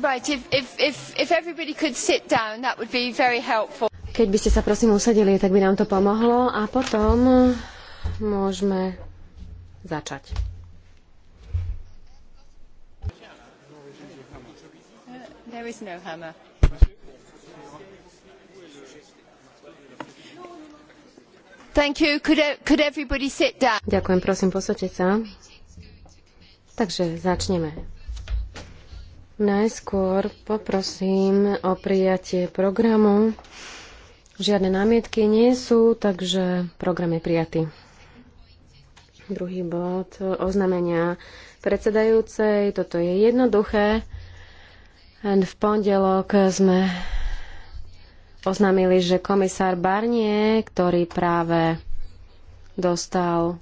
Right, if, if, if everybody could sit down, that would be very helpful. Keď by ste sa prosím usadili, tak by nám to pomohlo a potom môžeme začať. There is no hammer. Thank you. Could, e-, could everybody sit down? Ďakujem, prosím, posaďte sa. Takže začneme. Najskôr poprosím o prijatie programu. Žiadne námietky nie sú, takže program je prijatý. Druhý bod oznamenia predsedajúcej. Toto je jednoduché. And v pondelok sme oznámili, že komisár Barnier, ktorý práve dostal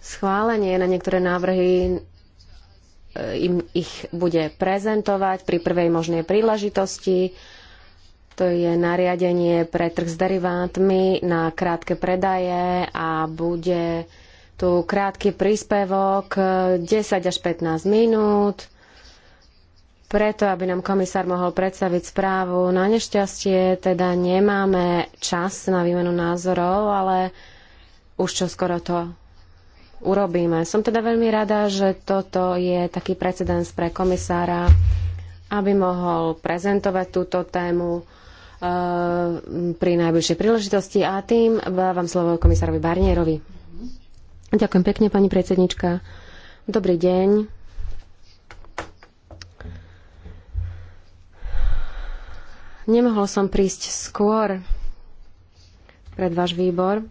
schválenie na niektoré návrhy e, im ich bude prezentovať pri prvej možnej príležitosti. To je nariadenie pre trh s derivátmi na krátke predaje a bude tu krátky príspevok 10 e, až 15 minút preto, aby nám komisár mohol predstaviť správu. Na nešťastie teda nemáme čas na výmenu názorov, ale už čo skoro to urobíme. Som teda veľmi rada, že toto je taký precedens pre komisára, aby mohol prezentovať túto tému e, pri najbližšej príležitosti a tým dávam slovo komisárovi Barnierovi. Ďakujem pekne, pani predsednička. Dobrý deň. Nemohol som prísť skôr pred váš výbor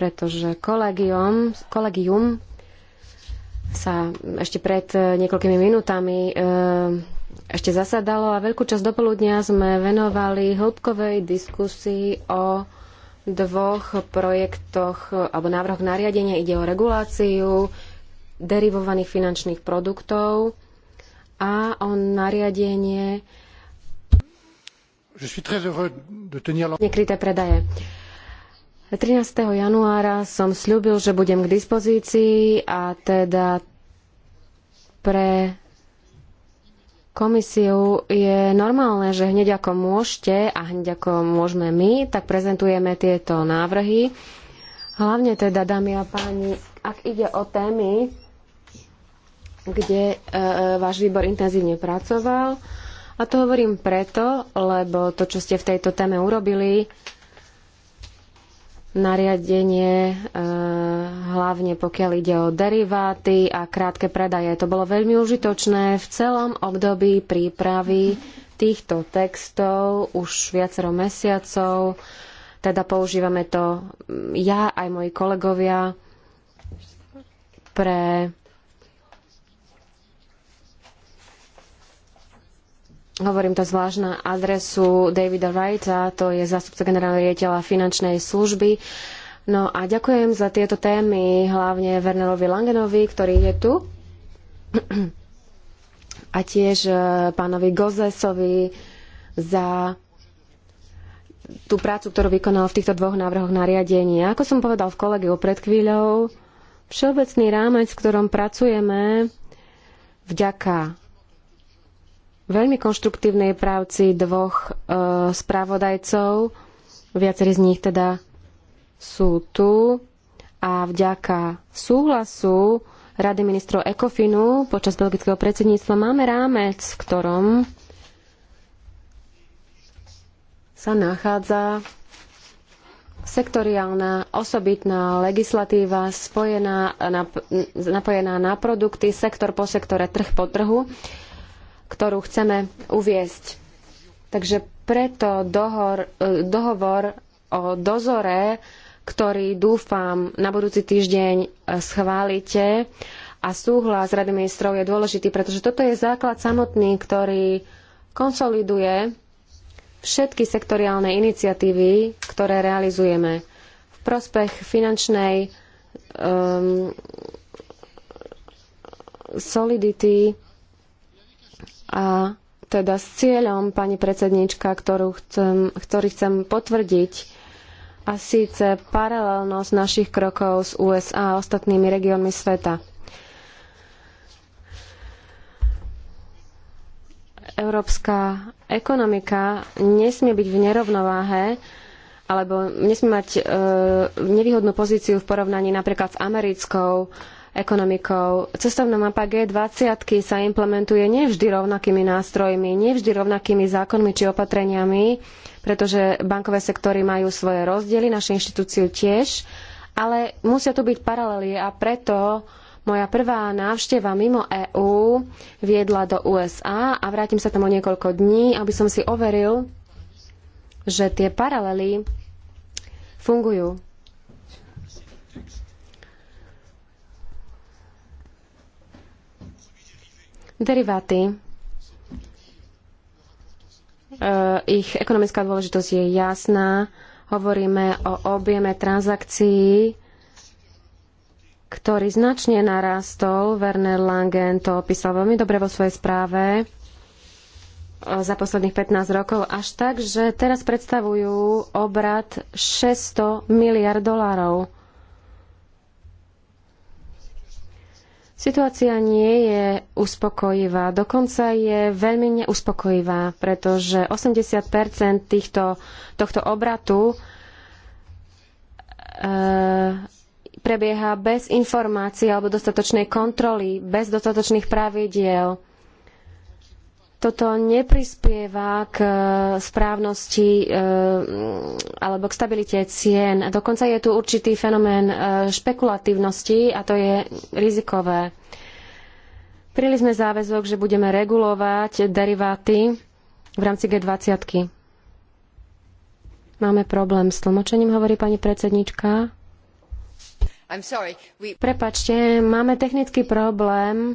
pretože kolegium, kolegium sa ešte pred niekoľkými minútami eh, ešte zasadalo a veľkú časť dopoludnia sme venovali hĺbkovej diskusii o dvoch projektoch alebo návrhoch nariadenia. Ide o reguláciu derivovaných finančných produktov a o nariadenie nekryté predaje. 13. januára som slúbil, že budem k dispozícii a teda pre komisiu je normálne, že hneď ako môžete a hneď ako môžeme my, tak prezentujeme tieto návrhy. Hlavne teda, dámy a páni, ak ide o témy, kde e, váš výbor intenzívne pracoval, a to hovorím preto, lebo to, čo ste v tejto téme urobili, nariadenie, e, hlavne pokiaľ ide o deriváty a krátke predaje. To bolo veľmi užitočné v celom období prípravy týchto textov už viacero mesiacov. Teda používame to ja aj moji kolegovia pre Hovorím to zvlášť na adresu Davida Wrighta, to je zástupca generálneho riaditeľa finančnej služby. No a ďakujem za tieto témy, hlavne Wernerovi Langenovi, ktorý je tu. A tiež e, pánovi Gozesovi za tú prácu, ktorú vykonal v týchto dvoch návrhoch nariadenia. Ako som povedal v kolegiu pred chvíľou, všeobecný rámec, v ktorom pracujeme, vďaka veľmi konštruktívnej práci dvoch e, spravodajcov. Viacerí z nich teda sú tu a vďaka súhlasu Rady ministrov Ekofinu počas belgického predsedníctva máme rámec, v ktorom sa nachádza sektoriálna osobitná legislatíva spojená, na, napojená na produkty sektor po sektore, trh po trhu ktorú chceme uviesť. Takže preto dohor, e, dohovor o dozore, ktorý dúfam na budúci týždeň e, schválite a súhlas Rady ministrov je dôležitý, pretože toto je základ samotný, ktorý konsoliduje všetky sektoriálne iniciatívy, ktoré realizujeme v prospech finančnej um, solidity a teda s cieľom, pani predsedníčka, ktorú chcem, ktorý chcem potvrdiť, a síce paralelnosť našich krokov s USA a ostatnými regiónmi sveta. Európska ekonomika nesmie byť v nerovnováhe alebo nesmie mať e, nevýhodnú pozíciu v porovnaní napríklad s americkou ekonomikou. Cestovná mapa G20 sa implementuje nevždy rovnakými nástrojmi, nevždy rovnakými zákonmi či opatreniami, pretože bankové sektory majú svoje rozdiely, naše inštitúciu tiež, ale musia tu byť paralely a preto moja prvá návšteva mimo EÚ viedla do USA a vrátim sa tam o niekoľko dní, aby som si overil, že tie paralely fungujú. Deriváty. E, ich ekonomická dôležitosť je jasná. Hovoríme o objeme transakcií, ktorý značne narastol. Werner Langen to opísal veľmi dobre vo svojej správe e, za posledných 15 rokov až tak, že teraz predstavujú obrad 600 miliard dolárov. Situácia nie je uspokojivá, dokonca je veľmi neuspokojivá, pretože 80 týchto, tohto obratu e, prebieha bez informácií alebo dostatočnej kontroly, bez dostatočných pravidiel toto neprispieva k e, správnosti e, alebo k stabilite cien. Dokonca je tu určitý fenomén e, špekulatívnosti a to je rizikové. Prijeli sme záväzok, že budeme regulovať deriváty v rámci G20. Máme problém s tlmočením, hovorí pani predsednička. We... Prepačte, máme technický problém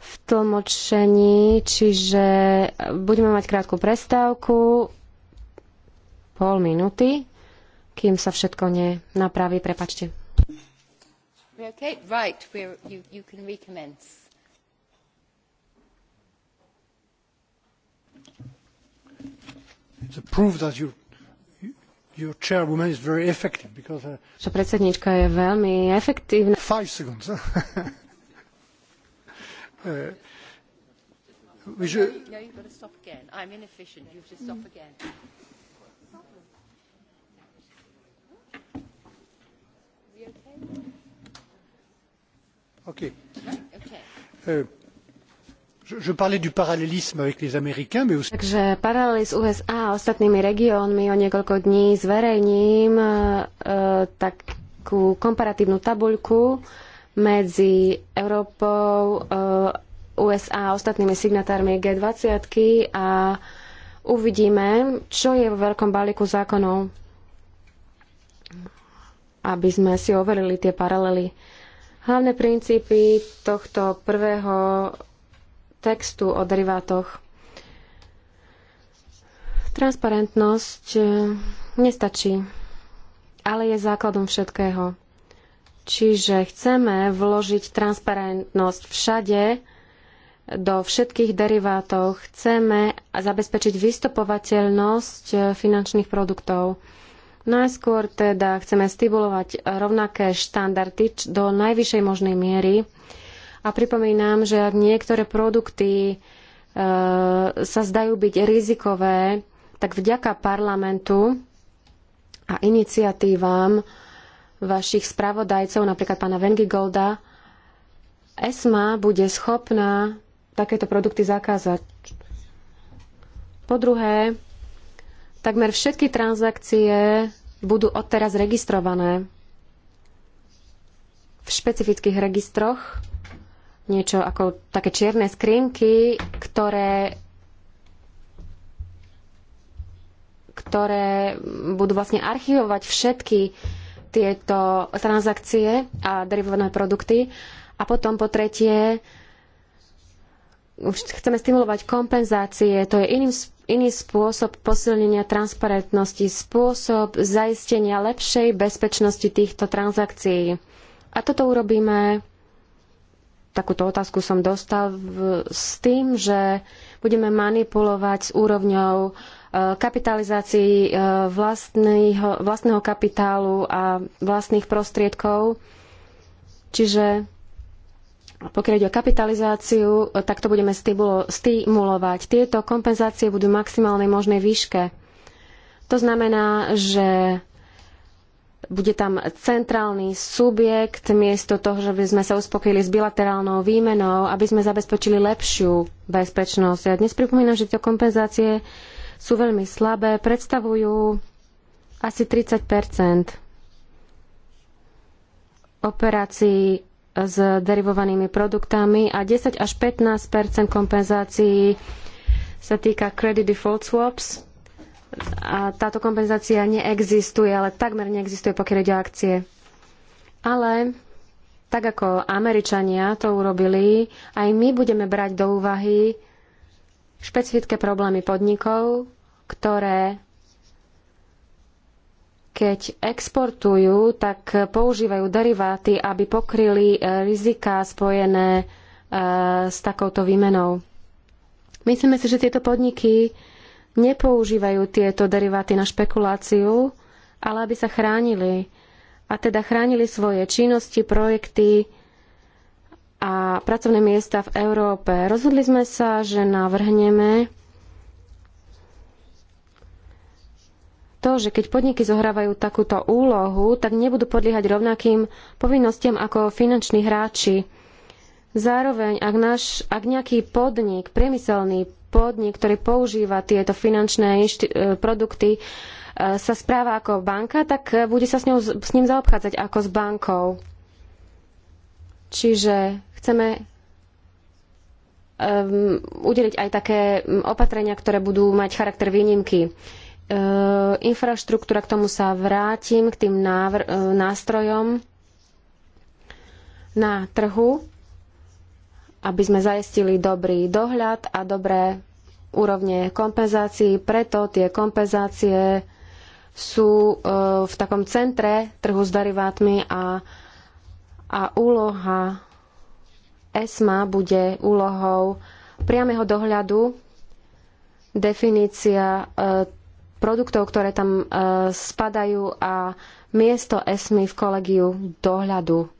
v tlmočení, čiže budeme mať krátku prestávku, pol minúty, kým sa všetko nenapraví, prepačte. Okay? Right, we're, you, you can recommence. Že uh, predsednička je veľmi efektívna. Five seconds. Uh, we should... No, you've got to stop again. I'm inefficient. You have to stop again. Okay. Okay. Uh, je, parlais du parallélisme avec les Américains, mais aussi... Takže paralely s USA a ostatnými regiónmi o niekoľko dní zverejním uh, uh takú komparatívnu tabuľku, uh, medzi Európou, eh, USA a ostatnými signatármi G20 a uvidíme, čo je v veľkom balíku zákonov, aby sme si overili tie paralely. Hlavné princípy tohto prvého textu o derivátoch. Transparentnosť eh, nestačí, ale je základom všetkého. Čiže chceme vložiť transparentnosť všade, do všetkých derivátov. Chceme zabezpečiť vystupovateľnosť e, finančných produktov. Najskôr teda chceme stimulovať rovnaké štandardy do najvyššej možnej miery. A pripomínam, že ak niektoré produkty e, sa zdajú byť rizikové, tak vďaka parlamentu a iniciatívam vašich spravodajcov, napríklad pána Vengigolda, ESMA bude schopná takéto produkty zakázať. Po druhé, takmer všetky transakcie budú odteraz registrované v špecifických registroch, niečo ako také čierne skrinky, ktoré ktoré budú vlastne archivovať všetky tieto transakcie a derivované produkty. A potom po tretie, už chceme stimulovať kompenzácie, to je iný, iný spôsob posilnenia transparentnosti, spôsob zaistenia lepšej bezpečnosti týchto transakcií. A toto urobíme, takúto otázku som dostal, v, s tým, že budeme manipulovať s úrovňou kapitalizácii e, vlastného, vlastného kapitálu a vlastných prostriedkov. Čiže pokiaľ ide o kapitalizáciu, e, tak to budeme stimulovať. Tieto kompenzácie budú v maximálnej možnej výške. To znamená, že bude tam centrálny subjekt, miesto toho, že by sme sa uspokojili s bilaterálnou výmenou, aby sme zabezpečili lepšiu bezpečnosť. Ja dnes pripomínam, že tieto kompenzácie sú veľmi slabé, predstavujú asi 30 operácií s derivovanými produktami a 10 až 15 kompenzácií sa týka credit default swaps. A táto kompenzácia neexistuje, ale takmer neexistuje, pokiaľ ide akcie. Ale tak ako Američania to urobili, aj my budeme brať do úvahy špecifické problémy podnikov, ktoré keď exportujú, tak používajú deriváty, aby pokryli e, rizika spojené e, s takouto výmenou. Myslíme si, že tieto podniky nepoužívajú tieto deriváty na špekuláciu, ale aby sa chránili. A teda chránili svoje činnosti, projekty, a pracovné miesta v Európe. Rozhodli sme sa, že navrhneme to, že keď podniky zohrávajú takúto úlohu, tak nebudú podliehať rovnakým povinnostiam ako finanční hráči. Zároveň, ak, náš, ak nejaký podnik, priemyselný podnik, ktorý používa tieto finančné e, produkty, e, sa správa ako banka, tak e, bude sa s, ňou, s ním zaobchádzať ako s bankou. Čiže chceme um, udeliť aj také opatrenia, ktoré budú mať charakter výnimky. Uh, infraštruktúra, k tomu sa vrátim, k tým návr- uh, nástrojom na trhu, aby sme zaistili dobrý dohľad a dobré úrovne kompenzácií. Preto tie kompenzácie sú uh, v takom centre trhu s derivátmi a uh, a úloha ESMA bude úlohou priameho dohľadu, definícia e, produktov, ktoré tam e, spadajú a miesto ESMI v kolegiu dohľadu.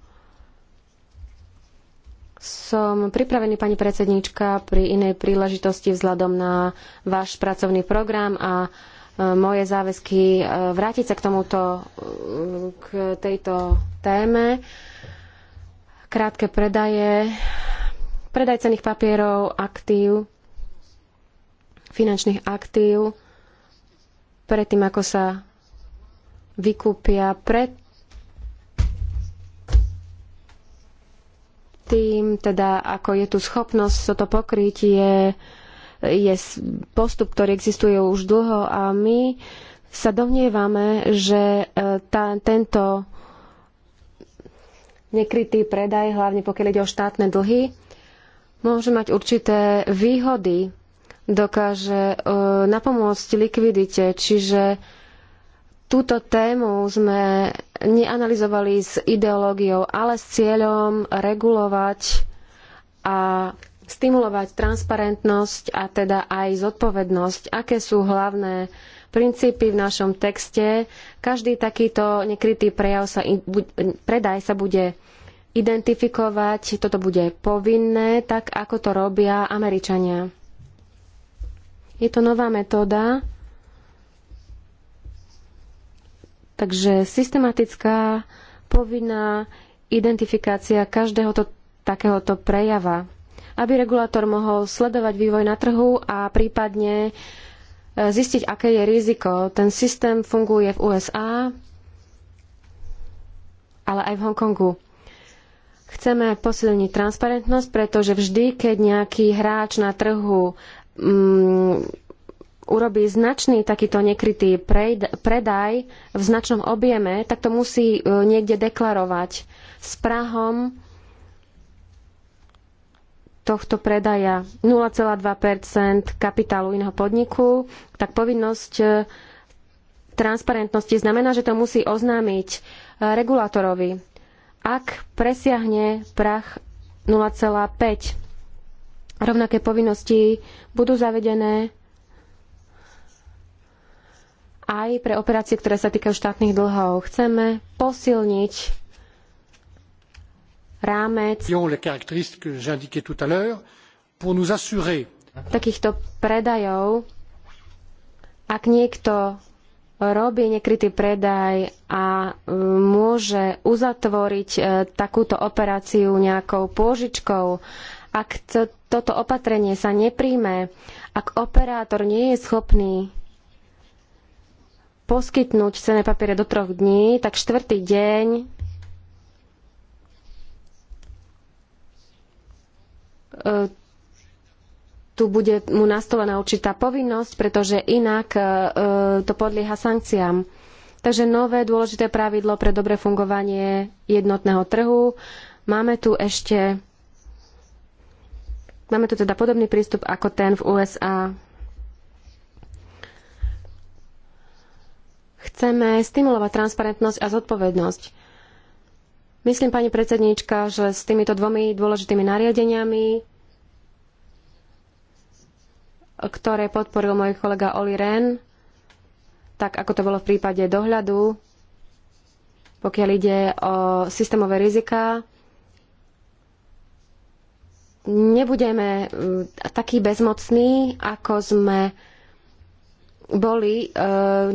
Som pripravený, pani predsednička, pri inej príležitosti vzhľadom na váš pracovný program a e, moje záväzky vrátiť sa k tomuto, k tejto téme krátke predaje, predaj cených papierov, aktív, finančných aktív, predtým ako sa vykúpia, pred tým, teda ako je tu schopnosť toto pokryť, je, je postup, ktorý existuje už dlho a my sa domnievame, že e, tá, tento nekrytý predaj, hlavne pokiaľ ide o štátne dlhy, môže mať určité výhody, dokáže e, napomôcť likvidite, čiže túto tému sme neanalizovali s ideológiou, ale s cieľom regulovať a stimulovať transparentnosť a teda aj zodpovednosť, aké sú hlavné princípy v našom texte. Každý takýto nekrytý prejav sa, predaj sa bude identifikovať, toto bude povinné, tak ako to robia Američania. Je to nová metóda, takže systematická povinná identifikácia každého to, takéhoto prejava, aby regulátor mohol sledovať vývoj na trhu a prípadne uh, zistiť, aké je riziko. Ten systém funguje v USA, ale aj v Hongkongu. Chceme posilniť transparentnosť, pretože vždy, keď nejaký hráč na trhu um, urobí značný takýto nekrytý predaj v značnom objeme, tak to musí e, niekde deklarovať s Prahom tohto predaja 0,2 kapitálu iného podniku, tak povinnosť e, transparentnosti znamená, že to musí oznámiť e, regulátorovi, ak presiahne prach 0,5. Rovnaké povinnosti budú zavedené aj pre operácie, ktoré sa týkajú štátnych dlhov. Chceme posilniť rámec takýchto predajov, ak niekto robí nekrytý predaj a e, môže uzatvoriť e, takúto operáciu nejakou pôžičkou, ak toto opatrenie sa nepríjme, ak operátor nie je schopný poskytnúť cenné papiere do troch dní, tak štvrtý deň E, tu bude mu nastolená určitá povinnosť, pretože inak e, e, to podlieha sankciám. Takže nové dôležité pravidlo pre dobré fungovanie jednotného trhu. Máme tu ešte Máme tu teda podobný prístup ako ten v USA. Chceme stimulovať transparentnosť a zodpovednosť. Myslím, pani predsedníčka, že s týmito dvomi dôležitými nariadeniami, ktoré podporil môj kolega Oli Ren, tak ako to bolo v prípade dohľadu, pokiaľ ide o systémové rizika, nebudeme mm, takí bezmocní, ako sme boli e,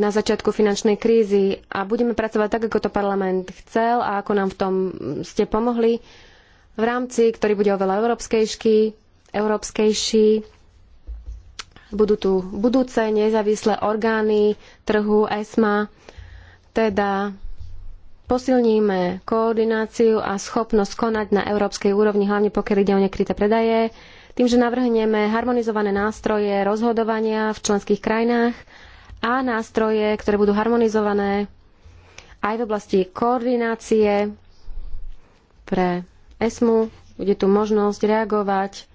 na začiatku finančnej krízy a budeme pracovať tak, ako to parlament chcel a ako nám v tom ste pomohli v rámci, ktorý bude oveľa európskejší, európskejší. Budú tu budúce nezávislé orgány trhu ESMA, teda posilníme koordináciu a schopnosť konať na európskej úrovni, hlavne pokiaľ ide o nekryté predaje tým, že navrhneme harmonizované nástroje rozhodovania v členských krajinách a nástroje, ktoré budú harmonizované aj v oblasti koordinácie pre ESMU. Bude tu možnosť reagovať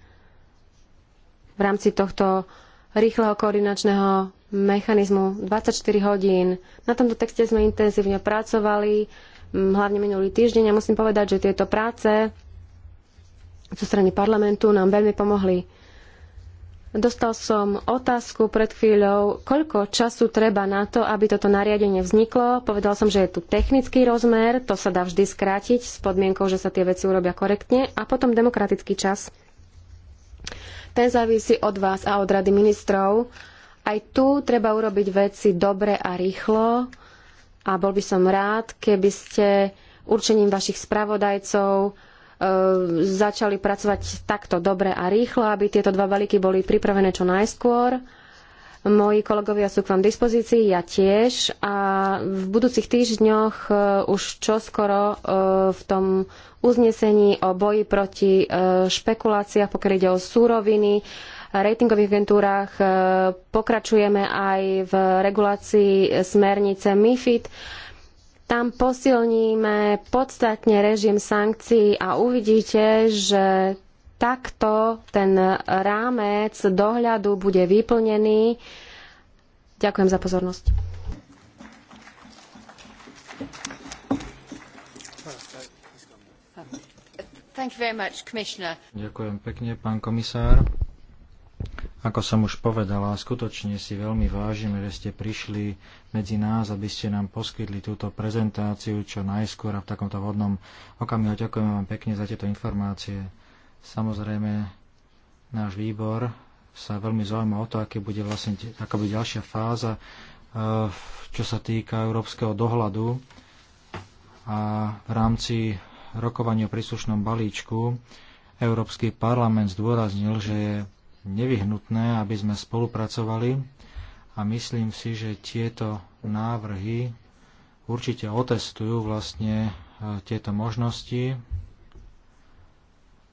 v rámci tohto rýchleho koordinačného mechanizmu 24 hodín. Na tomto texte sme intenzívne pracovali, hlavne minulý týždeň a musím povedať, že tieto práce zo strany parlamentu nám veľmi pomohli. Dostal som otázku pred chvíľou, koľko času treba na to, aby toto nariadenie vzniklo. Povedal som, že je tu technický rozmer, to sa dá vždy skrátiť s podmienkou, že sa tie veci urobia korektne a potom demokratický čas. Ten závisí od vás a od rady ministrov. Aj tu treba urobiť veci dobre a rýchlo a bol by som rád, keby ste určením vašich spravodajcov E, začali pracovať takto dobre a rýchlo, aby tieto dva balíky boli pripravené čo najskôr. Moji kolegovia sú k vám dispozícii, ja tiež a v budúcich týždňoch e, už čoskoro e, v tom uznesení o boji proti špekuláciách, pokiaľ ide o súroviny, ratingových agentúrach. Pokračujeme aj v regulácii smernice MIFID tam posilníme podstatne režim sankcií a uvidíte, že takto ten rámec dohľadu bude vyplnený. Ďakujem za pozornosť. Much, Ďakujem pekne, pán komisár. Ako som už povedala, skutočne si veľmi vážime, že ste prišli medzi nás, aby ste nám poskytli túto prezentáciu čo najskôr a v takomto vodnom okamihu. Ďakujem vám pekne za tieto informácie. Samozrejme, náš výbor sa veľmi zaujíma o to, aké bude vlastne, aká bude ďalšia fáza, e, čo sa týka európskeho dohľadu a v rámci rokovania o príslušnom balíčku Európsky parlament zdôraznil, že je nevyhnutné, aby sme spolupracovali a myslím si, že tieto návrhy určite otestujú vlastne e, tieto možnosti.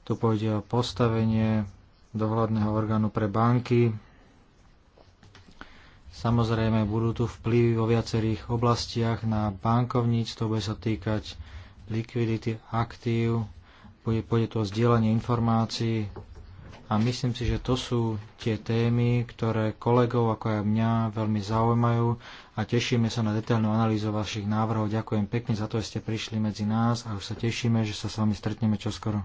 Tu pôjde o postavenie dohľadného orgánu pre banky. Samozrejme, budú tu vplyvy vo viacerých oblastiach na bankovníctvo, bude sa týkať likvidity aktív, pôjde, tu o zdieľanie informácií, a myslím si, že to sú tie témy, ktoré kolegov ako aj mňa veľmi zaujímajú a tešíme sa na detailnú analýzu vašich návrhov. Ďakujem pekne za to, že ste prišli medzi nás a už sa tešíme, že sa s vami stretneme čoskoro.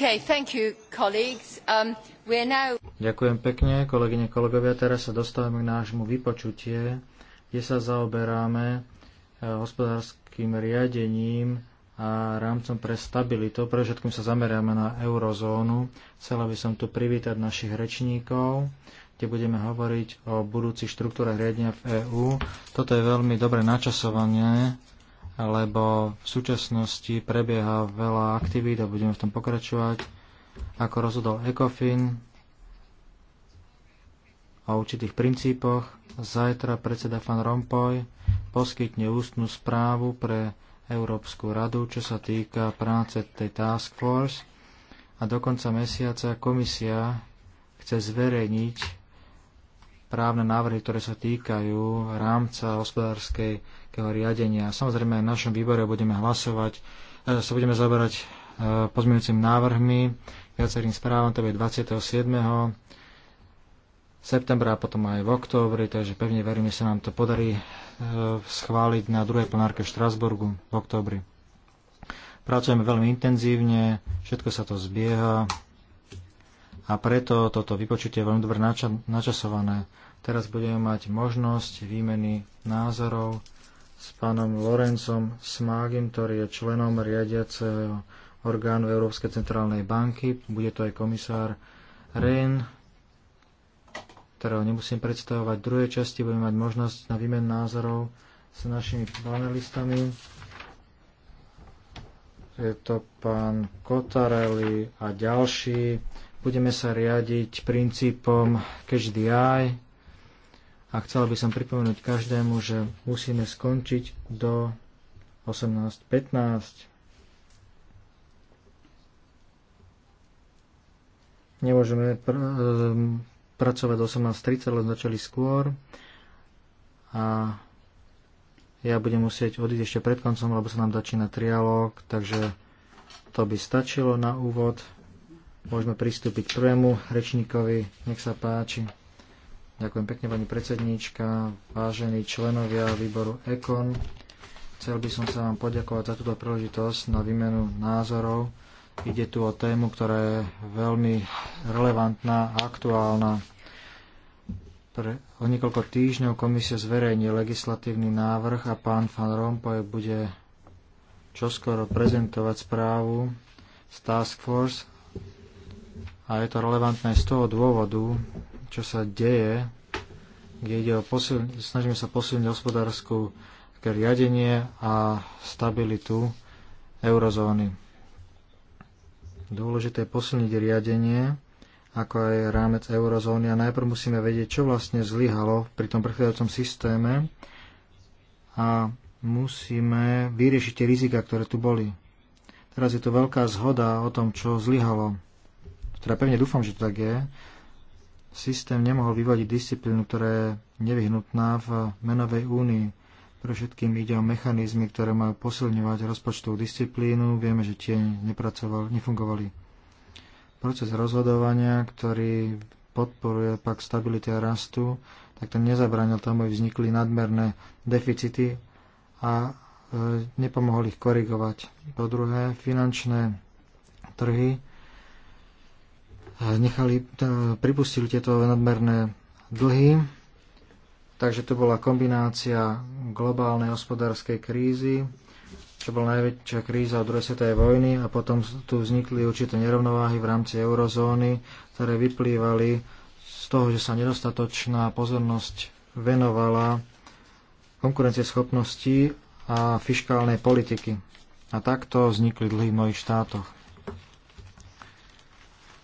Um, Ďakujem pekne, kolegyne, kolegovia. Teraz sa dostávame k nášmu vypočutie, kde sa zaoberáme eh, hospodárskym riadením a rámcom pre stabilitu. Pre všetkým sa zameriame na eurozónu. Chcela by som tu privítať našich rečníkov, kde budeme hovoriť o budúcich štruktúrach riadenia v EÚ. Toto je veľmi dobre načasované, lebo v súčasnosti prebieha veľa aktivít a budeme v tom pokračovať. Ako rozhodol ECOFIN o určitých princípoch, zajtra predseda Van Rompuy poskytne ústnu správu pre Európsku radu, čo sa týka práce tej task force a do konca mesiaca komisia chce zverejniť právne návrhy, ktoré sa týkajú rámca hospodárskeho riadenia. Samozrejme, v našom výbore budeme hlasovať, e, sa budeme zaberať e, pozmeňujúcim návrhmi, viacerým správam, to je 27 septembra a potom aj v októbri, takže pevne verím, že sa nám to podarí e, schváliť na druhej plenárke v Štrasburgu v októbri. Pracujeme veľmi intenzívne, všetko sa to zbieha, a preto toto vypočutie je veľmi dobre načasované. Teraz budeme mať možnosť výmeny názorov s pánom Lorencom Smágim, ktorý je členom riadiaceho orgánu Európskej centrálnej banky. Bude to aj komisár Rehn, ktorého nemusím predstavovať. V druhej časti budeme mať možnosť na výmen názorov s našimi panelistami. Je to pán Kotarelli a ďalší Budeme sa riadiť princípom catch the eye a chcel by som pripomenúť každému, že musíme skončiť do 18.15. Nemôžeme pr- ehm, pracovať do 18.30, len začali skôr a ja budem musieť odísť ešte pred koncom, lebo sa nám začína trialog, takže to by stačilo na úvod. Môžeme pristúpiť k prvému rečníkovi. Nech sa páči. Ďakujem pekne, pani predsedníčka, vážení členovia výboru EKON. Chcel by som sa vám poďakovať za túto príležitosť na výmenu názorov. Ide tu o tému, ktorá je veľmi relevantná a aktuálna. Pre o niekoľko týždňov komisia zverejní legislatívny návrh a pán Van Rompuy bude čoskoro prezentovať správu z Task Force a je to relevantné z toho dôvodu, čo sa deje, kde ide o posil... snažíme sa posilniť hospodárskú riadenie a stabilitu eurozóny. Dôležité je posilniť riadenie, ako aj rámec eurozóny a najprv musíme vedieť, čo vlastne zlyhalo pri tom prechádzajúcom systéme a musíme vyriešiť tie rizika, ktoré tu boli. Teraz je tu veľká zhoda o tom, čo zlyhalo teda pevne dúfam, že to tak je, systém nemohol vyvodiť disciplínu, ktorá je nevyhnutná v menovej únii. Pre všetkým ide o mechanizmy, ktoré majú posilňovať rozpočtovú disciplínu. Vieme, že tie nepracoval, nefungovali. Proces rozhodovania, ktorý podporuje pak stabilitu a rastu, tak ten nezabránil tomu, aby vznikli nadmerné deficity a e, nepomohol ich korigovať. Po druhé, finančné trhy nechali, pripustili tieto nadmerné dlhy. Takže to bola kombinácia globálnej hospodárskej krízy, čo bola najväčšia kríza od druhej svetovej vojny a potom tu vznikli určité nerovnováhy v rámci eurozóny, ktoré vyplývali z toho, že sa nedostatočná pozornosť venovala konkurencieschopnosti a fiškálnej politiky. A takto vznikli dlhy v mnohých štátoch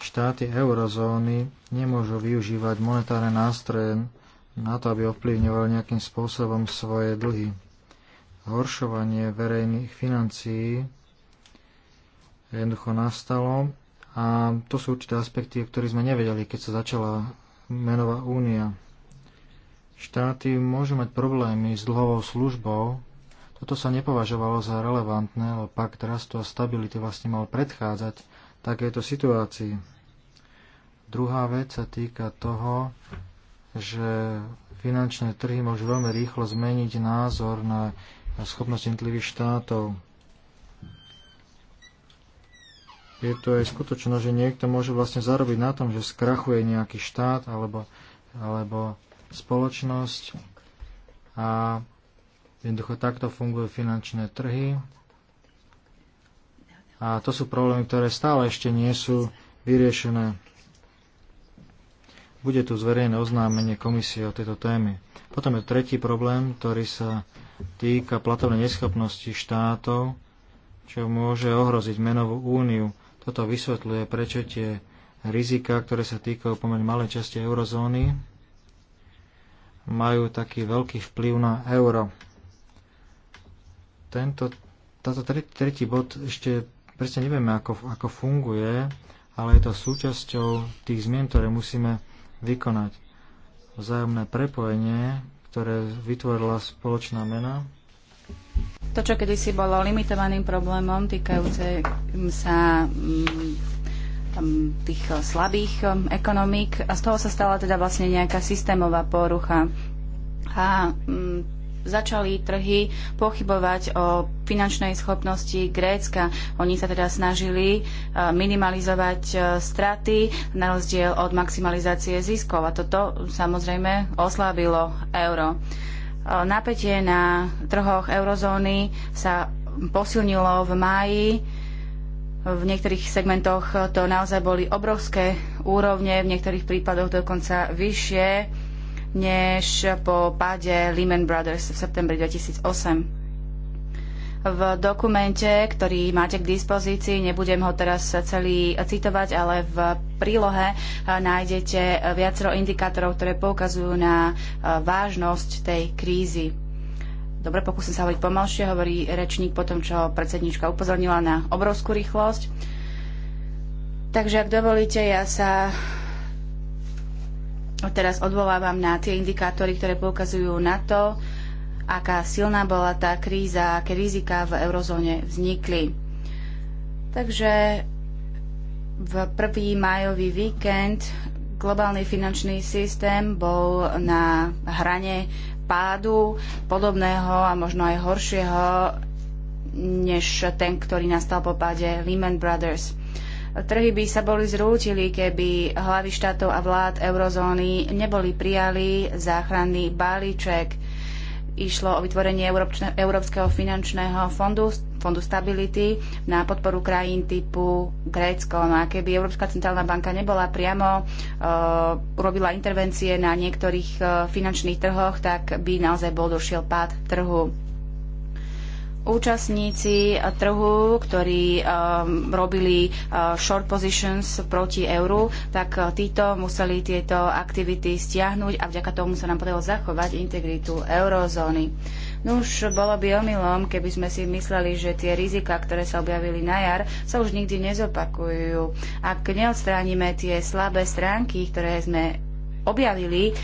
štáty eurozóny nemôžu využívať monetárne nástroje na to, aby ovplyvňovali nejakým spôsobom svoje dlhy. Horšovanie verejných financií jednoducho nastalo a to sú určité aspekty, o ktorých sme nevedeli, keď sa začala menová únia. Štáty môžu mať problémy s dlhovou službou, toto sa nepovažovalo za relevantné, lebo pakt rastu a stability vlastne mal predchádzať takéto situácii. Druhá vec sa týka toho, že finančné trhy môžu veľmi rýchlo zmeniť názor na schopnosť jednotlivých štátov. Je to aj skutočno, že niekto môže vlastne zarobiť na tom, že skrachuje nejaký štát alebo, alebo spoločnosť a jednoducho takto fungujú finančné trhy. A to sú problémy, ktoré stále ešte nie sú vyriešené. Bude tu zverejné oznámenie komisie o tejto téme. Potom je tretí problém, ktorý sa týka platovnej neschopnosti štátov, čo môže ohroziť menovú úniu. Toto vysvetľuje, prečo tie rizika, ktoré sa týkajú pomerne malej časti eurozóny, majú taký veľký vplyv na euro. Tento, táto tretí, tretí bod ešte presne nevieme, ako, ako funguje, ale je to súčasťou tých zmien, ktoré musíme vykonať. Vzájomné prepojenie, ktoré vytvorila spoločná mena. To, čo kedysi bolo limitovaným problémom týkajúce sa mm, tých eh, slabých eh, ekonomík a z toho sa stala teda vlastne nejaká systémová porucha. A mm, začali trhy pochybovať o finančnej schopnosti Grécka. Oni sa teda snažili e, minimalizovať e, straty na rozdiel od maximalizácie ziskov a toto samozrejme oslábilo euro. E, napätie na trhoch eurozóny sa posilnilo v máji. V niektorých segmentoch to naozaj boli obrovské úrovne, v niektorých prípadoch dokonca vyššie než po páde Lehman Brothers v septembri 2008 v dokumente, ktorý máte k dispozícii, nebudem ho teraz celý citovať, ale v prílohe eh, nájdete viacero indikátorov, ktoré poukazujú na eh, vážnosť tej krízy. Dobre, pokúsim sa hovoriť pomalšie, hovorí rečník po tom, čo predsednička upozornila na obrovskú rýchlosť. Takže ak dovolíte, ja sa teraz odvolávam na tie indikátory, ktoré poukazujú na to, aká silná bola tá kríza, aké rizika v eurozóne vznikli. Takže v prvý májový víkend globálny finančný systém bol na hrane pádu podobného a možno aj horšieho než ten, ktorý nastal po páde Lehman Brothers. Trhy by sa boli zrútili, keby hlavy štátov a vlád eurozóny neboli prijali záchranný balíček. Išlo o vytvorenie Európskeho finančného fondu, fondu stability na podporu krajín typu Grécko. No a keby Európska centrálna banka nebola priamo, e, uh, robila intervencie na niektorých uh, finančných trhoch, tak by naozaj bol došiel pád trhu účastníci trhu, ktorí um, robili uh, short positions proti euru, tak uh, títo museli tieto aktivity stiahnuť a vďaka tomu sa nám podarilo zachovať integritu eurozóny. No už bolo by omylom, keby sme si mysleli, že tie rizika, ktoré sa objavili na jar, sa už nikdy nezopakujú. Ak neodstránime tie slabé stránky, ktoré sme objavili eh,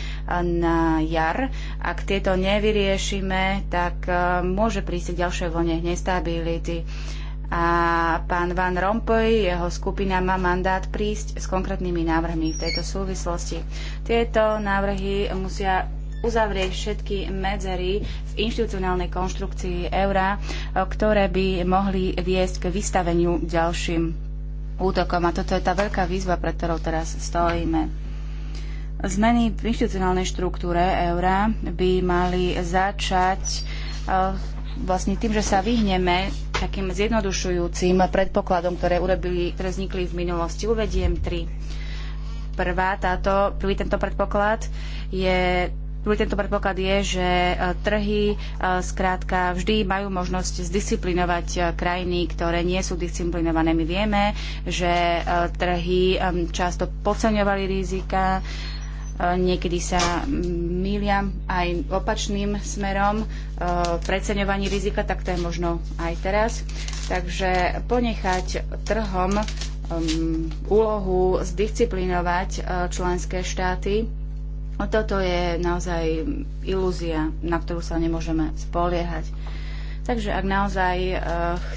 na jar. Ak tieto nevyriešime, tak eh, môže prísť ďalšej vlne nestability. A pán Van Rompuy, jeho skupina má mandát prísť s konkrétnymi návrhmi v tejto súvislosti. Tieto návrhy musia uzavrieť všetky medzery v inštitucionálnej konštrukcii eura, eh, ktoré by mohli viesť k vystaveniu ďalším útokom. A toto je tá veľká výzva, pred ktorou teraz stojíme. Zmeny v inštitucionálnej štruktúre eura by mali začať eh, vlastne tým, že sa vyhneme takým zjednodušujúcim predpokladom, ktoré, urobili, ktoré vznikli v minulosti. Uvediem tri. Prvá, táto, prvý tento predpoklad je Prvý tento predpoklad je, že eh, trhy eh, skrátka vždy majú možnosť zdisciplinovať krajiny, ktoré nie sú disciplinované. My vieme, že trhy často podceňovali rizika, niekedy sa míliam aj opačným smerom e, preceňovaní rizika, tak to je možno aj teraz. Takže ponechať trhom úlohu zdisciplinovať e, členské štáty, no toto je naozaj ilúzia, na ktorú sa nemôžeme spoliehať. Takže ak naozaj e,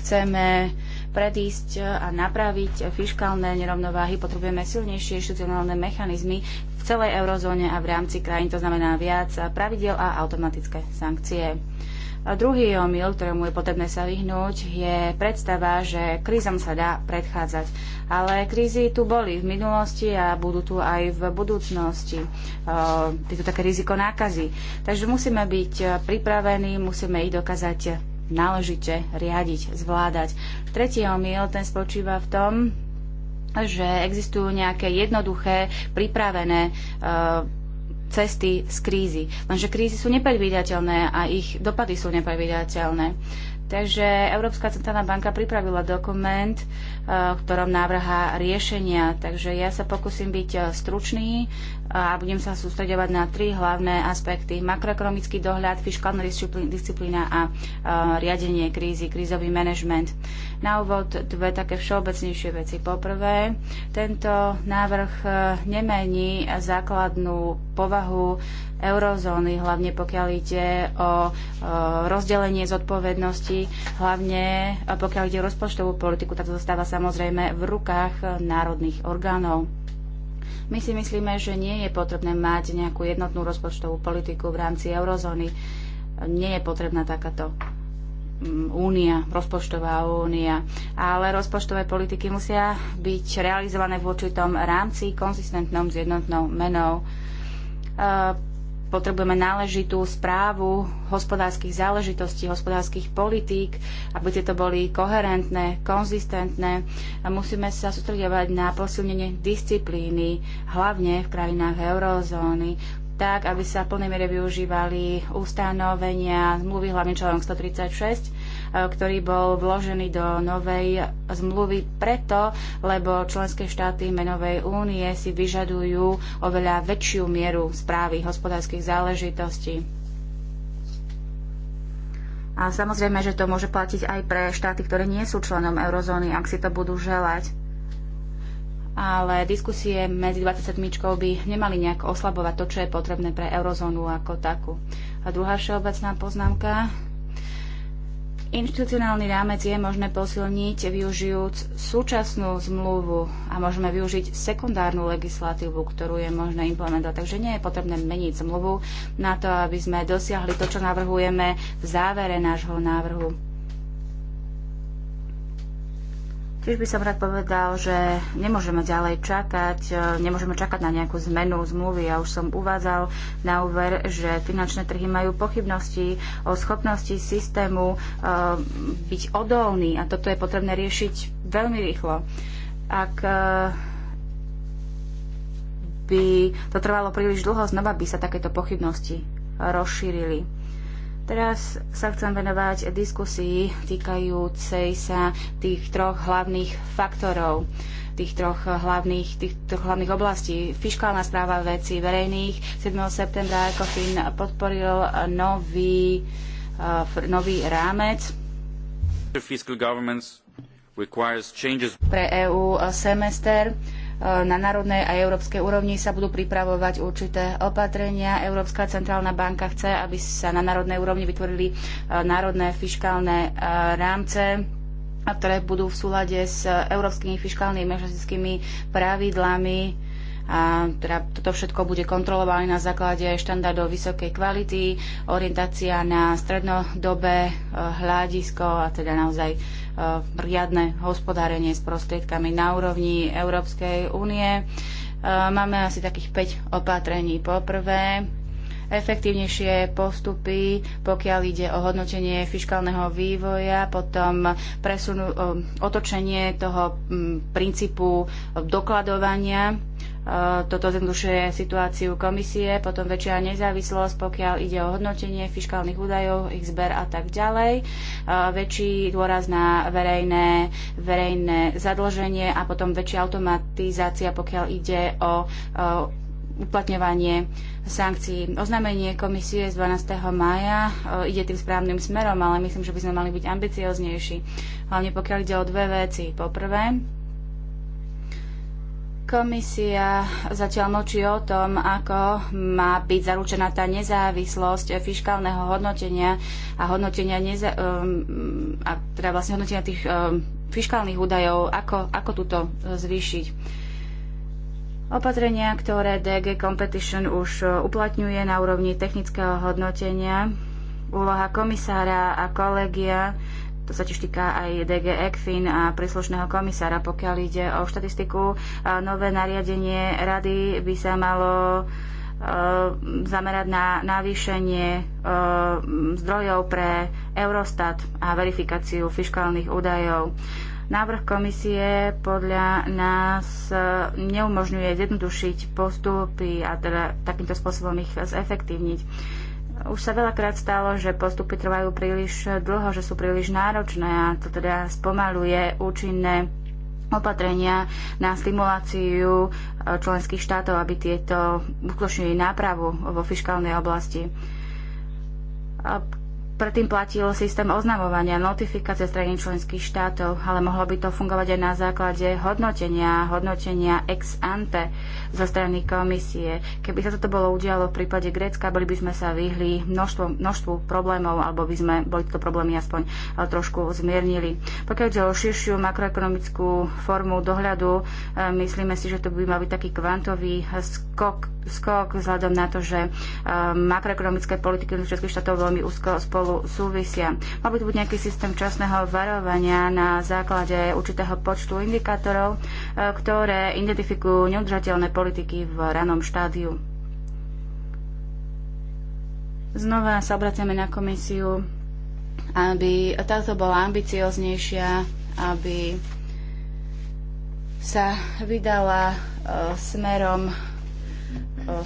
chceme predísť a napraviť fiskálne nerovnováhy, potrebujeme silnejšie štruktúrne mechanizmy, celej eurozóne a v rámci krajín, to znamená viac pravidel a automatické sankcie. A druhý omyl, ktorému je potrebné sa vyhnúť, je predstava, že krízam sa dá predchádzať. Ale krízy tu boli v minulosti a budú tu aj v budúcnosti. Je to také riziko nákazy. Takže musíme byť pripravení, musíme ich dokázať náležite riadiť, zvládať. Tretí omyl, ten spočíva v tom, že existujú nejaké jednoduché, pripravené e, cesty z krízy. Lenže krízy sú nepredvídateľné a ich dopady sú nepredvídateľné. Takže Európska centrálna banka pripravila dokument, eh, v ktorom návrha riešenia. Takže ja sa pokúsim byť eh, stručný eh, a budem sa sústredovať na tri hlavné aspekty. Makroekonomický dohľad, fiskálna disciplína a riadenie krízy, krízový manažment. Na úvod dve také všeobecnejšie veci. Poprvé, tento návrh nemení základnú povahu eurozóny, hlavne pokiaľ ide o rozdelenie zodpovednosti, hlavne pokiaľ ide o rozpočtovú politiku, tak to zostáva samozrejme v rukách národných orgánov. My si myslíme, že nie je potrebné mať nejakú jednotnú rozpočtovú politiku v rámci eurozóny. Nie je potrebná takáto mm, únia, rozpočtová únia. Ale rozpočtové politiky musia byť realizované v určitom rámci, konzistentnom s jednotnou menou. E, potrebujeme náležitú správu hospodárskych záležitostí, hospodárskych politík, aby tieto boli koherentné, konzistentné. A musíme sa sústredovať na posilnenie disciplíny, hlavne v krajinách eurozóny, tak, aby sa v plnej mere využívali ustanovenia zmluvy, hlavne článok 136 E, ktorý bol vložený do novej zmluvy preto, lebo členské štáty menovej únie si vyžadujú oveľa väčšiu mieru správy hospodárskych záležitostí. A samozrejme, že to môže platiť aj pre štáty, ktoré nie sú členom eurozóny, ak si to budú želať ale diskusie medzi 27 by nemali nejak oslabovať to, čo je potrebné pre eurozónu ako takú. A druhá všeobecná poznámka, Inštitucionálny rámec je možné posilniť využijúc súčasnú zmluvu a môžeme využiť sekundárnu legislatívu, ktorú je možné implementovať. Takže nie je potrebné meniť zmluvu na to, aby sme dosiahli to, čo navrhujeme v závere nášho návrhu. Tiež by som rád povedal, že nemôžeme ďalej čakať, e, nemôžeme čakať na nejakú zmenu zmluvy. Ja už som uvádzal na úver, že finančné trhy majú pochybnosti o schopnosti systému e, byť odolný a toto je potrebné riešiť veľmi rýchlo. Ak e, by to trvalo príliš dlho, znova by sa takéto pochybnosti rozšírili. Teraz sa chcem venovať diskusii týkajúcej sa tých troch hlavných faktorov tých troch hlavných, tých troch hlavných oblastí. Fiškálna správa veci verejných 7. septembra ECOFIN podporil nový, eh, nový rámec pre EU eh, semester E, na národnej a európskej úrovni sa budú pripravovať určité opatrenia. Európska centrálna banka chce, aby sa na národnej úrovni vytvorili e, národné fiškálne e, rámce ktoré budú v súlade s európskymi fiškálnymi mešanickými pravidlami a teda toto všetko bude kontrolované na základe štandardov vysokej kvality, orientácia na strednodobé e, hľadisko a teda naozaj e, riadne hospodárenie s prostriedkami na úrovni Európskej únie. E, máme asi takých 5 opatrení. Poprvé, efektívnejšie postupy, pokiaľ ide o hodnotenie fiskálneho vývoja, potom presunú, otočenie toho princípu dokladovania E, toto zjednodušuje situáciu komisie, potom väčšia nezávislosť, pokiaľ ide o hodnotenie fiskálnych údajov, ich zber a tak ďalej. E, väčší dôraz na verejné, verejné zadlženie a potom väčšia automatizácia, pokiaľ ide o e, uplatňovanie sankcií. Oznámenie komisie z 12. mája ide tým správnym smerom, ale myslím, že by sme mali byť ambicioznejší. Hlavne pokiaľ ide o dve veci. Po prvé, Komisia zatiaľ mlčí o tom, ako má byť zaručená tá nezávislosť fiškálneho hodnotenia a hodnotenia neza- um, a teda vlastne hodnotenia tých um, fiškálnych údajov, ako, ako túto uh, zvýšiť. Opatrenia, ktoré DG Competition už uh, uplatňuje na úrovni technického hodnotenia, úloha komisára a kolegia to sa tiež týka aj DG ECFIN a príslušného komisára. Pokiaľ ide o štatistiku, nové nariadenie rady by sa malo zamerať na navýšenie zdrojov pre Eurostat a verifikáciu fiskálnych údajov. Návrh komisie podľa nás neumožňuje zjednodušiť postupy a teda takýmto spôsobom ich zefektívniť. Už sa veľakrát stalo, že postupy trvajú príliš dlho, že sú príliš náročné a to teda spomaluje účinné opatrenia na stimuláciu e, členských štátov, aby tieto uklošili nápravu vo fiskálnej oblasti. Predtým platil systém oznamovania, notifikácie strany členských štátov, ale mohlo by to fungovať aj na základe hodnotenia, hodnotenia ex ante zo strany komisie. Keby sa toto bolo udialo v prípade Grécka, boli by sme sa vyhli množstvu, množstvu problémov, alebo by sme boli to problémy aspoň e, trošku zmiernili. Pokiaľ ide o širšiu makroekonomickú formu dohľadu, e, myslíme si, že to by mal byť taký kvantový skok, skok vzhľadom na to, že e, makroekonomické politiky všetkých štátov veľmi úzko spolu spolu súvisia. Má by to byť nejaký systém časného varovania na základe určitého počtu indikátorov, e, ktoré identifikujú neudržateľné politiky v ranom štádiu. Znova sa obraciame na komisiu, aby táto bola ambicioznejšia, aby sa vydala e, smerom e,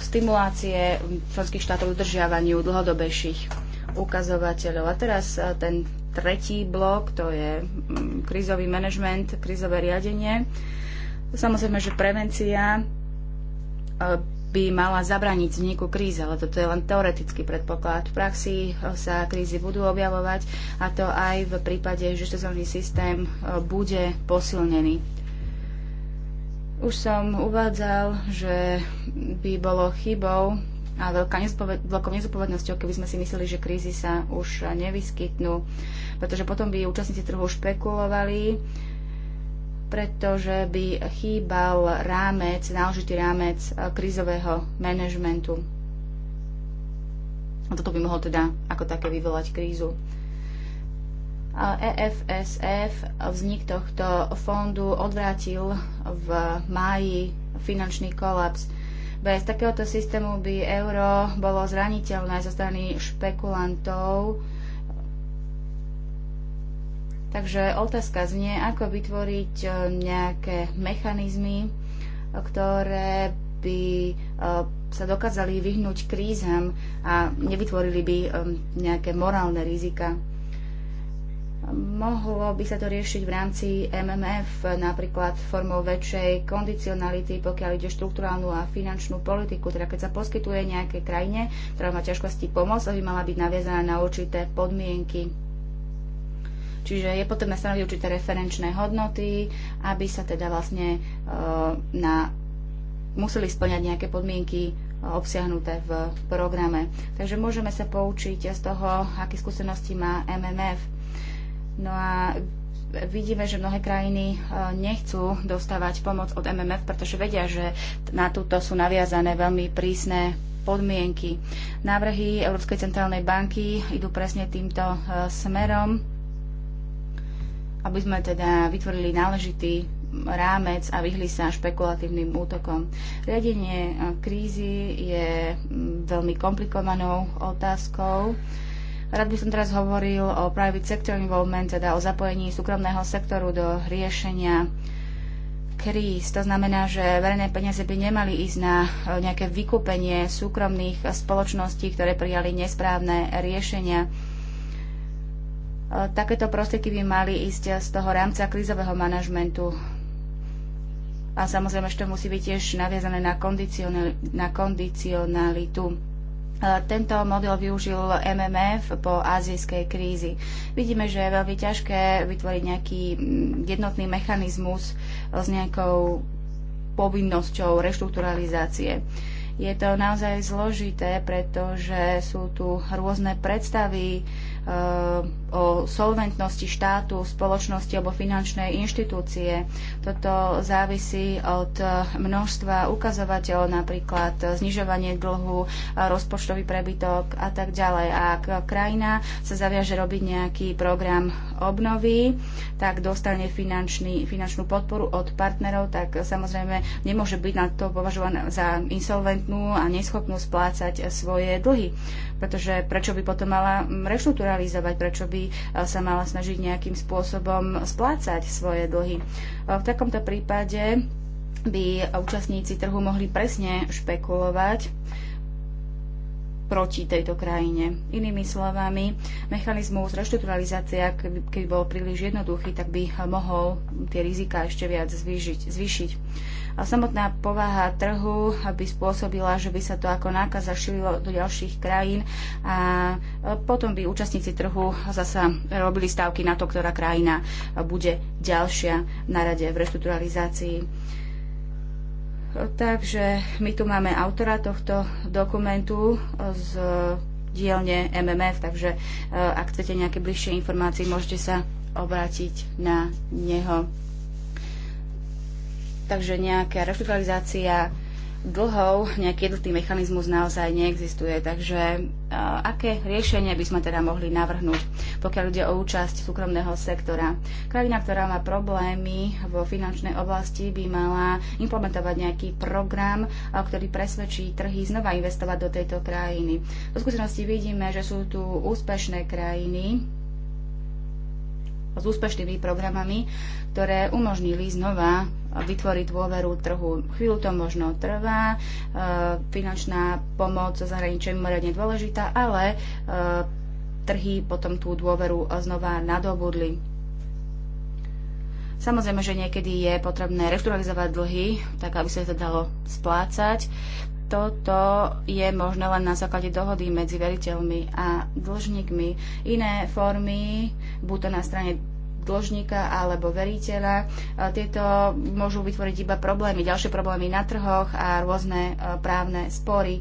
stimulácie členských štátov udržiavaniu dlhodobejších ukazovateľov. A teraz eh, ten tretí blok, to je mm, krízový manažment, krízové riadenie. Samozrejme, že prevencia eh, by mala zabraniť vzniku krízy, ale toto je len teoretický predpoklad. V praxi eh, sa krízy budú objavovať a to aj v prípade, že štezovný systém bude posilnený. Už som uvádzal, že by bolo chybou a veľká nezpoved- veľkou nezodpovednosťou, keby sme si mysleli, že krízy sa už nevyskytnú, pretože potom by účastníci trhu špekulovali, pretože by chýbal rámec, náležitý rámec e, krízového manažmentu. A toto by mohlo teda ako také vyvolať krízu. EFSF, vznik tohto fondu odvrátil v máji finančný kolaps bez takéhoto systému by euro bolo zraniteľné zo strany špekulantov. Takže otázka znie, ako vytvoriť e, nejaké mechanizmy, ktoré by e, sa dokázali vyhnúť krízam a nevytvorili by e, nejaké morálne rizika. Mohlo by sa to riešiť v rámci MMF, napríklad formou väčšej kondicionality, pokiaľ ide štruktúrálnu a finančnú politiku, teda keď sa poskytuje nejakej krajine, ktorá má ťažkosti pomôcť, aby mala byť naviazaná na určité podmienky. Čiže je potrebné stanoviť určité referenčné hodnoty, aby sa teda vlastne uh, na, museli splňať nejaké podmienky eh, obsiahnuté v programe. Takže môžeme sa poučiť z toho, aké skúsenosti má MMF No a vidíme, že mnohé krajiny e, nechcú dostávať pomoc od MMF, pretože vedia, že na túto sú naviazané veľmi prísne podmienky. Návrhy Európskej centrálnej banky idú presne týmto e, smerom, aby sme teda vytvorili náležitý rámec a vyhli sa špekulatívnym útokom. Riadenie e, krízy je veľmi komplikovanou otázkou. Rád by som teraz hovoril o private sector involvement, teda o zapojení súkromného sektoru do riešenia kríz. To znamená, že verejné peniaze by nemali ísť na e, nejaké vykúpenie súkromných spoločností, ktoré prijali nesprávne riešenia. E, takéto prostriedky by mali ísť z toho rámca krízového manažmentu. A samozrejme, že to musí byť tiež naviazané na, kondicionalitu. E, tento model využil MMF po azijskej krízi. Vidíme, že je veľmi ťažké vytvoriť nejaký mm, jednotný mechanizmus e, s nejakou povinnosťou reštrukturalizácie. Je to naozaj zložité, pretože sú tu rôzne predstavy, e, o solventnosti štátu, spoločnosti alebo finančnej inštitúcie. Toto závisí od množstva ukazovateľov, napríklad znižovanie dlhu, rozpočtový prebytok a tak ďalej. A ak krajina sa zaviaže robiť nejaký program obnovy, tak dostane finančný, finančnú podporu od partnerov, tak samozrejme nemôže byť na to považovaná za insolventnú a neschopnú splácať svoje dlhy. Pretože prečo by potom mala reštrukturalizovať, prečo by by eh, sa mala snažiť nejakým spôsobom splácať svoje dlhy. Eh, v takomto prípade by účastníci trhu mohli presne špekulovať proti tejto krajine. Inými slovami, mechanizmus reštrukturalizácia, keby bol príliš jednoduchý, tak by mohol tie rizika ešte viac zvýšiť. zvýšiť. A samotná povaha trhu by spôsobila, že by sa to ako nákaza šírilo do ďalších krajín a e, potom by účastníci trhu zasa robili stavky na to, ktorá krajina bude ďalšia na rade v reštrukturalizácii. Takže my tu máme autora tohto dokumentu z dielne MMF, takže e, ak chcete nejaké bližšie informácie, môžete sa obrátiť na neho. Takže nejaká reštrukturalizácia dlhov nejaký jednotný mechanizmus naozaj neexistuje. Takže aké riešenie by sme teda mohli navrhnúť, pokiaľ ide o účasť súkromného sektora? Krajina, ktorá má problémy vo finančnej oblasti, by mala implementovať nejaký program, ktorý presvedčí trhy znova investovať do tejto krajiny. Do skúsenosti vidíme, že sú tu úspešné krajiny, s úspešnými programami, ktoré umožnili znova vytvoriť dôveru trhu. Chvíľu to možno trvá, e, finančná pomoc zo zahraničia je mimoriadne dôležitá, ale e, trhy potom tú dôveru znova nadobudli. Samozrejme, že niekedy je potrebné reštrukturalizovať dlhy, tak aby sa to dalo splácať toto je možné len na základe dohody medzi veriteľmi a dlžníkmi. Iné formy, buď to na strane dlžníka alebo veriteľa. E, tieto môžu vytvoriť iba problémy, ďalšie problémy na trhoch a rôzne e, právne spory.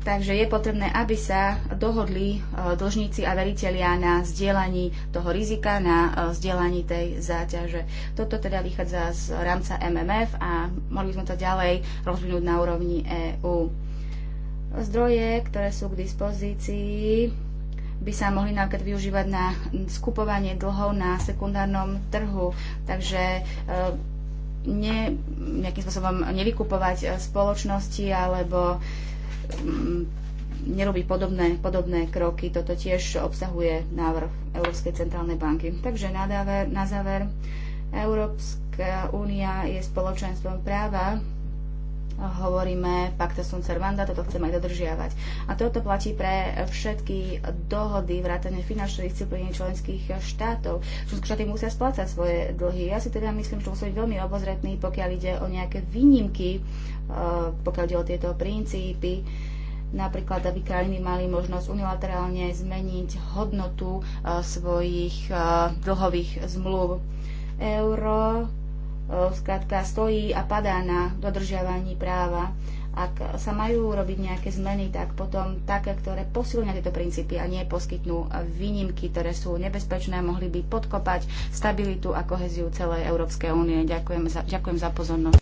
Takže je potrebné, aby sa dohodli e, dlžníci a veritelia na zdieľaní toho rizika, na e, zdieľaní tej záťaže. Toto teda vychádza z rámca MMF a mohli sme to ďalej rozvinúť na úrovni EÚ. Zdroje, ktoré sú k dispozícii, by sa mohli napríklad využívať na skupovanie dlhov na sekundárnom trhu. Takže ne, nejakým spôsobom nevykupovať e, spoločnosti alebo uh, Mm, nerobí podobné, podobné kroky. Toto tiež obsahuje návrh Európskej centrálnej banky. Takže na dáver, na záver Európska únia je spoločenstvom práva, hovoríme pacta sunt servanda, toto chceme aj dodržiavať. A toto platí pre všetky dohody vrátane finančnej disciplíny členských štátov. Členské štáty musia splácať svoje dlhy. Ja si teda myslím, že musí byť veľmi obozretný, pokiaľ ide o nejaké výnimky, e, pokiaľ ide o tieto princípy napríklad, aby krajiny mali možnosť unilaterálne zmeniť hodnotu e, svojich e, dlhových zmluv. Euro skrátka stojí a padá na dodržiavaní práva. Ak sa majú robiť nejaké zmeny, tak potom také, ktoré posilňujú tieto princípy a nie poskytnú výnimky, ktoré sú nebezpečné, mohli by podkopať stabilitu a koheziu celej Európskej únie. Ďakujem za, ďakujem za pozornosť.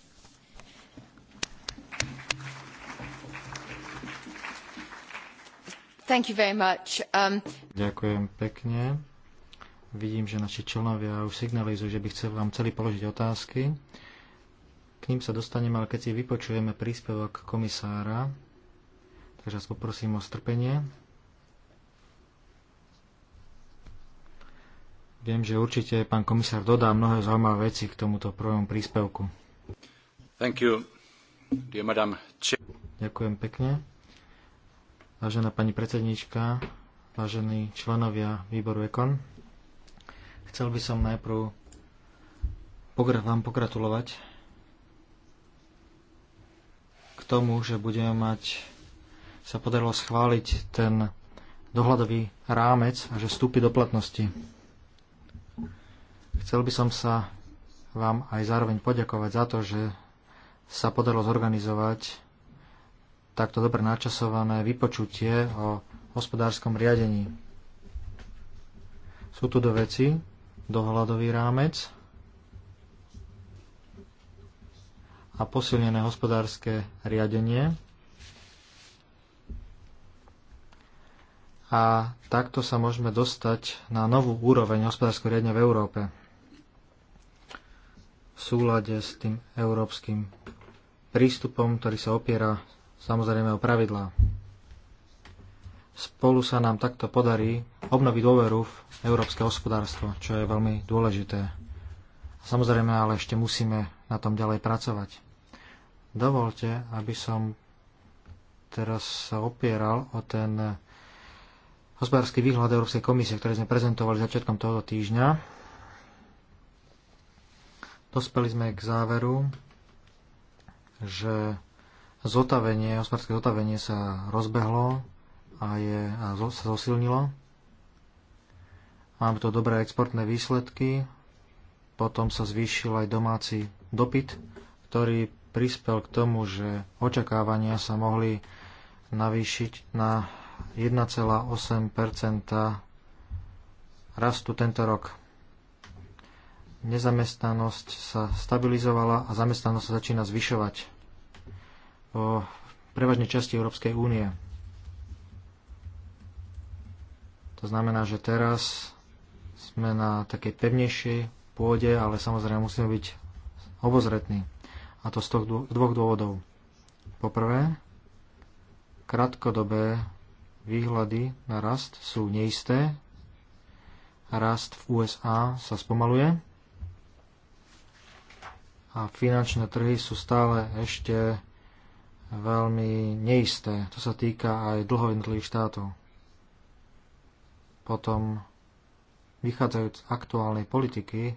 Thank you very much. Um... Ďakujem pekne. Vidím, že naši členovia už signalizujú, že by chcel vám chceli položiť otázky. K ním sa dostaneme, ale keď si vypočujeme príspevok komisára, takže vás poprosím o strpenie. Viem, že určite pán komisár dodá mnohé zaujímavé veci k tomuto prvom príspevku. Thank you, dear madam. Ďakujem pekne. Vážená pani predsednička, vážení členovia výboru EKON, Chcel by som najprv vám pogratulovať k tomu, že budeme mať, sa podarilo schváliť ten dohľadový rámec a že vstúpi do platnosti. Chcel by som sa vám aj zároveň poďakovať za to, že sa podarilo zorganizovať takto dobre načasované vypočutie o hospodárskom riadení. Sú tu do veci, dohľadový rámec a posilnené hospodárske riadenie. A takto sa môžeme dostať na novú úroveň hospodárskeho riadenia v Európe. V súlade s tým európskym prístupom, ktorý sa opiera samozrejme o pravidlá spolu sa nám takto podarí obnoviť dôveru v európske hospodárstvo, čo je veľmi dôležité. Samozrejme, ale ešte musíme na tom ďalej pracovať. Dovolte, aby som teraz sa opieral o ten hospodársky výhľad Európskej komisie, ktorý sme prezentovali začiatkom tohoto týždňa. Dospeli sme k záveru, že zotavenie, hospodárske zotavenie sa rozbehlo, a, je, a sa zosilnilo. Máme to dobré exportné výsledky, potom sa zvýšil aj domáci dopyt, ktorý prispel k tomu, že očakávania sa mohli navýšiť na 1,8 rastu tento rok. Nezamestnanosť sa stabilizovala a zamestnanosť sa začína zvyšovať vo prevažnej časti Európskej únie. To znamená, že teraz sme na takej pevnejšej pôde, ale samozrejme musíme byť obozretní. A to z toho dvoch dôvodov. Poprvé, krátkodobé výhľady na rast sú neisté. Rast v USA sa spomaluje a finančné trhy sú stále ešte veľmi neisté. To sa týka aj dlho jednotlivých štátov. Potom, vychádzajúc z aktuálnej politiky,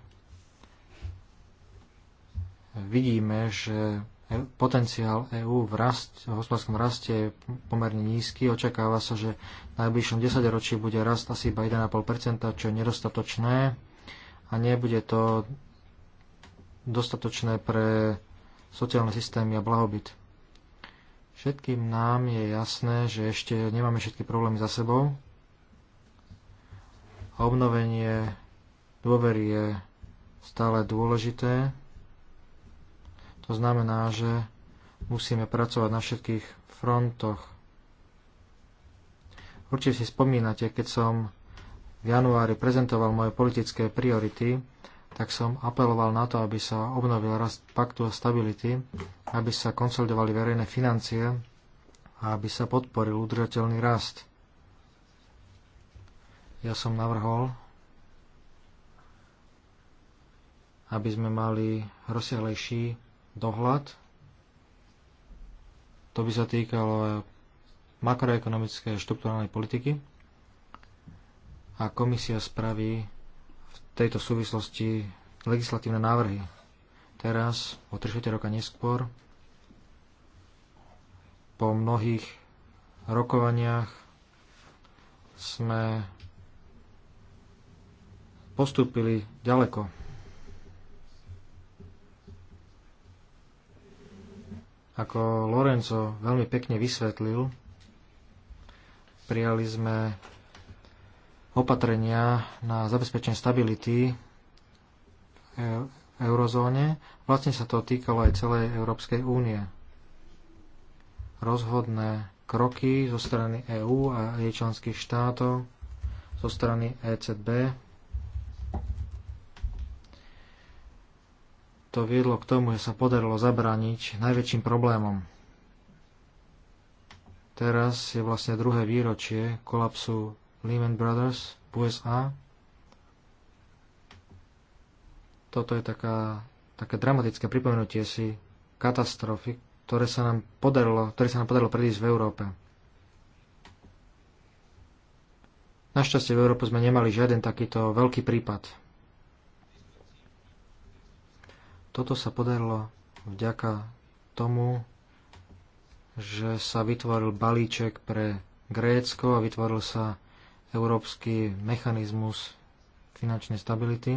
vidíme, že e- potenciál EÚ v, rast, v hospodárskom raste je pomerne nízky. Očakáva sa, že v najbližšom desaťročí bude rast asi iba 1,5%, čo je nedostatočné a nebude to dostatočné pre sociálne systémy a blahobyt. Všetkým nám je jasné, že ešte nemáme všetky problémy za sebou obnovenie dôvery je stále dôležité. To znamená, že musíme pracovať na všetkých frontoch. Určite si spomínate, keď som v januári prezentoval moje politické priority, tak som apeloval na to, aby sa obnovil rast paktu a stability, aby sa konsolidovali verejné financie a aby sa podporil udržateľný rast. Ja som navrhol, aby sme mali rozsiahlejší dohľad. To by sa týkalo makroekonomické a štruktúrnej politiky. A komisia spraví v tejto súvislosti legislatívne návrhy. Teraz, o 3 roka neskôr, po mnohých rokovaniach sme postúpili ďaleko. Ako Lorenzo veľmi pekne vysvetlil, prijali sme opatrenia na zabezpečenie stability v e, eurozóne. Vlastne sa to týkalo aj celej Európskej únie. Rozhodné kroky zo strany EÚ a jej členských štátov, zo strany ECB to viedlo k tomu, že sa podarilo zabrániť najväčším problémom. Teraz je vlastne druhé výročie kolapsu Lehman Brothers v USA. Toto je taká, také dramatické pripomenutie si katastrofy, ktoré sa nám podarilo, ktoré sa nám podarilo predísť v Európe. Našťastie v Európe sme nemali žiaden takýto veľký prípad. Toto sa podarilo vďaka tomu, že sa vytvoril balíček pre Grécko a vytvoril sa európsky mechanizmus finančnej stability.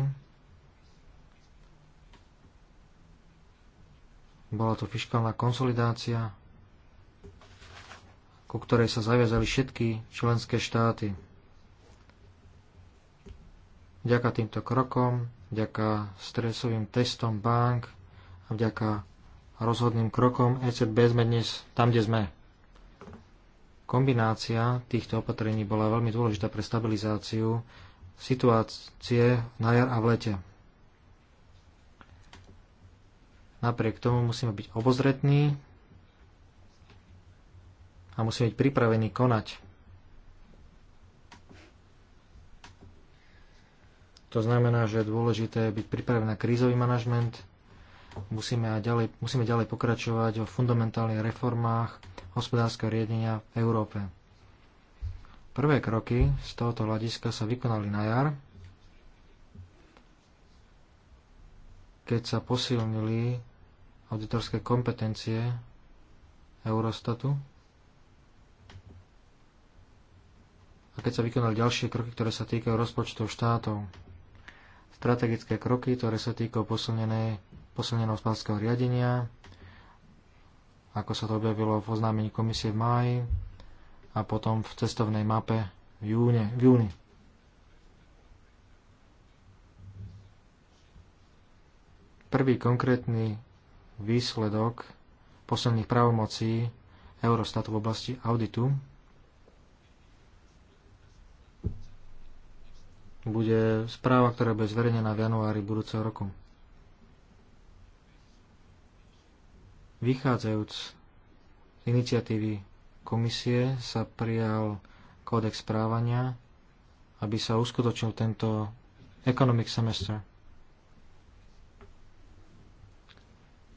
Bola to fiskálna konsolidácia, ku ktorej sa zaviazali všetky členské štáty. Vďaka týmto krokom, vďaka stresovým testom bank a vďaka rozhodným krokom ECB sme dnes tam, kde sme. Kombinácia týchto opatrení bola veľmi dôležitá pre stabilizáciu situácie na jar a v lete. Napriek tomu musíme byť obozretní a musíme byť pripravení konať. To znamená, že je dôležité byť pripravený na krízový manažment, musíme, ďalej, musíme ďalej pokračovať o fundamentálnych reformách hospodárskeho riadenia v Európe. Prvé kroky z tohoto hľadiska sa vykonali na jar, keď sa posilnili auditorské kompetencie Eurostatu a keď sa vykonali ďalšie kroky, ktoré sa týkajú rozpočtov štátov strategické kroky, ktoré sa týkajú posilneného hospodárskeho riadenia, ako sa to objavilo v oznámení komisie v máji a potom v cestovnej mape v, júne, v júni. Prvý konkrétny výsledok posledných právomocí Eurostatu v oblasti auditu bude správa, ktorá bude zverejnená v januári budúceho roku. Vychádzajúc z iniciatívy komisie sa prijal kódex správania, aby sa uskutočnil tento economic semester.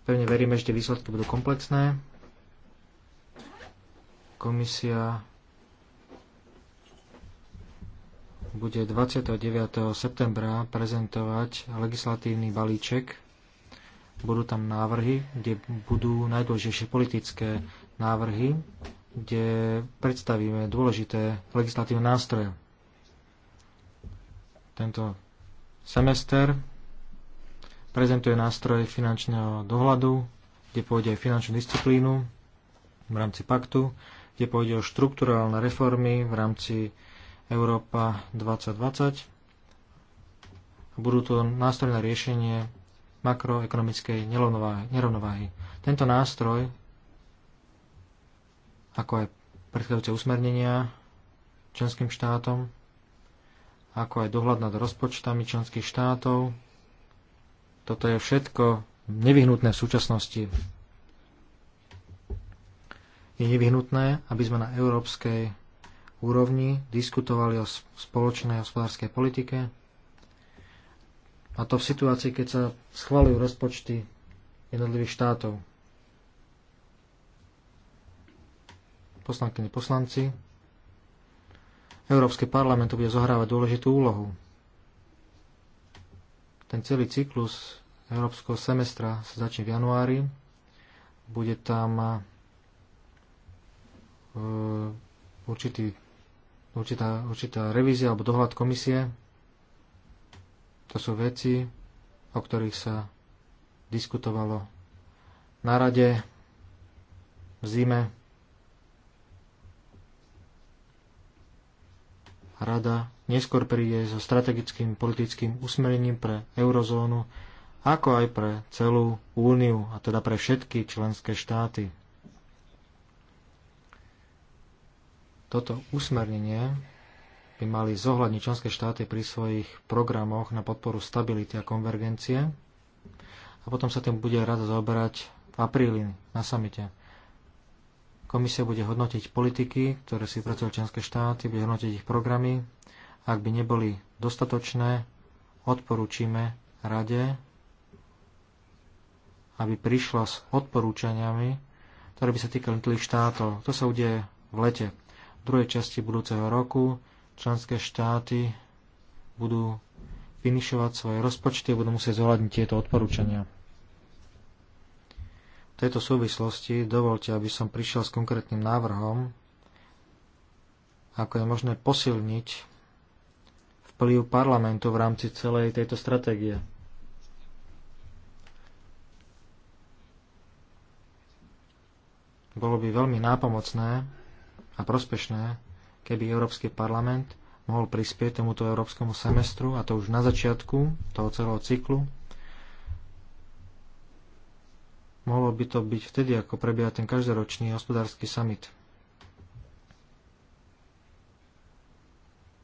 Pevne veríme, že tie výsledky budú komplexné. Komisia bude 29. septembra prezentovať legislatívny balíček. Budú tam návrhy, kde budú najdôležitejšie politické návrhy, kde predstavíme dôležité legislatívne nástroje. Tento semester prezentuje nástroje finančného dohľadu, kde pôjde aj finančnú disciplínu v rámci paktu, kde pôjde o štruktúrálne reformy v rámci Európa 2020. Budú to nástroje na riešenie makroekonomickej nerovnováhy. Tento nástroj, ako aj predchádzajúce usmernenia členským štátom, ako aj dohľad nad rozpočtami členských štátov, toto je všetko nevyhnutné v súčasnosti. Je nevyhnutné, aby sme na európskej úrovni diskutovali o spoločnej hospodárskej politike. A to v situácii, keď sa schvalujú rozpočty jednotlivých štátov. Poslankyni poslanci. Európsky parlament bude zohrávať dôležitú úlohu. Ten celý cyklus európskeho semestra sa začne v januári. Bude tam e, určitý určitá, určitá revízia alebo dohľad komisie. To sú veci, o ktorých sa diskutovalo na rade v zime. Rada neskôr príde so strategickým politickým usmerením pre eurozónu, ako aj pre celú úniu, a teda pre všetky členské štáty. Toto usmernenie by mali zohľadniť členské štáty pri svojich programoch na podporu stability a konvergencie a potom sa tým bude rada zaoberať v apríli na samite. Komisia bude hodnotiť politiky, ktoré si pracujú členské štáty, bude hodnotiť ich programy. Ak by neboli dostatočné, odporúčime rade, aby prišla s odporúčaniami, ktoré by sa týkali tých štátov. To sa udeje v lete druhej časti budúceho roku členské štáty budú finišovať svoje rozpočty a budú musieť zohľadniť tieto odporúčania. V tejto súvislosti dovolte, aby som prišiel s konkrétnym návrhom, ako je možné posilniť vplyv parlamentu v rámci celej tejto stratégie. Bolo by veľmi nápomocné, a prospešné, keby Európsky parlament mohol prispieť tomuto európskemu semestru, a to už na začiatku toho celého cyklu. Mohlo by to byť vtedy, ako prebieha ten každoročný hospodársky summit.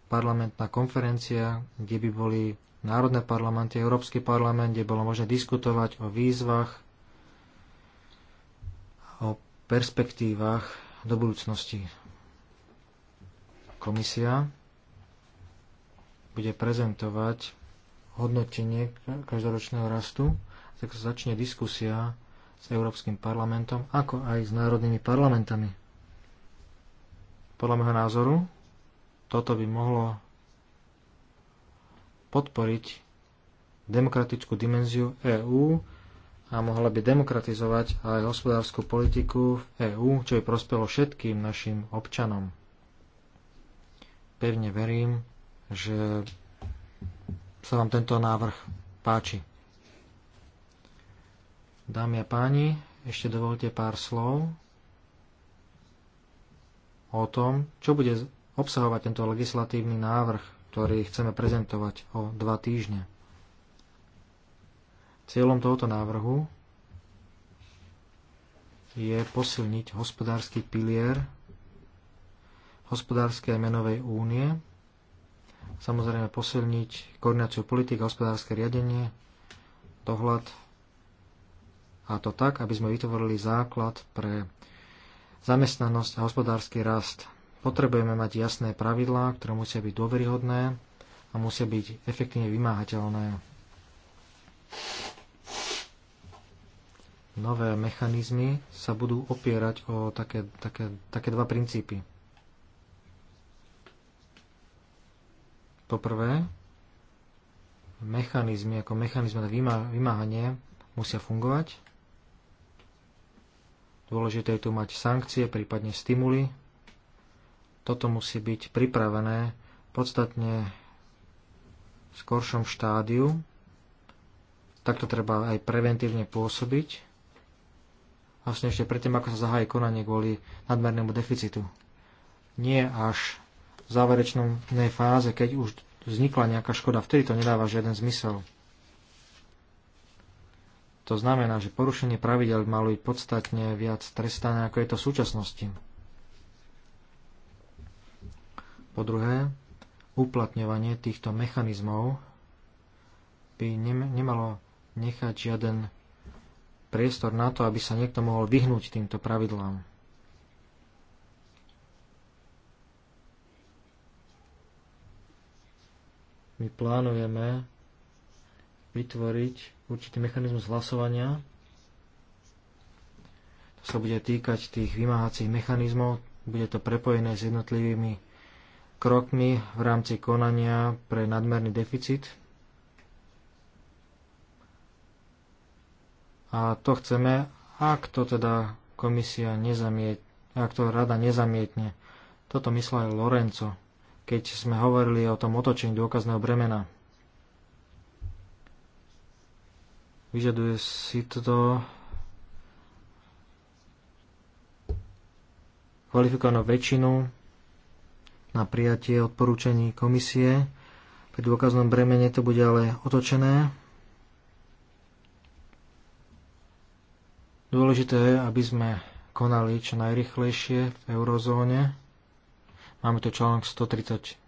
Parlamentná konferencia, kde by boli národné parlamenty, Európsky parlament, kde bolo možné diskutovať o výzvach, o perspektívach do budúcnosti Komisia bude prezentovať hodnotenie každoročného rastu, tak sa začne diskusia s Európskym parlamentom, ako aj s národnými parlamentami. Podľa môjho názoru toto by mohlo podporiť demokratickú dimenziu EÚ a mohla by demokratizovať aj hospodárskú politiku v EÚ, čo by prospelo všetkým našim občanom pevne verím, že sa vám tento návrh páči. Dámy a páni, ešte dovolte pár slov o tom, čo bude obsahovať tento legislatívny návrh, ktorý chceme prezentovať o dva týždne. Cieľom tohoto návrhu je posilniť hospodársky pilier hospodárskej a menovej únie, samozrejme posilniť koordináciu politik a hospodárske riadenie, dohľad a to tak, aby sme vytvorili základ pre zamestnanosť a hospodársky rast. Potrebujeme mať jasné pravidlá, ktoré musia byť dôveryhodné a musia byť efektívne vymáhateľné. Nové mechanizmy sa budú opierať o také, také, také dva princípy Poprvé, mechanizmy ako mechanizmy na vymáhanie musia fungovať. Dôležité je tu mať sankcie, prípadne stimuly. Toto musí byť pripravené podstatne v skoršom štádiu. Takto treba aj preventívne pôsobiť. Vlastne ešte predtým, ako sa zahájí konanie kvôli nadmernému deficitu. Nie až záverečnej fáze, keď už vznikla nejaká škoda, vtedy to nedáva žiaden zmysel. To znamená, že porušenie pravidel malo byť podstatne viac trestané, ako je to v súčasnosti. Po druhé, uplatňovanie týchto mechanizmov by nemalo nechať žiaden priestor na to, aby sa niekto mohol vyhnúť týmto pravidlám. My plánujeme vytvoriť určitý mechanizmus hlasovania. To sa bude týkať tých vymáhacích mechanizmov, bude to prepojené s jednotlivými krokmi v rámci konania pre nadmerný deficit. A to chceme, ak to teda komisia nezamietne, ak to rada nezamietne. Toto myslel aj Lorenzo keď sme hovorili o tom otočení dôkazného bremena. Vyžaduje si to kvalifikovanú väčšinu na prijatie odporúčaní komisie. Pri dôkaznom bremene to bude ale otočené. Dôležité je, aby sme konali čo najrychlejšie v eurozóne. Máme tu článok 136.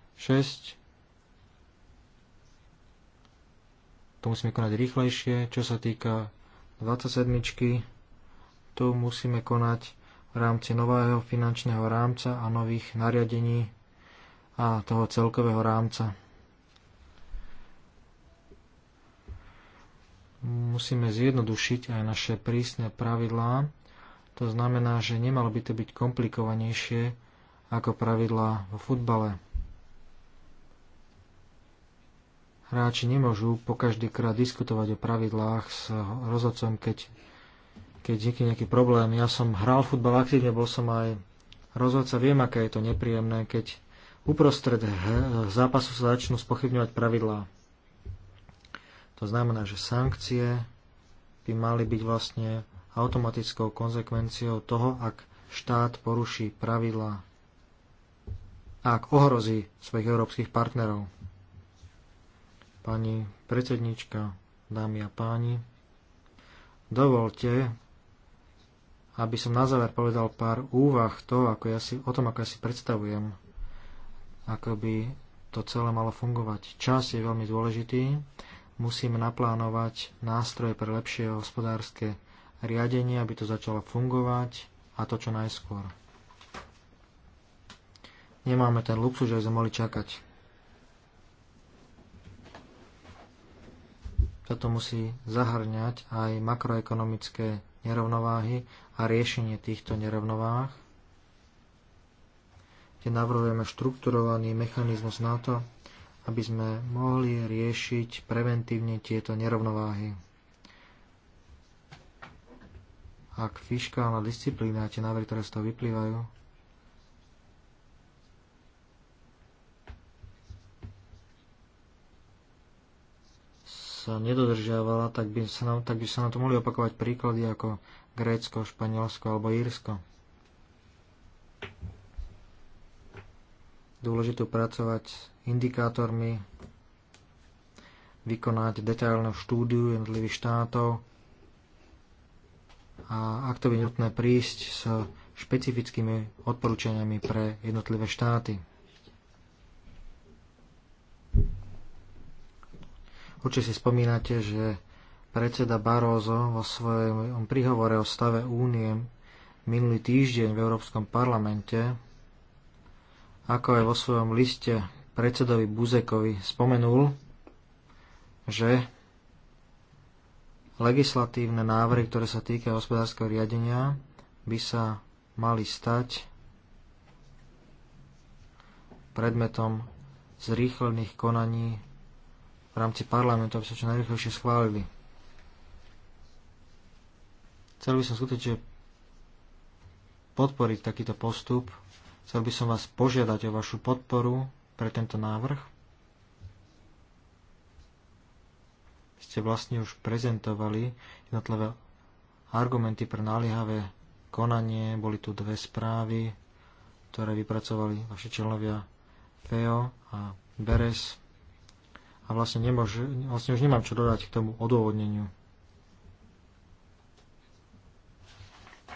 To musíme konať rýchlejšie. Čo sa týka 27. Tu musíme konať v rámci nového finančného rámca a nových nariadení a toho celkového rámca. Musíme zjednodušiť aj naše prísne pravidlá. To znamená, že nemalo by to byť komplikovanejšie ako pravidlá vo futbale. Hráči nemôžu po každýkrát diskutovať o pravidlách s rozhodcom, keď, keď vznikne nejaký problém. Ja som hral futbal aktívne, bol som aj rozhodca, viem, aké je to nepríjemné, keď uprostred zápasu sa začnú spochybňovať pravidlá. To znamená, že sankcie by mali byť vlastne automatickou konzekvenciou toho, ak štát poruší pravidlá a ak ohrozí svojich európskych partnerov. Pani predsednička, dámy a páni, dovolte, aby som na záver povedal pár úvah to, ako ja si, o tom, ako ja si predstavujem, ako by to celé malo fungovať. Čas je veľmi dôležitý, musíme naplánovať nástroje pre lepšie hospodárske riadenie, aby to začalo fungovať a to čo najskôr nemáme ten luxus, že sme mohli čakať. Toto musí zahrňať aj makroekonomické nerovnováhy a riešenie týchto nerovnováh, kde navrhujeme štrukturovaný mechanizmus na to, aby sme mohli riešiť preventívne tieto nerovnováhy. Ak fiskálna disciplína a tie návrhy, ktoré z toho vyplývajú, sa nedodržiavala, tak by sa nám, tak by sa nám to mohli opakovať príklady ako Grécko, Španielsko alebo Írsko. Dôležité pracovať s indikátormi, vykonať detailnú štúdiu jednotlivých štátov a ak to by nutné prísť s špecifickými odporúčaniami pre jednotlivé štáty. Určite si spomínate, že predseda Barroso vo svojom prihovore o stave únie minulý týždeň v Európskom parlamente, ako aj vo svojom liste predsedovi Buzekovi spomenul, že legislatívne návrhy, ktoré sa týkajú hospodárskeho riadenia, by sa mali stať predmetom zrýchlených konaní v rámci parlamentu, aby sa čo najrychlejšie schválili. Chcel by som skutočne podporiť takýto postup. Chcel by som vás požiadať o vašu podporu pre tento návrh. Ste vlastne už prezentovali jednotlivé argumenty pre naliehavé konanie. Boli tu dve správy, ktoré vypracovali vaši členovia FEO a BERES a vlastne, nemož, vlastne už nemám čo dodať k tomu odôvodneniu.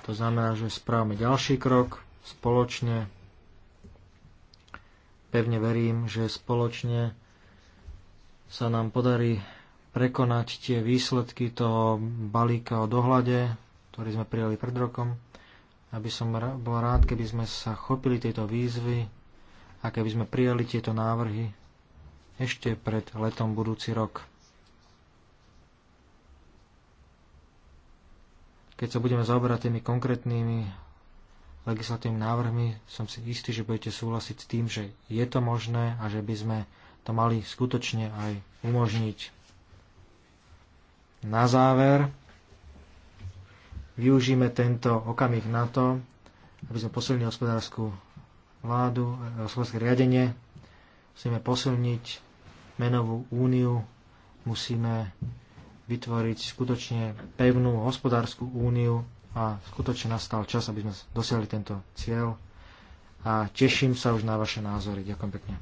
To znamená, že správame ďalší krok spoločne. Pevne verím, že spoločne sa nám podarí prekonať tie výsledky toho balíka o dohľade, ktorý sme prijali pred rokom. Aby som bol rád, keby sme sa chopili tejto výzvy a keby sme prijali tieto návrhy ešte pred letom budúci rok. Keď sa budeme zaoberať tými konkrétnymi legislatívnymi návrhmi, som si istý, že budete súhlasiť s tým, že je to možné a že by sme to mali skutočne aj umožniť. Na záver využíme tento okamih na to, aby sme posilnili hospodárskú vládu, eh, hospodárske riadenie, musíme posilniť menovú úniu, musíme vytvoriť skutočne pevnú hospodárskú úniu a skutočne nastal čas, aby sme dosiahli tento cieľ a teším sa už na vaše názory. Ďakujem pekne.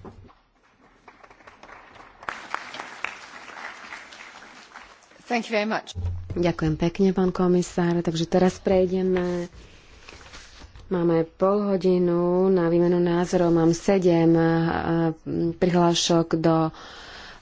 Thank you very much. Ďakujem pekne, pán komisár. Takže teraz prejdeme. Máme pol hodinu na výmenu názorov. Mám sedem eh, prihlášok do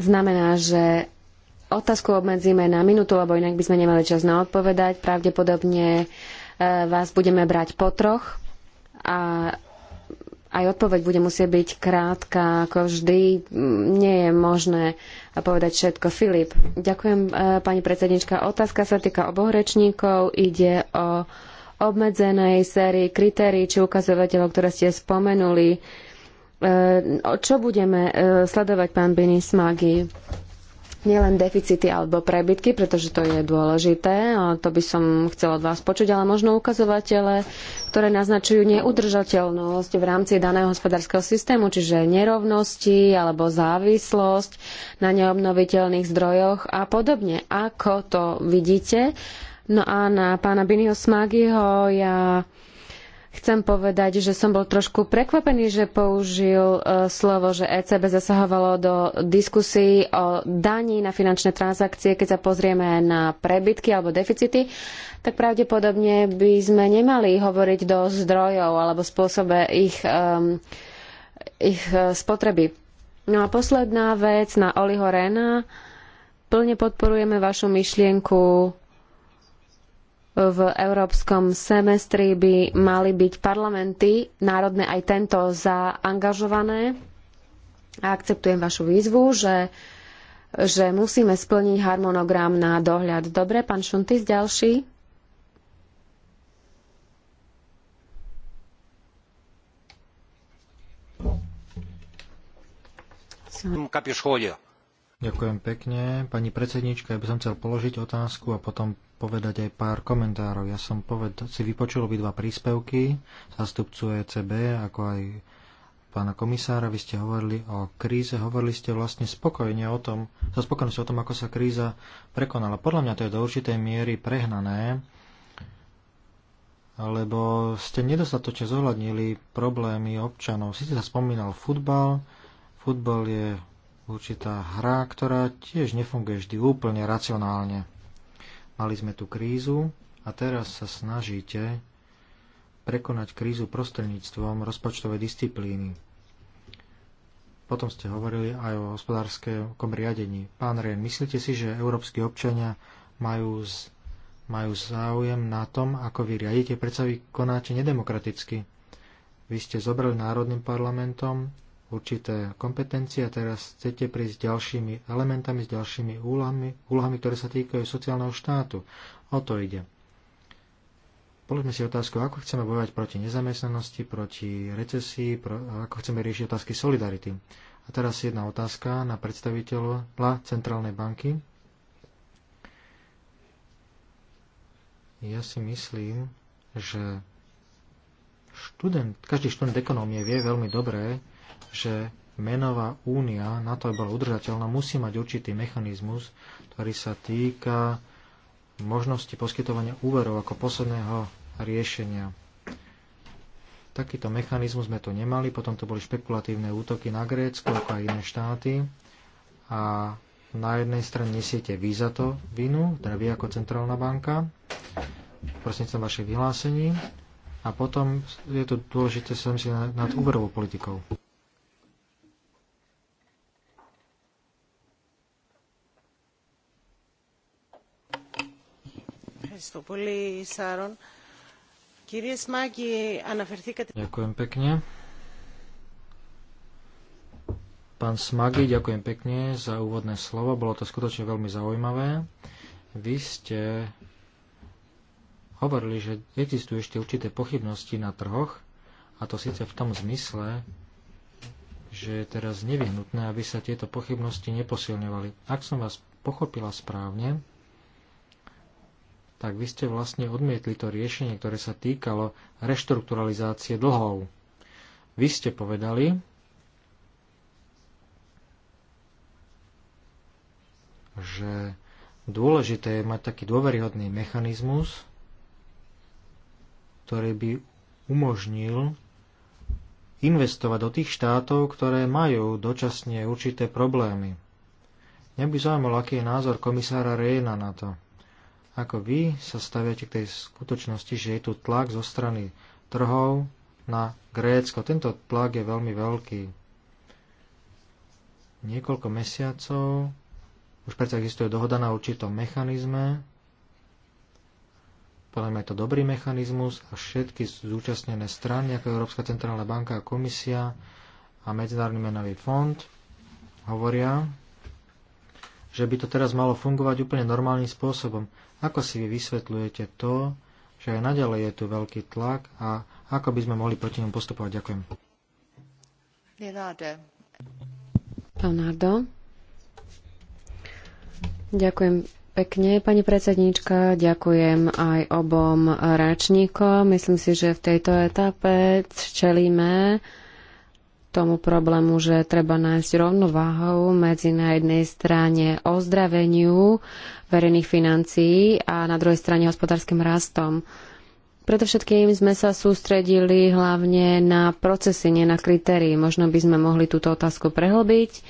znamená, že otázku obmedzíme na minútu, lebo inak by sme nemali čas na odpovedať. Pravdepodobne e, vás budeme brať po troch a aj odpoveď bude musieť byť krátka, ako vždy. Nie je možné povedať všetko. Filip, ďakujem, e, pani predsednička. Otázka sa týka oboch rečníkov. Ide o obmedzenej sérii kritérií či ukazovateľov, ktoré ste spomenuli. E, čo budeme e, sledovať, pán Binis Magi? Nielen deficity alebo prebytky, pretože to je dôležité, ale to by som chcela od vás počuť, ale možno ukazovatele, ktoré naznačujú neudržateľnosť v rámci daného hospodárskeho systému, čiže nerovnosti alebo závislosť na neobnoviteľných zdrojoch a podobne. Ako to vidíte? No a na pána Biniho Smagiho ja Chcem povedať, že som bol trošku prekvapený, že použil e, slovo, že ECB zasahovalo do diskusí o daní na finančné transakcie. Keď sa pozrieme na prebytky alebo deficity, tak pravdepodobne by sme nemali hovoriť do zdrojov alebo spôsobe ich, um, ich e, spotreby. No a posledná vec na Oliho Rena. Plne podporujeme vašu myšlienku v európskom semestri by mali byť parlamenty národné aj tento zaangažované. A akceptujem vašu výzvu, že, že musíme splniť harmonogram na dohľad. Dobre, pán Šuntis, ďalší. Ďakujem pekne. Pani predsednička, ja by som chcel položiť otázku a potom povedať aj pár komentárov. Ja som poved- si vypočul obidva príspevky zástupcu ECB, ako aj pána komisára, vy ste hovorili o kríze, hovorili ste vlastne spokojne o tom, so spokojnosť o tom, ako sa kríza prekonala. Podľa mňa to je do určitej miery prehnané, lebo ste nedostatočne zohľadnili problémy občanov. Sice sa spomínal futbal, futbal je určitá hra, ktorá tiež nefunguje vždy úplne racionálne. Mali sme tu krízu a teraz sa snažíte prekonať krízu prostredníctvom rozpočtovej disciplíny. Potom ste hovorili aj o hospodárskom riadení. Pán Rien, myslíte si, že európsky občania majú, z, majú záujem na tom, ako vy riadite? Predsa vy konáte nedemokraticky. Vy ste zobrali národným parlamentom určité kompetencie a teraz chcete prísť s ďalšími elementami, s ďalšími úlohami, úlohami, ktoré sa týkajú sociálneho štátu. O to ide. Položme si otázku, ako chceme bojovať proti nezamestnanosti, proti recesii, pro, ako chceme riešiť otázky solidarity. A teraz jedna otázka na predstaviteľa Centrálnej banky. Ja si myslím, že študent, každý študent ekonómie vie veľmi dobre, že menová únia, na to, aby bola udržateľná, musí mať určitý mechanizmus, ktorý sa týka možnosti poskytovania úverov ako posledného riešenia. Takýto mechanizmus sme tu nemali, potom to boli špekulatívne útoky na Grécko ako aj iné štáty a na jednej strane nesiete vy za to vinu, teda vy ako centrálna banka, prostredníctvom vašich vyhlásení a potom je to dôležité sa myslieť nad úverovou politikou. Ευχαριστώ πολύ, Σάρων. Κύριε Σμάκη, αναφερθήκατε... Ďakujem pekne. Pán Smagy, ďakujem pekne za úvodné slovo. Bolo to skutočne veľmi zaujímavé. Vy ste hovorili, že existujú ešte určité pochybnosti na trhoch, a to síce v tom zmysle, že je teraz nevyhnutné, aby sa tieto pochybnosti neposilňovali. Ak som vás pochopila správne, tak vy ste vlastne odmietli to riešenie, ktoré sa týkalo reštrukturalizácie dlhov. Vy ste povedali, že dôležité je mať taký dôveryhodný mechanizmus, ktorý by umožnil investovať do tých štátov, ktoré majú dočasne určité problémy. Mňa by zaujímalo, aký je názor komisára Rejna na to ako vy sa staviate k tej skutočnosti, že je tu tlak zo strany trhov na Grécko. Tento tlak je veľmi veľký. Niekoľko mesiacov, už predsa existuje dohoda na určitom mechanizme, podľa mňa je to dobrý mechanizmus a všetky zúčastnené strany, ako Európska centrálna banka a komisia a Medzinárodný menový fond, hovoria, že by to teraz malo fungovať úplne normálnym spôsobom. Ako si vy vysvetľujete to, že aj naďalej je tu veľký tlak a ako by sme mohli proti ňom postupovať? Ďakujem. Leonardo. Ďakujem pekne, pani predsednička. Ďakujem aj obom račníkom. Myslím si, že v tejto etape čelíme tomu problému, že treba nájsť rovnováhu medzi na jednej strane ozdraveniu verejných financií a na druhej strane hospodárskym rastom. Preto všetkým sme sa sústredili hlavne na procesy, nie na kritérii. Možno by sme mohli túto otázku prehlbiť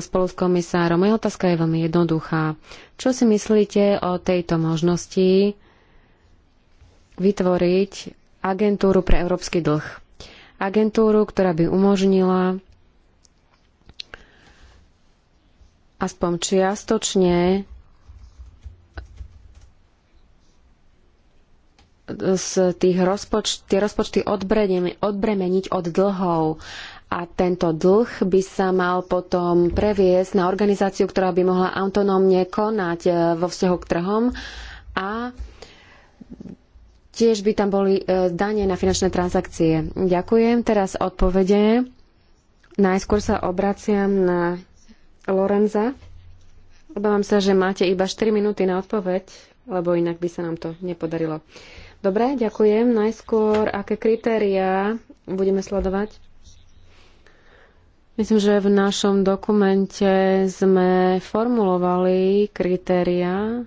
spolu s komisárom. Moja otázka je veľmi jednoduchá. Čo si myslíte o tejto možnosti vytvoriť agentúru pre európsky dlh? agentúru, ktorá by umožnila aspoň čiastočne z eh, tých rozpoč- tie rozpočty odbremeniť od dlhov a tento dlh by sa mal potom previesť na organizáciu, ktorá by mohla autonómne konať eh, vo vzťahu k trhom a Tiež by tam boli e, dane na finančné transakcie. Ďakujem. Teraz odpovede. Najskôr sa obraciam na Lorenza. Obávam sa, že máte iba 4 minúty na odpoveď, lebo inak by sa nám to nepodarilo. Dobre, ďakujem. Najskôr, aké kritériá budeme sledovať? Myslím, že v našom dokumente sme formulovali kritéria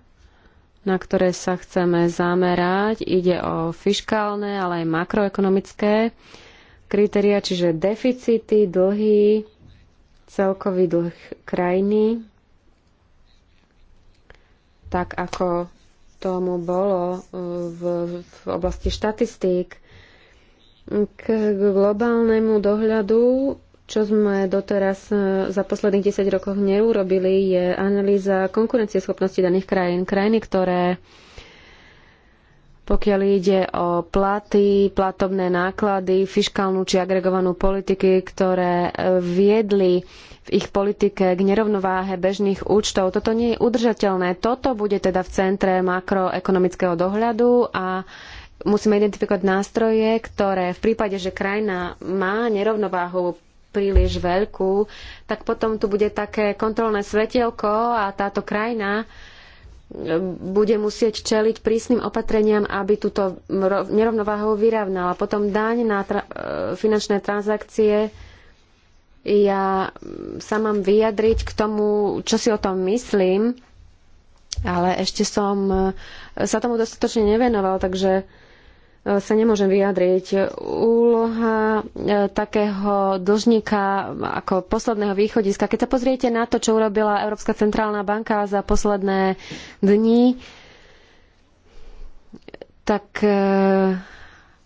na ktoré sa chceme zamerať. Ide o fiškálne, ale aj makroekonomické kritéria, čiže deficity, dlhy, celkový dlh krajiny, tak ako tomu bolo uh, v, v oblasti štatistík. K globálnemu dohľadu čo sme doteraz e, za posledných 10 rokov neurobili, je analýza konkurencieschopnosti daných krajín. Krajiny, ktoré pokiaľ ide o platy, platobné náklady, fiškálnu či agregovanú politiky, ktoré e, viedli v ich politike k nerovnováhe bežných účtov. Toto nie je udržateľné. Toto bude teda v centre makroekonomického dohľadu a musíme identifikovať nástroje, ktoré v prípade, že krajina má nerovnováhu príliš veľkú, tak potom tu bude také kontrolné svetielko a táto krajina ehm, bude musieť čeliť prísnym opatreniam, aby túto nerovnováhu vyrovnala. Potom daň na tra- e, finančné transakcie. Ja mm, sa mám vyjadriť k tomu, čo si o tom myslím, ale ešte som e, sa tomu dostatočne nevenoval, takže sa nemôžem vyjadriť. Úloha e, takého dlžníka ako posledného východiska. Keď sa pozriete na to, čo urobila Európska centrálna banka za posledné dni, tak e,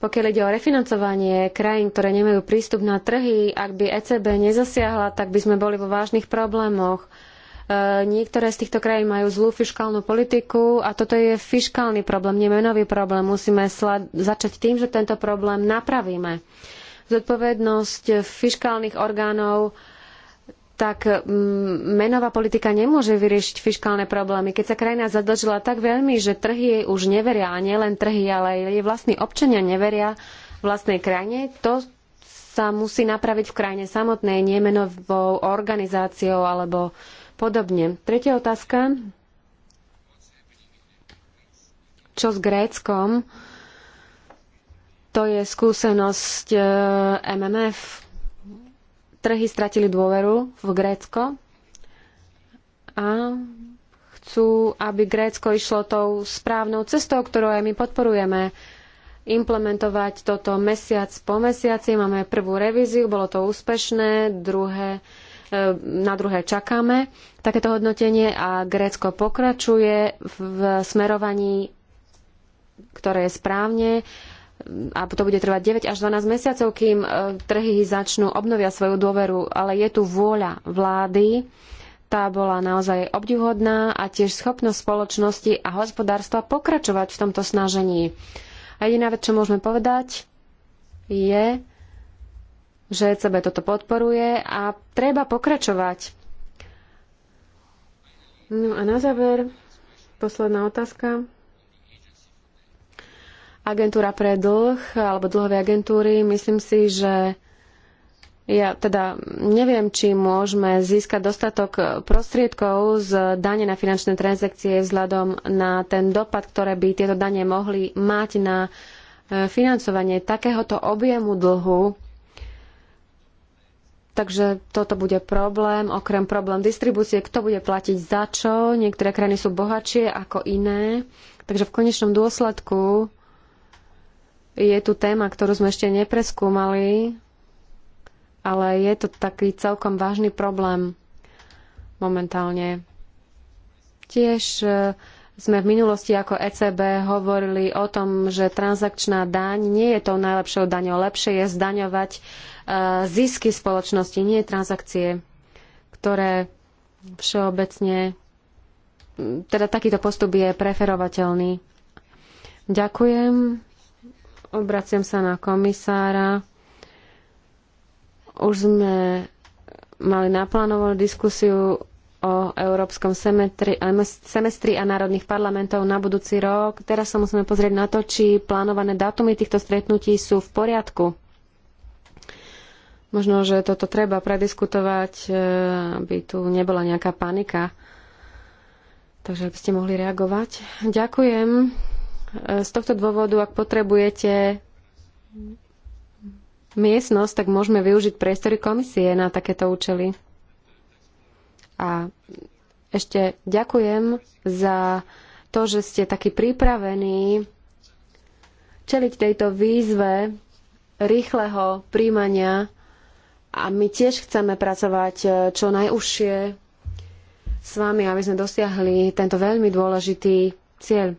pokiaľ ide o refinancovanie krajín, ktoré nemajú prístup na trhy, ak by ECB nezasiahla, tak by sme boli vo vážnych problémoch. Eh, niektoré z týchto krajín majú zlú fiškálnu politiku a toto je fiškálny problém, menový problém. Musíme začať tým, že tento problém napravíme. Zodpovednosť fiškálnych orgánov tak mm, menová politika nemôže vyriešiť fiškálne problémy. Keď sa krajina zadlžila tak veľmi, že trhy jej už neveria, a nielen trhy, ale aj jej vlastní občania neveria vlastnej krajine, to sa musí napraviť v krajine samotnej, nie menovou organizáciou alebo podobne. Tretia otázka. Čo s Gréckom? To je skúsenosť e, MMF. Trhy stratili dôveru v Grécko a chcú, aby Grécko išlo tou správnou cestou, ktorú aj my podporujeme implementovať toto mesiac po mesiaci. Máme prvú revíziu, bolo to úspešné, druhé na druhé čakáme takéto hodnotenie a Grécko pokračuje v smerovaní, ktoré je správne a to bude trvať 9 až 12 mesiacov, kým e, trhy začnú obnovia svoju dôveru, ale je tu vôľa vlády. Tá bola naozaj obdivhodná a tiež schopnosť spoločnosti a hospodárstva pokračovať v tomto snažení. A jediná vec, čo môžeme povedať, je, že ECB toto podporuje a treba pokračovať. No a na záver, posledná otázka. Agentúra pre dlh alebo dlhové agentúry, myslím si, že ja teda neviem, či môžeme získať dostatok prostriedkov z dane na finančné transakcie vzhľadom na ten dopad, ktoré by tieto dane mohli mať na eh, financovanie takéhoto objemu dlhu Takže toto bude problém, okrem problém distribúcie, kto bude platiť za čo. Niektoré krajiny sú bohatšie ako iné. Takže v konečnom dôsledku je tu téma, ktorú sme ešte nepreskúmali, ale je to taký celkom vážny problém momentálne. Tiež e, sme v minulosti ako ECB hovorili o tom, že transakčná daň nie je tou najlepšou daňou. Lepšie je zdaňovať uh, zisky spoločnosti, nie transakcie, ktoré všeobecne teda takýto postup je preferovateľný. Ďakujem. Obraciam sa na komisára. Už sme mali naplánovanú diskusiu o európskom semestri, semestri a národných parlamentov na budúci rok. Teraz sa musíme pozrieť na to, či plánované dátumy týchto stretnutí sú v poriadku. Možno, že toto treba prediskutovať, e, aby tu nebola nejaká panika. Takže by ste mohli reagovať. Ďakujem. E, z tohto dôvodu, ak potrebujete miestnosť, tak môžeme využiť priestory komisie na takéto účely. A ešte ďakujem za to, že ste takí pripravení čeliť tejto výzve rýchleho príjmania a my tiež chceme pracovať e, čo najúžšie s vami, aby sme dosiahli tento veľmi dôležitý cieľ.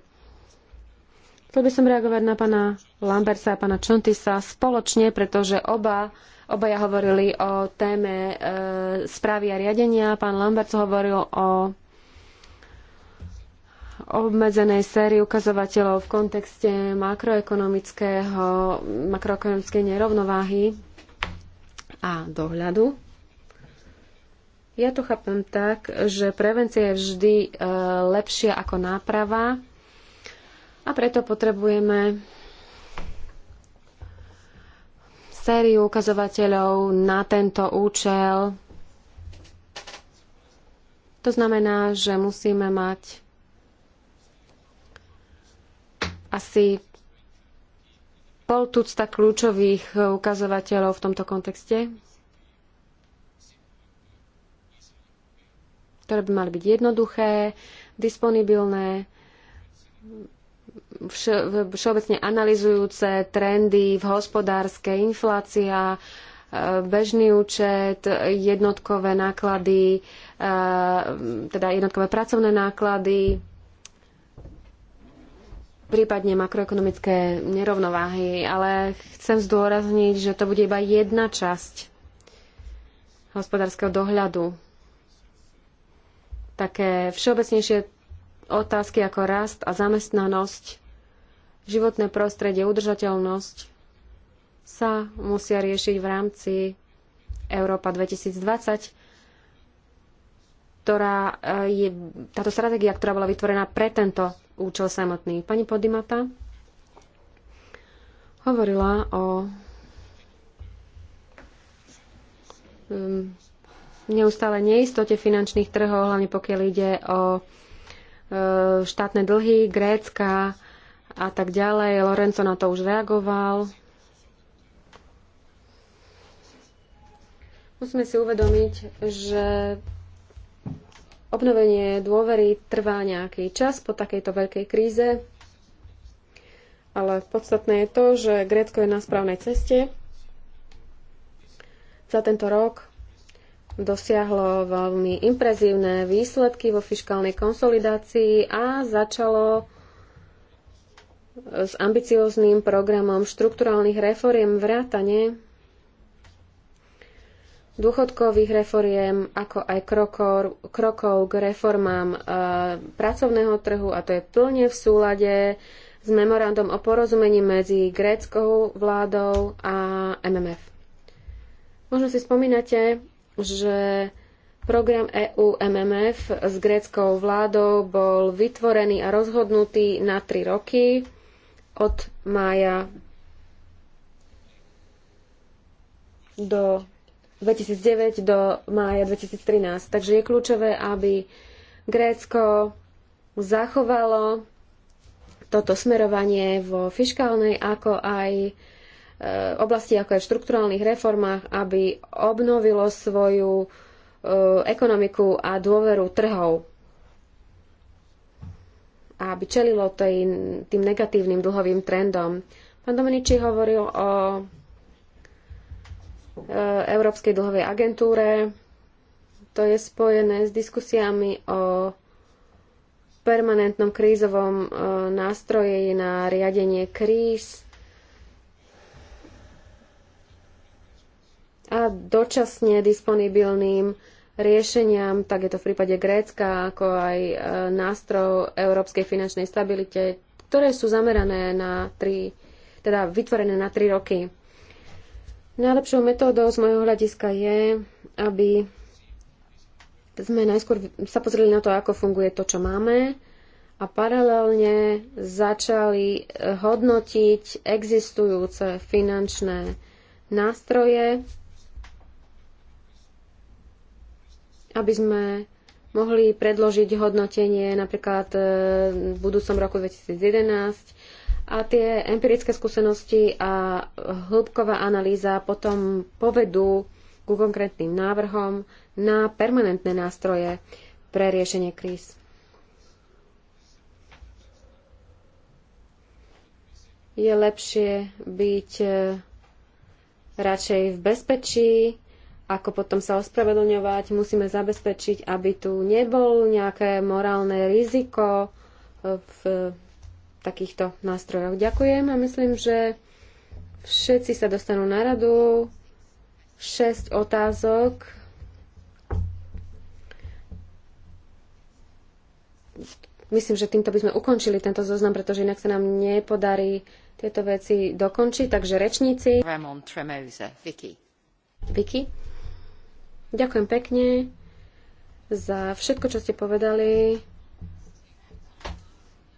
Chcel by som reagovať na pána Lambersa a pána Čontisa spoločne, pretože oba Obaja hovorili o téme e, správy a riadenia. Pán Lambert hovoril o obmedzenej sérii ukazovateľov v kontekste makroekonomického, makroekonomickej nerovnováhy a dohľadu. Ja to chápem tak, že prevencia je vždy e, lepšia ako náprava a preto potrebujeme sériu ukazovateľov na tento účel. To znamená, že musíme mať asi pol tucta kľúčových ukazovateľov v tomto kontexte, ktoré by mali byť jednoduché, disponibilné, všeobecne analizujúce trendy v hospodárske, inflácia, e, bežný účet, jednotkové náklady, e, teda jednotkové pracovné náklady, prípadne makroekonomické nerovnováhy, ale chcem zdôrazniť, že to bude iba jedna časť hospodárskeho dohľadu. Také všeobecnejšie otázky ako rast a zamestnanosť, životné prostredie, udržateľnosť sa musia riešiť v rámci Európa 2020, ktorá eh, je táto stratégia, ktorá bola vytvorená pre tento účel samotný. Pani Podimata hovorila o um, neustále neistote finančných trhov, hlavne pokiaľ ide o uh, štátne dlhy Grécka a tak ďalej. Lorenzo na to už reagoval. Musíme si uvedomiť, že Obnovenie dôvery trvá nejaký čas po takejto veľkej kríze, ale podstatné je to, že Grécko je na správnej ceste. Za tento rok dosiahlo veľmi imprezívne výsledky vo fiskálnej konsolidácii a začalo s ambicióznym programom štrukturálnych reforiem vrátane dôchodkových reforiem, ako aj krokov, krokov k reformám e, pracovného trhu a to je plne v súlade s memorandom o porozumení medzi gréckou vládou a MMF. Možno si spomínate, že program EU MMF s gréckou vládou bol vytvorený a rozhodnutý na 3 roky od mája do 2009 do mája 2013. Takže je kľúčové, aby Grécko zachovalo toto smerovanie vo fiskálnej, ako aj e, oblasti, ako aj v štrukturálnych reformách, aby obnovilo svoju e, ekonomiku a dôveru trhov a aby čelilo tej, tým negatívnym dlhovým trendom. Pán Domeniči hovoril o E, európskej dlhovej agentúre. To je spojené s diskusiami o permanentnom krízovom e, nástroji na riadenie kríz a dočasne disponibilným riešeniam, tak je to v prípade Grécka, ako aj e, nástroj európskej finančnej stabilite, ktoré sú zamerané na tri, teda vytvorené na tri roky. Najlepšou metódou z môjho hľadiska je, aby sme najskôr sa pozreli na to, ako funguje to, čo máme a paralelne začali eh, hodnotiť existujúce finančné nástroje, aby sme mohli predložiť hodnotenie napríklad eh, v budúcom roku 2011 a tie empirické skúsenosti a hĺbková analýza potom povedú ku konkrétnym návrhom na permanentné nástroje pre riešenie kríz. Je lepšie byť e, radšej v bezpečí, ako potom sa ospravedlňovať. Musíme zabezpečiť, aby tu nebol nejaké morálne riziko e, v takýchto nástrojoch. Ďakujem a myslím, že všetci sa dostanú na radu. 6 otázok. Myslím, že týmto by sme ukončili tento zoznam, pretože inak sa nám nepodarí tieto veci dokončiť. Takže rečníci. Ramon Vicky. Vicky. Ďakujem pekne za všetko, čo ste povedali.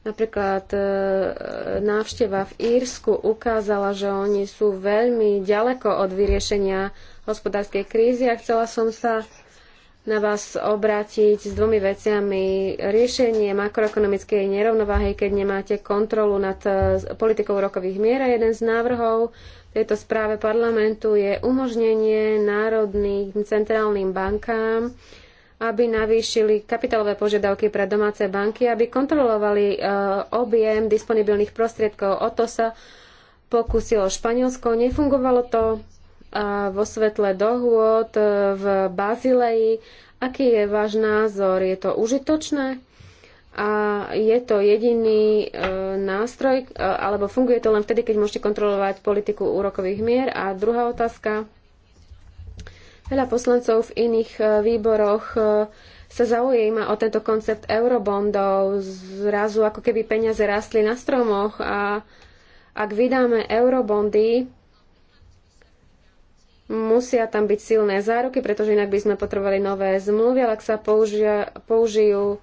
Napríklad e, návšteva v Írsku ukázala, že oni sú veľmi ďaleko od vyriešenia hospodárskej krízy a chcela som sa na vás obrátiť s dvomi veciami. Riešenie makroekonomickej nerovnováhy, keď nemáte kontrolu nad e, politikou rokových mier. A jeden z návrhov tejto správe parlamentu je umožnenie národným centrálnym bankám aby navýšili kapitálové požiadavky pre domáce banky, aby kontrolovali e, objem disponibilných prostriedkov. O to sa pokúsilo Španielsko. Nefungovalo to e, vo svetle dohôd e, v Bazileji. Aký je váš názor? Je to užitočné? a je to jediný e, nástroj, e, alebo funguje to len vtedy, keď môžete kontrolovať politiku úrokových mier. A druhá otázka, Veľa poslancov v iných e, výboroch e, sa zaujíma o tento koncept eurobondov, zrazu ako keby peniaze rastli na stromoch a ak vydáme eurobondy, musia tam byť silné záruky, pretože inak by sme potrebovali nové zmluvy, ale ak sa použia, použijú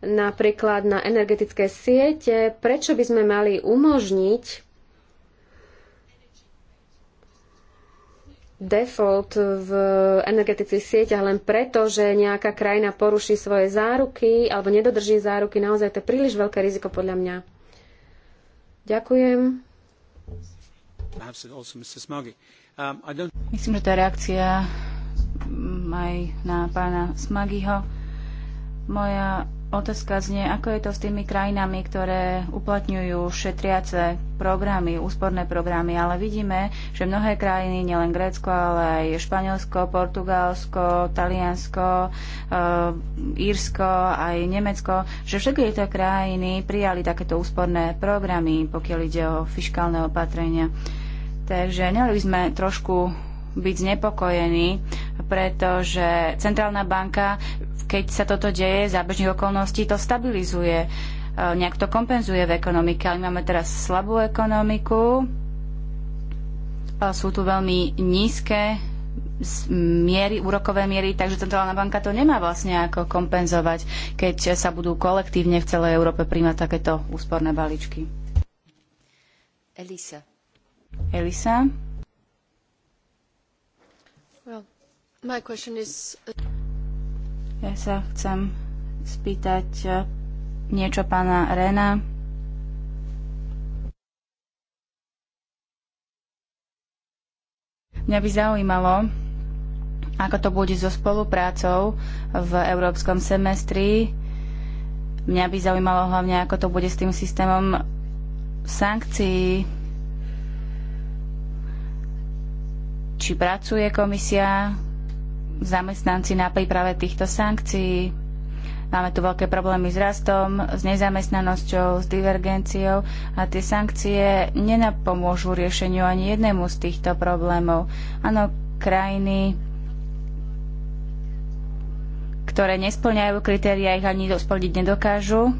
napríklad na energetické siete, prečo by sme mali umožniť default v energetických sieťach len preto, že nejaká krajina poruší svoje záruky alebo nedodrží záruky, naozaj to je príliš veľké riziko podľa mňa. Ďakujem. Um, Myslím, že tá reakcia mm, aj na pána Smagiho. Moja Otázka znie, ako je to s tými krajinami, ktoré uplatňujú šetriace programy, úsporné programy, ale vidíme, že mnohé krajiny, nielen Grécko, ale aj Španielsko, Portugalsko, Taliansko, e, Írsko, aj Nemecko, že všetky tieto krajiny prijali takéto úsporné programy, pokiaľ ide o fiskálne opatrenia. Takže nemali by sme trošku byť znepokojení, pretože centrálna banka, keď sa toto deje za bežných okolností, to stabilizuje, e, nejak to kompenzuje v ekonomike. Ale máme teraz slabú ekonomiku, e, sú tu veľmi nízke miery, úrokové miery, takže centrálna banka to nemá vlastne ako kompenzovať, keď sa budú kolektívne v celej Európe príjmať takéto úsporné balíčky. Elisa. Elisa. Uh, ja sa chcem spýtať uh, niečo pána Rena. Mňa by zaujímalo, ako to bude so spoluprácou v európskom semestri. Mňa by zaujímalo hlavne, ako to bude s tým systémom sankcií. Či pracuje komisia zamestnanci na príprave týchto sankcií. Máme tu veľké problémy s rastom, s nezamestnanosťou, s divergenciou a tie sankcie nenapomôžu riešeniu ani jednému z týchto problémov. Áno, krajiny, ktoré nesplňajú kritéria, ich ani splniť nedokážu,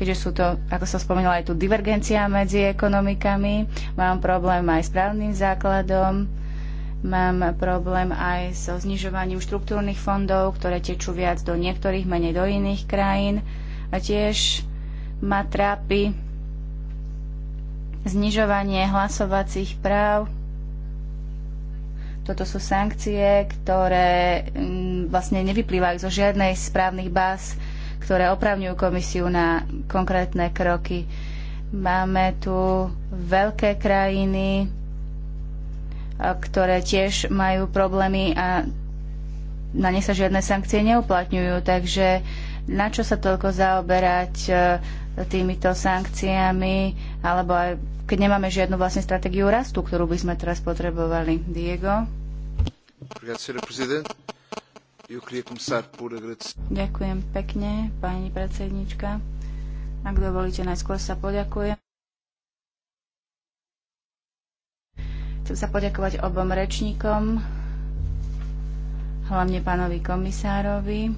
keďže sú to, ako som spomínala, aj tu divergencia medzi ekonomikami, mám problém aj s právnym základom, Mám problém aj so znižovaním štruktúrnych fondov, ktoré tečú viac do niektorých, menej do iných krajín. A tiež ma trápi znižovanie hlasovacích práv. Toto sú sankcie, ktoré mm, vlastne nevyplývajú zo žiadnej z právnych báz, ktoré opravňujú komisiu na konkrétne kroky. Máme tu veľké krajiny, ktoré tiež majú problémy a na ne sa žiadne sankcie neuplatňujú. Takže na čo sa toľko zaoberať e, týmito sankciami, alebo aj keď nemáme žiadnu vlastne stratégiu rastu, ktorú by sme teraz potrebovali. Diego? Ďakujem pekne, pani predsednička. Ak dovolíte, najskôr sa poďakujem Chcem sa poďakovať obom rečníkom, hlavne pánovi komisárovi.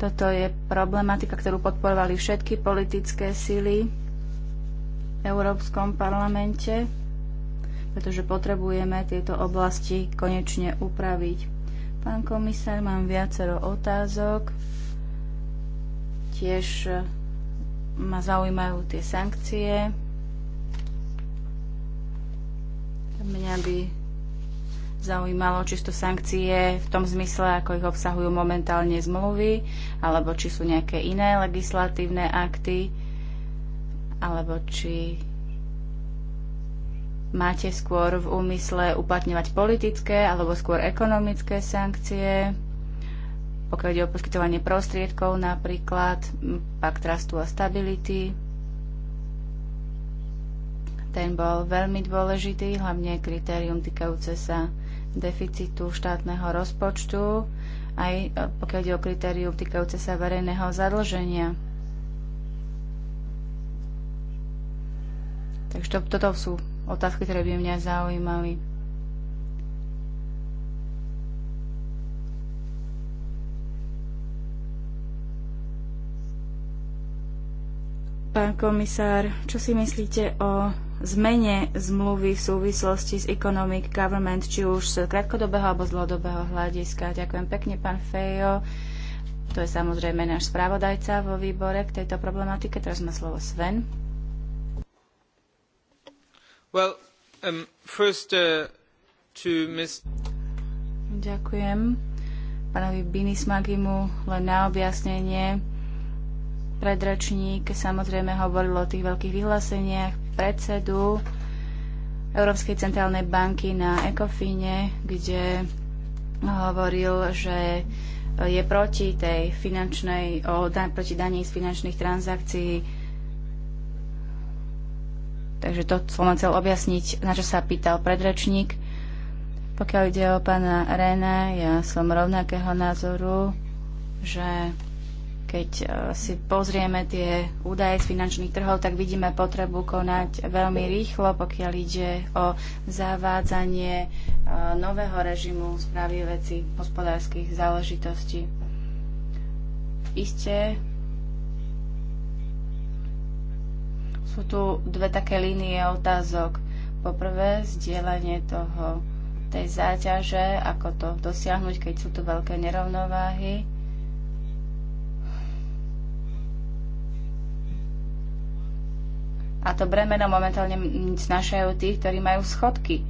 Toto je problematika, ktorú podporovali všetky politické síly v Európskom parlamente, pretože potrebujeme tieto oblasti konečne upraviť. Pán komisár, mám viacero otázok. Tiež e, ma zaujímajú tie sankcie. Mňa by zaujímalo, či sú to sankcie v tom zmysle, ako ich obsahujú momentálne zmluvy, alebo či sú nejaké iné legislatívne akty, alebo či máte skôr v úmysle uplatňovať politické alebo skôr ekonomické sankcie, pokiaľ ide o poskytovanie prostriedkov napríklad, pak trastu a stability. Ten bol veľmi dôležitý, hlavne kritérium týkajúce sa deficitu štátneho rozpočtu, aj e, pokiaľ ide o kritérium týkajúce sa verejného zadlženia. Takže to, toto sú otázky, ktoré by mňa zaujímali. Pán komisár, čo si myslíte o zmene zmluvy v súvislosti s Economic Government, či už z krátkodobého alebo z dlhodobého hľadiska? Ďakujem pekne, pán Fejo. To je samozrejme náš spravodajca vo výbore k tejto problematike. Teraz má slovo Sven. Well, um, uh, Ďakujem. Pánovi Binismagimu len na objasnenie. Predrečník samozrejme hovoril o tých veľkých vyhláseniach predsedu Európskej centrálnej banky na Ekofine, kde hovoril, že je proti tej finančnej, o, proti daní z finančných transakcií Takže to som chcel objasniť, na čo sa pýtal predrečník. Pokiaľ ide o pána René, ja som rovnakého názoru, že keď e, si pozrieme tie údaje z finančných trhov, tak vidíme potrebu konať veľmi rýchlo, pokiaľ ide o zavádzanie e, nového režimu správy veci hospodárskych záležitostí. Isté, Sú tu dve také línie otázok. Poprvé, zdieľanie toho, tej záťaže, ako to dosiahnuť, keď sú tu veľké nerovnováhy. A to bremeno momentálne snašajú tí, ktorí majú schodky.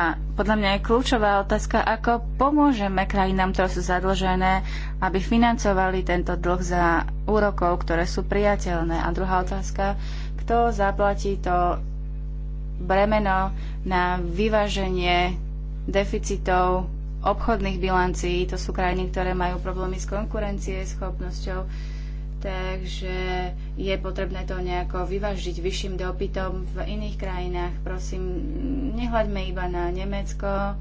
A podľa mňa je kľúčová otázka, ako pomôžeme krajinám, ktoré sú zadlžené, aby financovali tento dlh za úrokov, ktoré sú priateľné. A druhá otázka, kto zaplatí to bremeno na vyváženie deficitov obchodných bilancií. To sú krajiny, ktoré majú problémy s konkurencie, schopnosťou takže je potrebné to nejako vyvážiť vyšším dopytom v iných krajinách. Prosím, nehľaďme iba na Nemecko,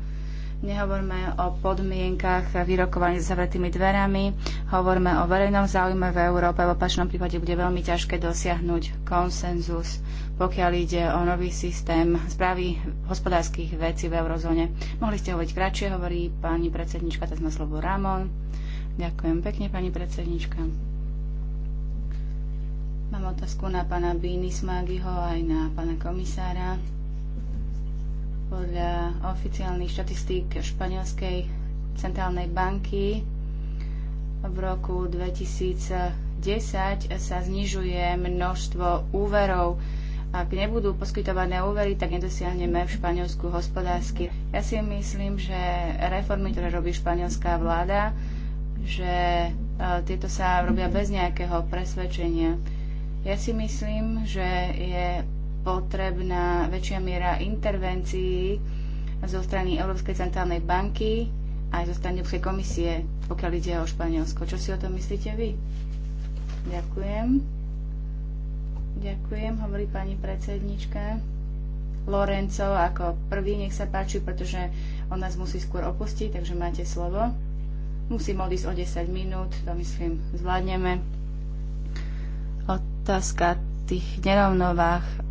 nehovorme o podmienkach vyrokovaných s zavretými dverami, hovorme o verejnom záujme v Európe, v opačnom prípade bude veľmi ťažké dosiahnuť konsenzus, pokiaľ ide o nový systém správy hospodárskych vecí v eurozóne. Mohli ste hovoriť kratšie, hovorí pani predsednička, teraz má slovo Ramon. Ďakujem pekne, pani predsednička. Mám otázku na pána Bínismágyho aj na pána komisára. Podľa oficiálnych štatistík Španielskej centrálnej banky v roku 2010 sa znižuje množstvo úverov. Ak nebudú poskytované úvery, tak nedosiahneme v Španielsku hospodársky. Ja si myslím, že reformy, ktoré robí španielská vláda, že e, tieto sa robia bez nejakého presvedčenia ja si myslím, že je potrebná väčšia miera intervencií zo strany Európskej centrálnej banky aj zo strany Európskej komisie, pokiaľ ide o Španielsko. Čo si o tom myslíte vy? Ďakujem. Ďakujem, hovorí pani predsednička. Lorenzo ako prvý, nech sa páči, pretože on nás musí skôr opustiť, takže máte slovo. Musím odísť o 10 minút, to myslím zvládneme. Otázka tých nerovnovách eh,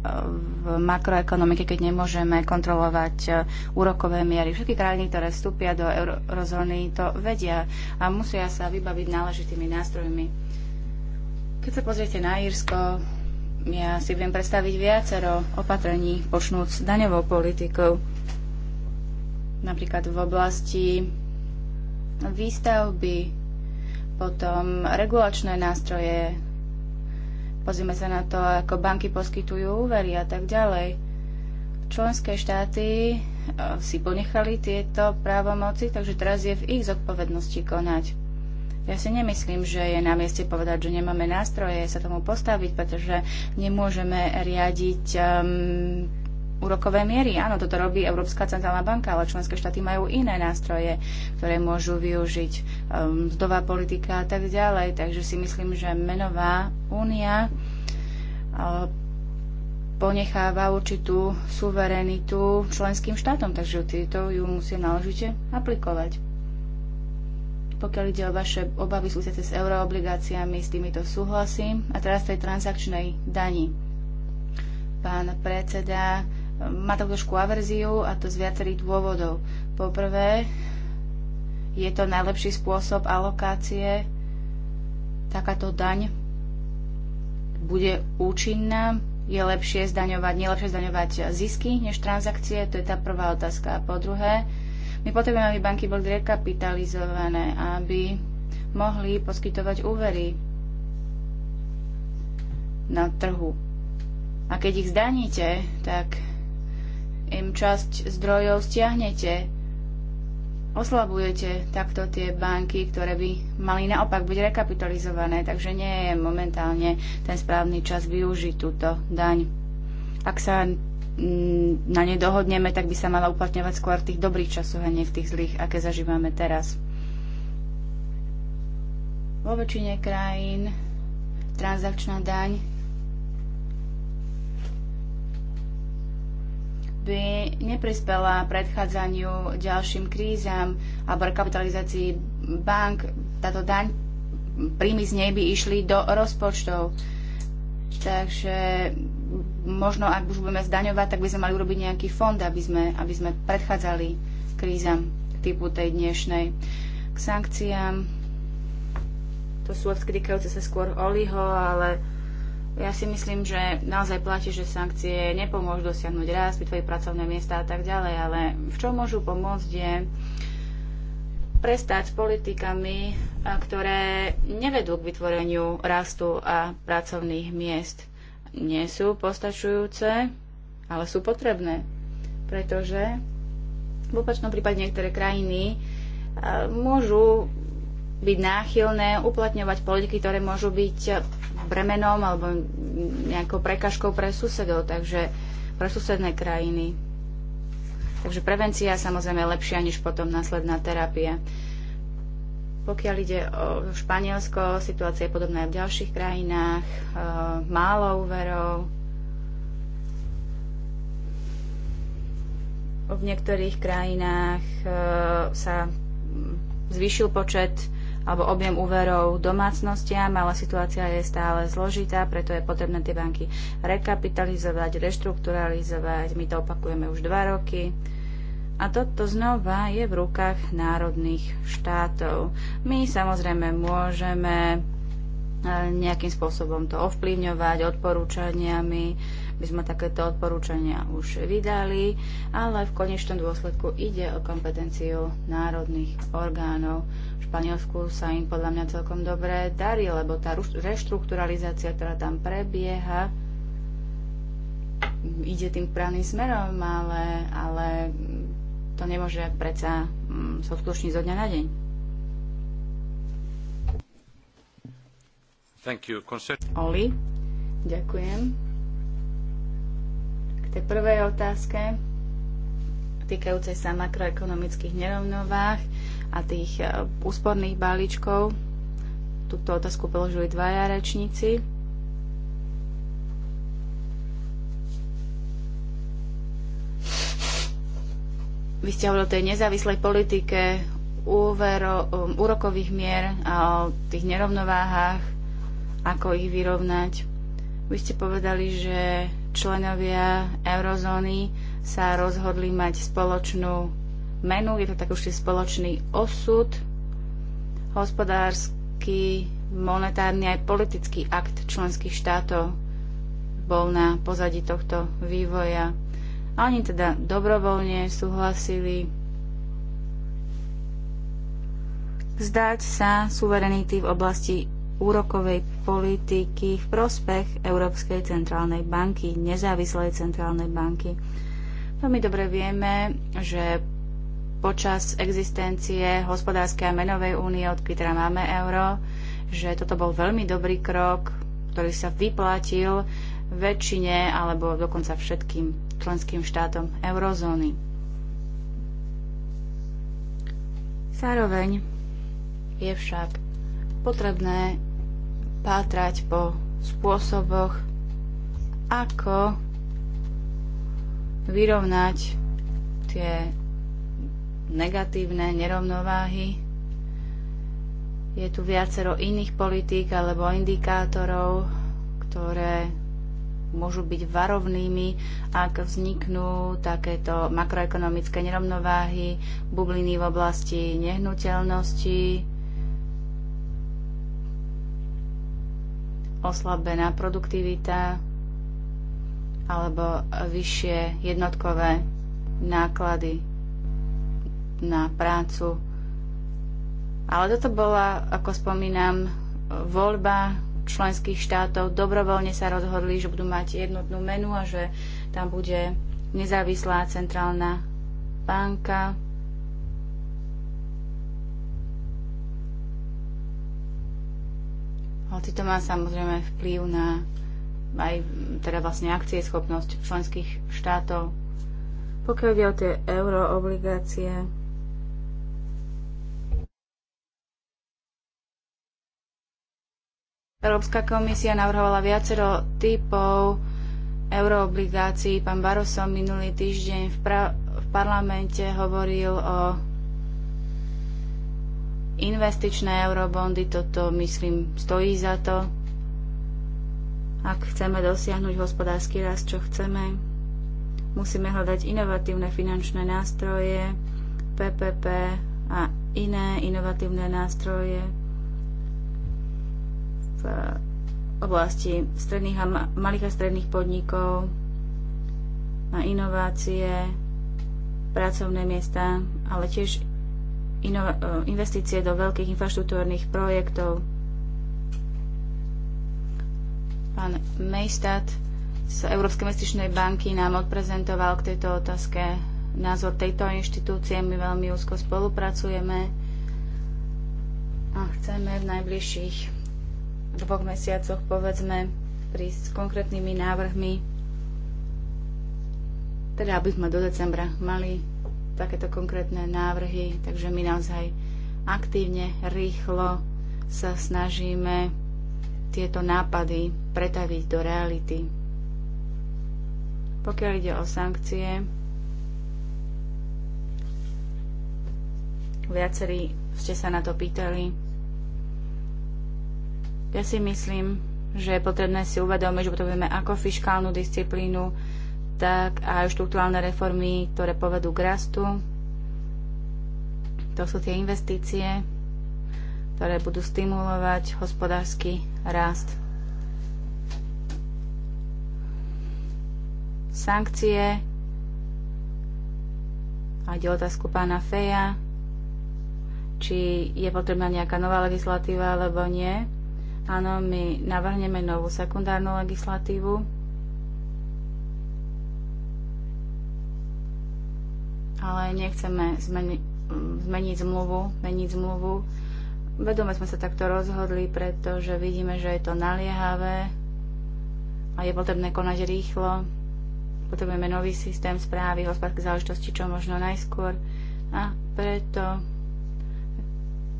v makroekonomike, keď nemôžeme kontrolovať eh, úrokové miery. Všetky krajiny, ktoré vstúpia do eurozóny, to vedia a musia sa vybaviť náležitými nástrojmi. Keď sa pozriete na Írsko, ja si viem predstaviť viacero opatrení, počnúc daňovou politikou. Napríklad v oblasti výstavby, potom regulačné nástroje, Pozrime sa na to, ako banky poskytujú úvery a tak ďalej. Členské štáty e, si ponechali tieto právomoci, takže teraz je v ich zodpovednosti konať. Ja si nemyslím, že je na mieste povedať, že nemáme nástroje sa tomu postaviť, pretože nemôžeme riadiť um, úrokové miery. Áno, toto robí Európska centrálna banka, ale členské štáty majú iné nástroje, ktoré môžu využiť um, politika a tak ďalej. Takže si myslím, že menová únia uh, ponecháva určitú suverenitu členským štátom, takže tieto ju musí náležite aplikovať. Pokiaľ ide o vaše obavy súvisiace s euroobligáciami, s týmito súhlasím. A teraz tej transakčnej dani. Pán predseda, má to trošku averziu a to z viacerých dôvodov. Poprvé, je to najlepší spôsob alokácie. Takáto daň bude účinná, je lepšie zdaňovať, nie lepšie zdaňovať zisky než transakcie, to je tá prvá otázka. A po druhé, my potrebujeme, aby banky boli rekapitalizované, aby mohli poskytovať úvery na trhu. A keď ich zdaníte, tak im časť zdrojov stiahnete, oslabujete takto tie banky, ktoré by mali naopak byť rekapitalizované, takže nie je momentálne ten správny čas využiť túto daň. Ak sa mm, na ne dohodneme, tak by sa mala uplatňovať skôr v tých dobrých časoch a nie v tých zlých, aké zažívame teraz. Vo väčšine krajín transakčná daň by neprispela predchádzaniu ďalším krízam alebo rekapitalizácii bank. Táto daň príjmy z nej by išli do rozpočtov. Takže možno, ak už budeme zdaňovať, tak by sme mali urobiť nejaký fond, aby sme, aby sme predchádzali krízam typu tej dnešnej. K sankciám to sú odkrýkajúce sa skôr Oliho, ale ja si myslím, že naozaj platí, že sankcie nepomôžu dosiahnuť rast, vytvoriť pracovné miesta a tak ďalej, ale v čom môžu pomôcť je prestať s politikami, ktoré nevedú k vytvoreniu rastu a pracovných miest. Nie sú postačujúce, ale sú potrebné, pretože v opačnom prípade niektoré krajiny môžu byť náchylné uplatňovať politiky, ktoré môžu byť bremenom alebo nejakou prekažkou pre susedov, takže pre susedné krajiny. Takže prevencia samozrejme je lepšia než potom následná terapia. Pokiaľ ide o Španielsko, situácia je podobná aj v ďalších krajinách. E, málo úverov, v niektorých krajinách e, sa zvýšil počet alebo objem úverov domácnostiam, ale situácia je stále zložitá, preto je potrebné tie banky rekapitalizovať, reštrukturalizovať. My to opakujeme už dva roky. A toto znova je v rukách národných štátov. My samozrejme môžeme eh, nejakým spôsobom to ovplyvňovať odporúčaniami, by sme takéto odporúčania už vydali, ale v konečnom dôsledku ide o kompetenciu národných orgánov. V Španielsku sa im podľa mňa celkom dobre darí, lebo tá reštrukturalizácia, ktorá tam prebieha, ide tým právnym smerom, ale, ale to nemôže predsa mm, sa odklúšniť zo dňa na deň. Oli, ďakujem tej prvej otázke týkajúcej sa makroekonomických nerovnovách a tých e, úsporných balíčkov. Túto otázku položili dvaja rečníci. Vy ste hovorili o tej nezávislej politike úvero, um, úrokových mier a o tých nerovnováhách, ako ich vyrovnať. Vy ste povedali, že členovia eurozóny sa rozhodli mať spoločnú menu, je to tak už spoločný osud, hospodársky, monetárny aj politický akt členských štátov bol na pozadí tohto vývoja. A oni teda dobrovoľne súhlasili vzdať sa suverenity v oblasti úrokovej politiky v prospech Európskej centrálnej banky, nezávislej centrálnej banky. Veľmi dobre vieme, že počas existencie hospodárskej a menovej únie, odkedy teda máme euro, že toto bol veľmi dobrý krok, ktorý sa vyplatil väčšine alebo dokonca všetkým členským štátom eurozóny. Zároveň je však potrebné pátrať po spôsoboch, ako vyrovnať tie negatívne nerovnováhy. Je tu viacero iných politík alebo indikátorov, ktoré môžu byť varovnými, ak vzniknú takéto makroekonomické nerovnováhy, bubliny v oblasti nehnuteľnosti, oslabená produktivita alebo vyššie jednotkové náklady na prácu. Ale toto bola, ako spomínam, voľba členských štátov. Dobrovoľne sa rozhodli, že budú mať jednotnú menu a že tam bude nezávislá centrálna banka Hoci to má samozrejme vplyv na aj teda vlastne schopnosť členských štátov. Pokiaľ ide o tie euroobligácie, Európska komisia navrhovala viacero typov euroobligácií. Pán Barroso minulý týždeň v, v parlamente hovoril o investičné eurobondy, toto myslím stojí za to, ak chceme dosiahnuť hospodársky rast, čo chceme. Musíme hľadať inovatívne finančné nástroje, PPP a iné inovatívne nástroje v oblasti stredných a malých a stredných podnikov na inovácie, pracovné miesta, ale tiež E, investície do veľkých infraštruktúrnych projektov. Pán Mejstad z Európskej investičnej banky nám odprezentoval k tejto otázke názor tejto inštitúcie. My veľmi úzko spolupracujeme a chceme v najbližších dvoch mesiacoch, povedzme, prísť s konkrétnymi návrhmi, teda aby sme do decembra mali takéto konkrétne návrhy, takže my naozaj aktívne, rýchlo sa snažíme tieto nápady pretaviť do reality. Pokiaľ ide o sankcie, viacerí ste sa na to pýtali. Ja si myslím, že je potrebné si uvedomiť, že potrebujeme ako fiskálnu disciplínu, tak aj štruktúrálne reformy, ktoré povedú k rastu. To sú tie investície, ktoré budú stimulovať hospodársky rast. Sankcie a ide otázku pána Feja, či je potrebná nejaká nová legislatíva alebo nie. Áno, my navrhneme novú sekundárnu legislatívu, ale nechceme zmeni- zmeniť zmluvu, meniť zmluvu. Vedome sme sa takto rozhodli, pretože vidíme, že je to naliehavé a je potrebné konať rýchlo. Potrebujeme nový systém správy hospodárskej záležitosti čo možno najskôr a preto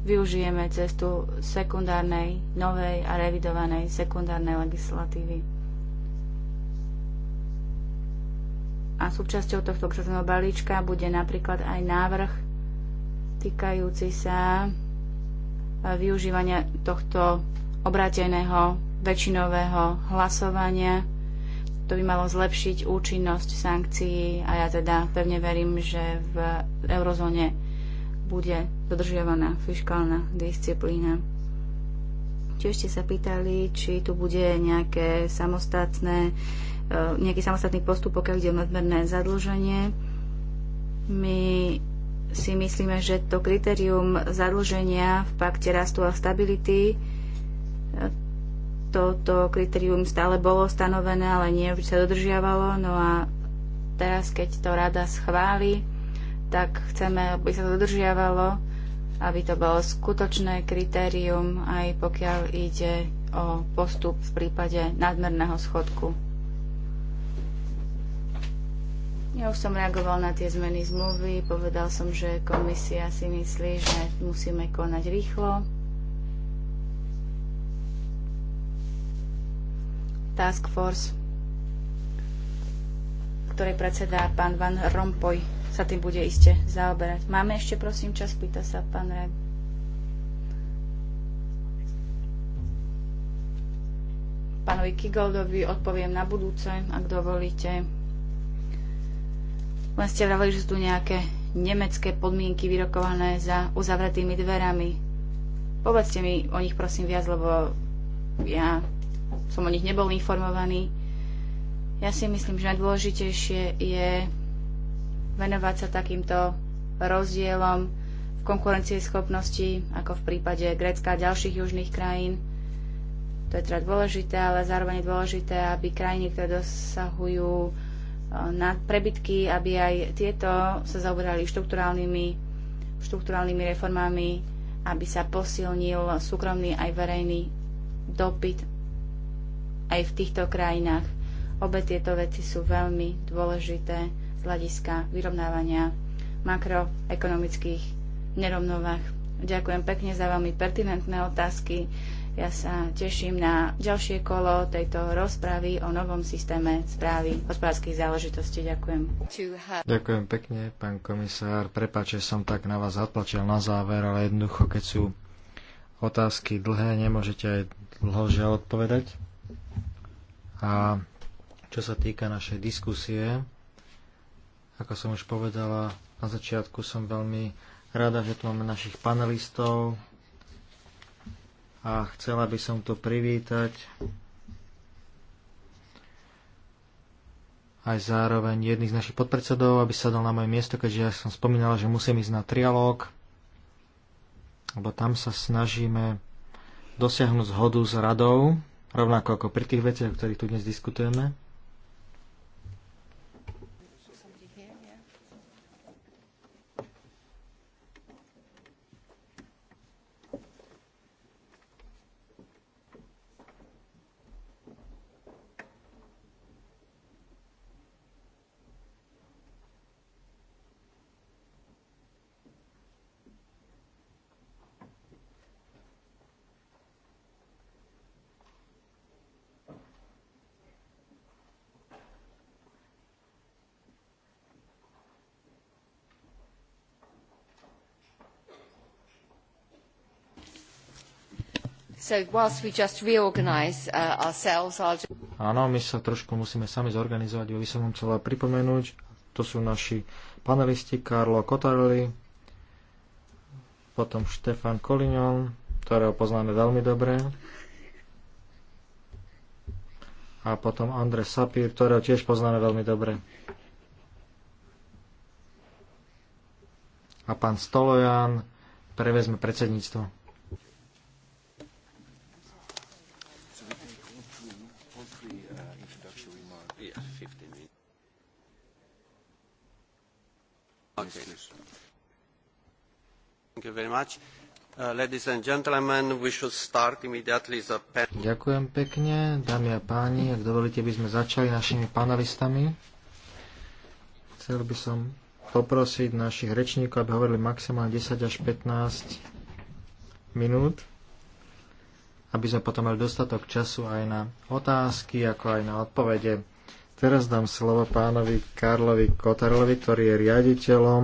využijeme cestu sekundárnej, novej a revidovanej sekundárnej legislatívy. A súčasťou tohto krzného balíčka bude napríklad aj návrh týkajúci sa e, využívania tohto obráteného väčšinového hlasovania. To by malo zlepšiť účinnosť sankcií a ja teda pevne verím, že v eurozóne bude dodržiavaná fiskálna disciplína. Tiež ste sa pýtali, či tu bude nejaké samostatné E, nejaký samostatný postup, pokiaľ ide o nadmerné zadlženie. My si myslíme, že to kritérium zadlženia v pakte rastu a stability e, toto kritérium stále bolo stanovené, ale nie vždy sa dodržiavalo. No a teraz, keď to rada schváli, tak chceme, aby sa to dodržiavalo, aby to bolo skutočné kritérium, aj pokiaľ ide o postup v prípade nadmerného schodku. Ja už som reagoval na tie zmeny zmluvy, povedal som, že komisia si myslí, že musíme konať rýchlo. Task Force, ktorej predsedá pán Van Rompoy, sa tým bude iste zaoberať. Máme ešte, prosím, čas? Pýta sa pán Reb. Pánovi Kigoldovi odpoviem na budúce, ak dovolíte. Len ste vravili, že sú tu nejaké nemecké podmienky vyrokované za uzavretými dverami. Povedzte mi o nich prosím viac, lebo ja som o nich nebol informovaný. Ja si myslím, že najdôležitejšie je venovať sa takýmto rozdielom v konkurencieschopnosti, ako v prípade Grécka a ďalších južných krajín. To je teda dôležité, ale zároveň je dôležité, aby krajiny, ktoré dosahujú na prebytky, aby aj tieto sa zaoberali štruktúrálnymi, štruktúrálnymi reformami, aby sa posilnil súkromný aj verejný dopyt aj v týchto krajinách. Obe tieto veci sú veľmi dôležité z hľadiska vyrovnávania makroekonomických nerovnovách. Ďakujem pekne za veľmi pertinentné otázky. Ja sa teším na ďalšie kolo tejto rozpravy o novom systéme správy hospodárskych záležitostí. Ďakujem. Ďakujem pekne, pán komisár. Prepáč, že som tak na vás zatlačil na záver, ale jednoducho, keď sú otázky dlhé, nemôžete aj dlho žiaľ odpovedať. A čo sa týka našej diskusie, ako som už povedala, na začiatku som veľmi rada, že tu máme našich panelistov, a chcela by som to privítať aj zároveň jedných z našich podpredsedov, aby sa dal na moje miesto, keďže ja som spomínala, že musím ísť na trialóg, lebo tam sa snažíme dosiahnuť zhodu s radou, rovnako ako pri tých veciach, o ktorých tu dnes diskutujeme. Uh, Áno, my sa trošku musíme sami zorganizovať, by som vám chcela pripomenúť. To sú naši panelisti Karlo Kotarelli, potom Štefan Kolinion, ktorého poznáme veľmi dobre, a potom Andre Sapir, ktorého tiež poznáme veľmi dobre. A pán Stolojan prevezme predsedníctvo. Ďakujem pekne, dámy a páni. Ak dovolíte, by sme začali našimi panelistami. Chcel by som poprosiť našich rečníkov, aby hovorili maximálne 10 až 15 minút, aby sme potom mali dostatok času aj na otázky, ako aj na odpovede. Teraz dám slovo pánovi Karlovi Kotarlovi, ktorý je riaditeľom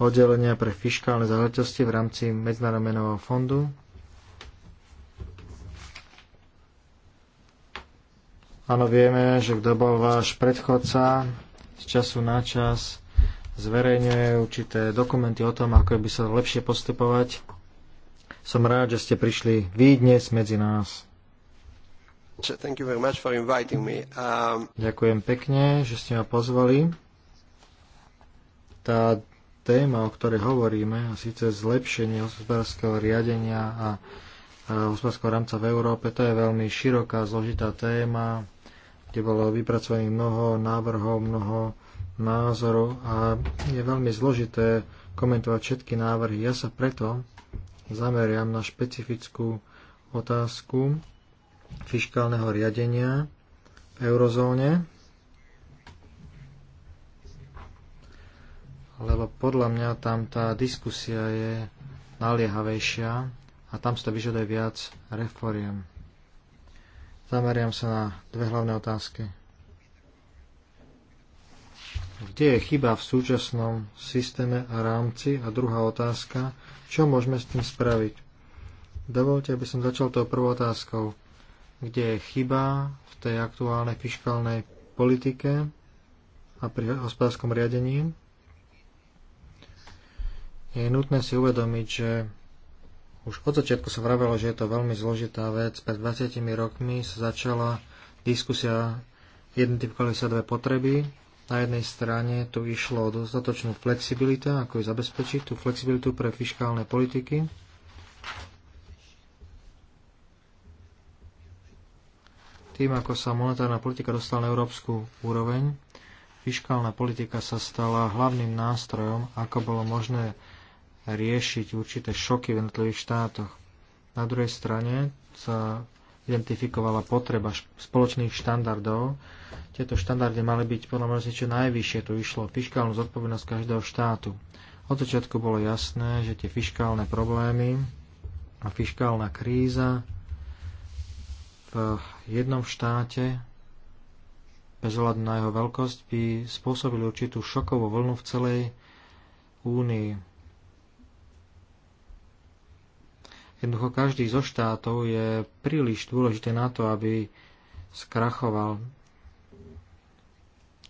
oddelenia pre fiskálne záležitosti v rámci Medzinárodného menového fondu. Áno, vieme, že kto bol váš predchodca, z času na čas zverejňuje určité dokumenty o tom, ako by sa lepšie postupovať. Som rád, že ste prišli vy dnes medzi nás. Um, Ďakujem pekne, že ste ma pozvali. Tá téma, o ktorej hovoríme, a síce zlepšenie hospodárskeho riadenia a hospodárskeho rámca v Európe, to je veľmi široká, zložitá téma, kde bolo vypracovaných mnoho návrhov, mnoho názorov a je veľmi zložité komentovať všetky návrhy. Ja sa preto zameriam na špecifickú otázku fiškálneho riadenia v eurozóne lebo podľa mňa tam tá diskusia je naliehavejšia a tam sa vyžaduje viac reforiem. Zameriam sa na dve hlavné otázky. Kde je chyba v súčasnom systéme a rámci? A druhá otázka, čo môžeme s tým spraviť? Dovolte, aby som začal tou prvou otázkou. Kde je chyba v tej aktuálnej fiskálnej politike a pri hospodárskom riadení? je nutné si uvedomiť, že už od začiatku sa vravelo, že je to veľmi zložitá vec. Pred 20 rokmi sa začala diskusia, identifikovali sa dve potreby. Na jednej strane tu išlo o dostatočnú flexibilitu, ako ju zabezpečiť, tú flexibilitu pre fiskálne politiky. Tým, ako sa monetárna politika dostala na európsku úroveň, fiskálna politika sa stala hlavným nástrojom, ako bolo možné riešiť určité šoky v jednotlivých štátoch. Na druhej strane sa identifikovala potreba spoločných štandardov. Tieto štandardy mali byť podľa mňa niečo najvyššie. Tu išlo fiskálnu zodpovednosť každého štátu. Od začiatku bolo jasné, že tie fiskálne problémy a fiskálna kríza v jednom štáte bez hľadu na jeho veľkosť by spôsobili určitú šokovú vlnu v celej únii Jednoducho každý zo štátov je príliš dôležité na to, aby skrachoval.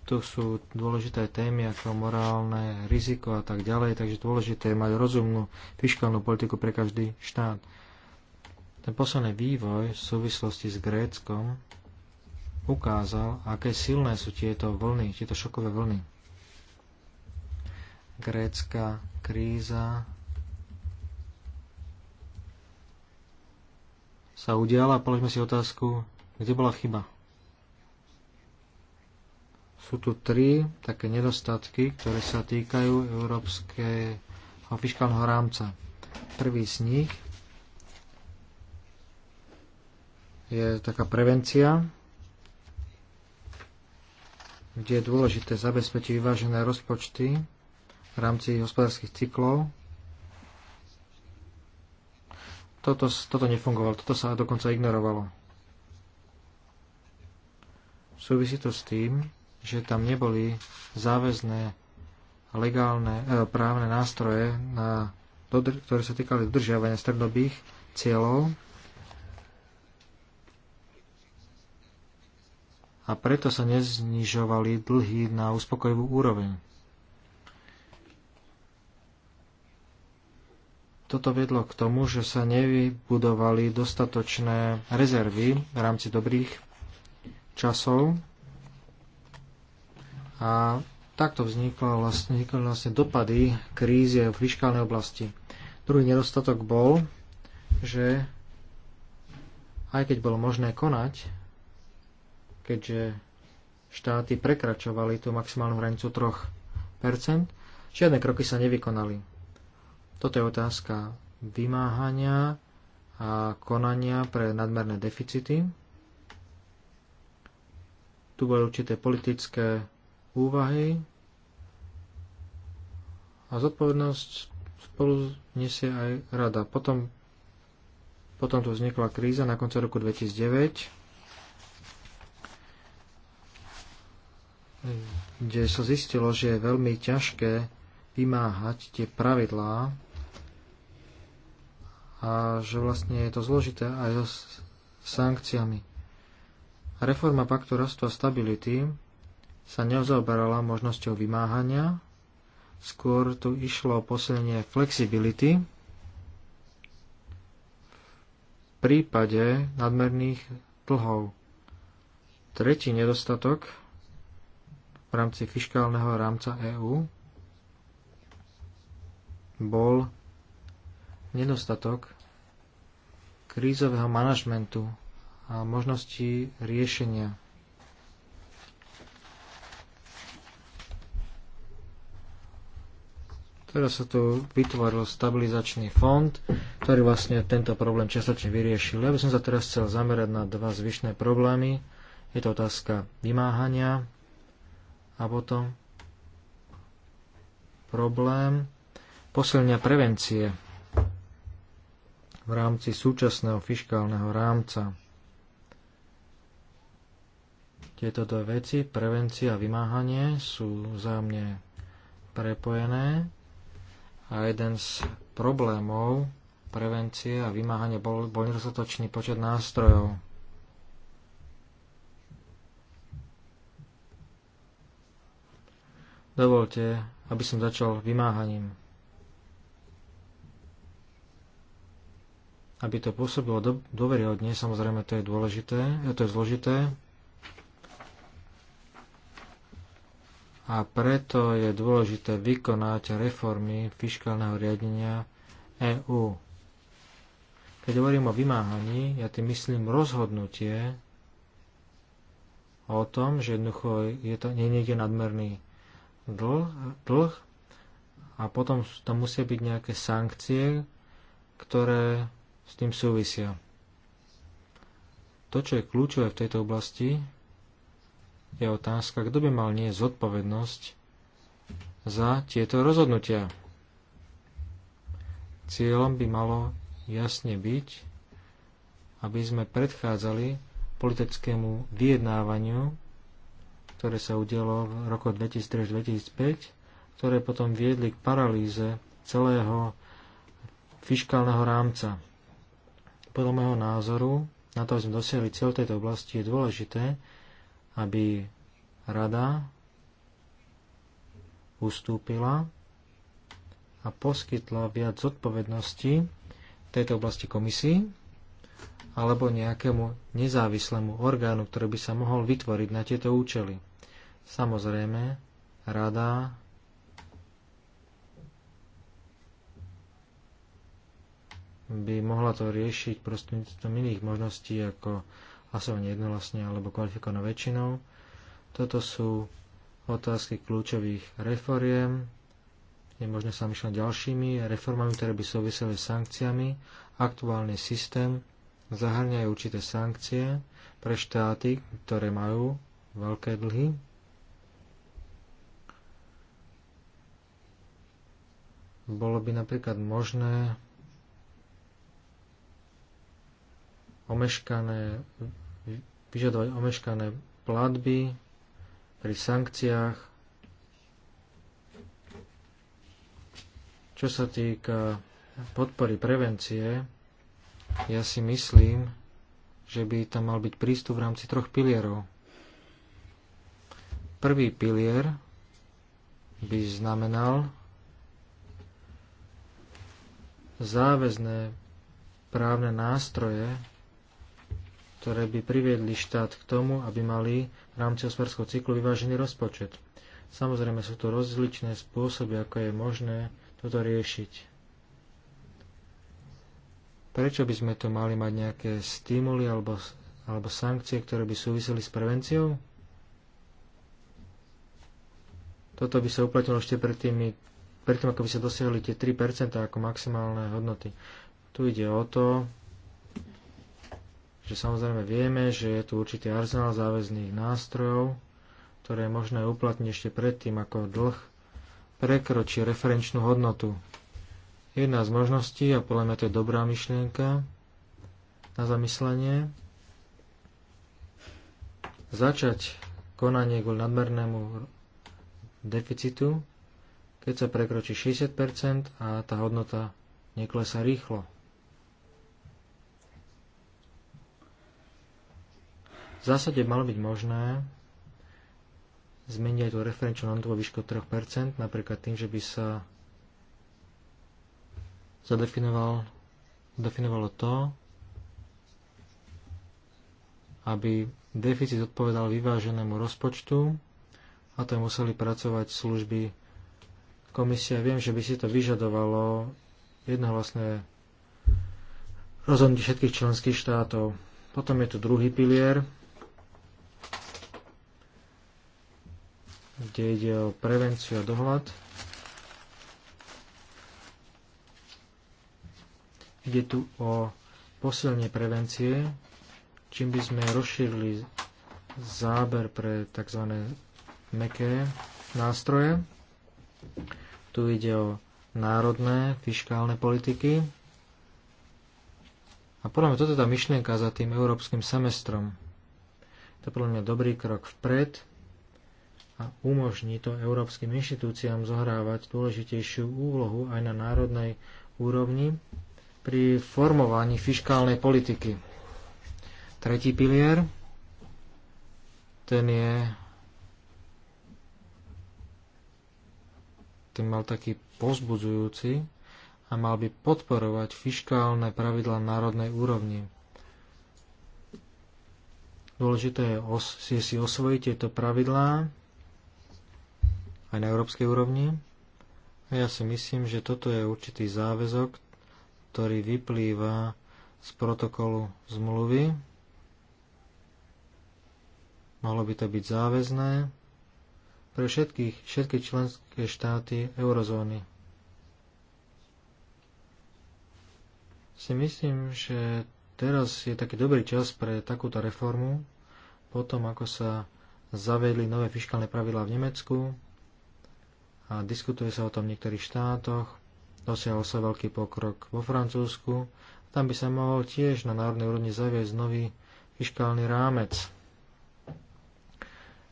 Tu sú dôležité témy ako morálne riziko a tak ďalej, takže dôležité je mať rozumnú fiskálnu politiku pre každý štát. Ten posledný vývoj v súvislosti s Gréckom ukázal, aké silné sú tieto vlny, tieto šokové vlny. Grécka kríza sa udiala položme si otázku, kde bola chyba. Sú tu tri také nedostatky, ktoré sa týkajú európskeho fiskálneho rámca. Prvý z nich je taká prevencia, kde je dôležité zabezpečiť vyvážené rozpočty v rámci hospodárskych cyklov toto, toto nefungovalo, toto sa dokonca ignorovalo. Súvisí to s tým, že tam neboli záväzné legálne e, právne nástroje, na, ktoré sa týkali dodržiavania strednobých cieľov a preto sa neznižovali dlhy na uspokojivú úroveň. Toto vedlo k tomu, že sa nevybudovali dostatočné rezervy v rámci dobrých časov a takto vzniklo vlastne, vznikli vlastne dopady krízie v fiskálnej oblasti. Druhý nedostatok bol, že aj keď bolo možné konať, keďže štáty prekračovali tú maximálnu hranicu 3%, žiadne kroky sa nevykonali. Toto je otázka vymáhania a konania pre nadmerné deficity. Tu boli určité politické úvahy a zodpovednosť spolu nesie aj rada. Potom, potom tu vznikla kríza na konci roku 2009. kde sa zistilo, že je veľmi ťažké vymáhať tie pravidlá a že vlastne je to zložité aj so sankciami. Reforma paktu rastu a stability sa neozaoberala možnosťou vymáhania, skôr tu išlo o posilnenie flexibility v prípade nadmerných dlhov. Tretí nedostatok v rámci fiškálneho rámca EÚ bol nedostatok krízového manažmentu a možností riešenia. Teraz sa tu vytvoril stabilizačný fond, ktorý vlastne tento problém čiastočne vyriešil. Ja by som sa teraz chcel zamerať na dva zvyšné problémy. Je to otázka vymáhania a potom problém posilňa prevencie v rámci súčasného fiškálneho rámca. Tieto dve veci, prevencia a vymáhanie, sú vzájomne prepojené a jeden z problémov prevencie a vymáhanie bol, bol nedostatočný počet nástrojov. Dovolte, aby som začal vymáhaním. aby to pôsobilo do, dôveryhodne, samozrejme to je dôležité, to je zložité. A preto je dôležité vykonať reformy fiskálneho riadenia EÚ. Keď hovorím o vymáhaní, ja tým myslím rozhodnutie o tom, že jednoducho je to nie niekde nadmerný dlh, dlh a potom tam musia byť nejaké sankcie, ktoré s tým súvisia. To, čo je kľúčové v tejto oblasti, je otázka, kto by mal nie zodpovednosť za tieto rozhodnutia. Cieľom by malo jasne byť, aby sme predchádzali politickému vyjednávaniu, ktoré sa udialo v roku 2003-2005, ktoré potom viedli k paralýze celého fiškálneho rámca. Podľa môjho názoru, na to, aby sme dosiahli cieľ tejto oblasti, je dôležité, aby rada ustúpila a poskytla viac zodpovednosti tejto oblasti komisii alebo nejakému nezávislému orgánu, ktorý by sa mohol vytvoriť na tieto účely. Samozrejme, rada by mohla to riešiť prostredníctvom iných možností ako hlasovanie jednohlasne alebo kvalifikovanou väčšinou. Toto sú otázky kľúčových reforiem. Je možné sa myšľať ďalšími reformami, ktoré by súviseli s sankciami. Aktuálny systém zahrňajú určité sankcie pre štáty, ktoré majú veľké dlhy. Bolo by napríklad možné omeškané, vyžadovať omeškané platby pri sankciách. Čo sa týka podpory prevencie, ja si myslím, že by tam mal byť prístup v rámci troch pilierov. Prvý pilier by znamenal záväzné právne nástroje ktoré by priviedli štát k tomu, aby mali v rámci hospodárskeho cyklu vyvážený rozpočet. Samozrejme sú tu rozličné spôsoby, ako je možné toto riešiť. Prečo by sme tu mali mať nejaké stimuly alebo, alebo sankcie, ktoré by súviseli s prevenciou? Toto by sa uplatnilo ešte pred tými, predtým, ako by sa dosiahli tie 3% ako maximálne hodnoty. Tu ide o to, že samozrejme vieme, že je tu určitý arzenál záväzných nástrojov, ktoré je možné uplatniť ešte predtým, ako dlh prekročí referenčnú hodnotu. Jedna z možností, a podľa mňa to je dobrá myšlienka na zamyslenie, začať konanie kvôli nadmernému deficitu, keď sa prekročí 60% a tá hodnota neklesá rýchlo. V zásade malo byť možné zmeniť aj tú referenčnú hodnotu výšku 3%, napríklad tým, že by sa zadefinoval, definovalo to, aby deficit odpovedal vyváženému rozpočtu a to museli pracovať služby komisia. Viem, že by si to vyžadovalo jednohlasné rozhodnutie všetkých členských štátov. Potom je tu druhý pilier, kde ide o prevenciu a dohľad. Ide tu o posilnenie prevencie, čím by sme rozšírili záber pre tzv. meké nástroje. Tu ide o národné fiškálne politiky. A podľa mňa toto je tá myšlienka za tým európskym semestrom. To je podľa mňa dobrý krok vpred, a umožní to európskym inštitúciám zohrávať dôležitejšiu úlohu aj na národnej úrovni pri formovaní fiskálnej politiky. Tretí pilier, ten je ten mal taký pozbudzujúci a mal by podporovať fiškálne pravidla národnej úrovni. Dôležité je, os- je si osvojiť tieto pravidlá aj na európskej úrovni. A ja si myslím, že toto je určitý záväzok, ktorý vyplýva z protokolu zmluvy. Mohlo by to byť záväzné pre všetkých, všetky členské štáty eurozóny. Si myslím, že teraz je taký dobrý čas pre takúto reformu, potom ako sa zavedli nové fiskálne pravidlá v Nemecku, a diskutuje sa o tom v niektorých štátoch. Dosiahol sa veľký pokrok vo Francúzsku. Tam by sa mohol tiež na národnej úrovni zaviesť nový fiskálny rámec.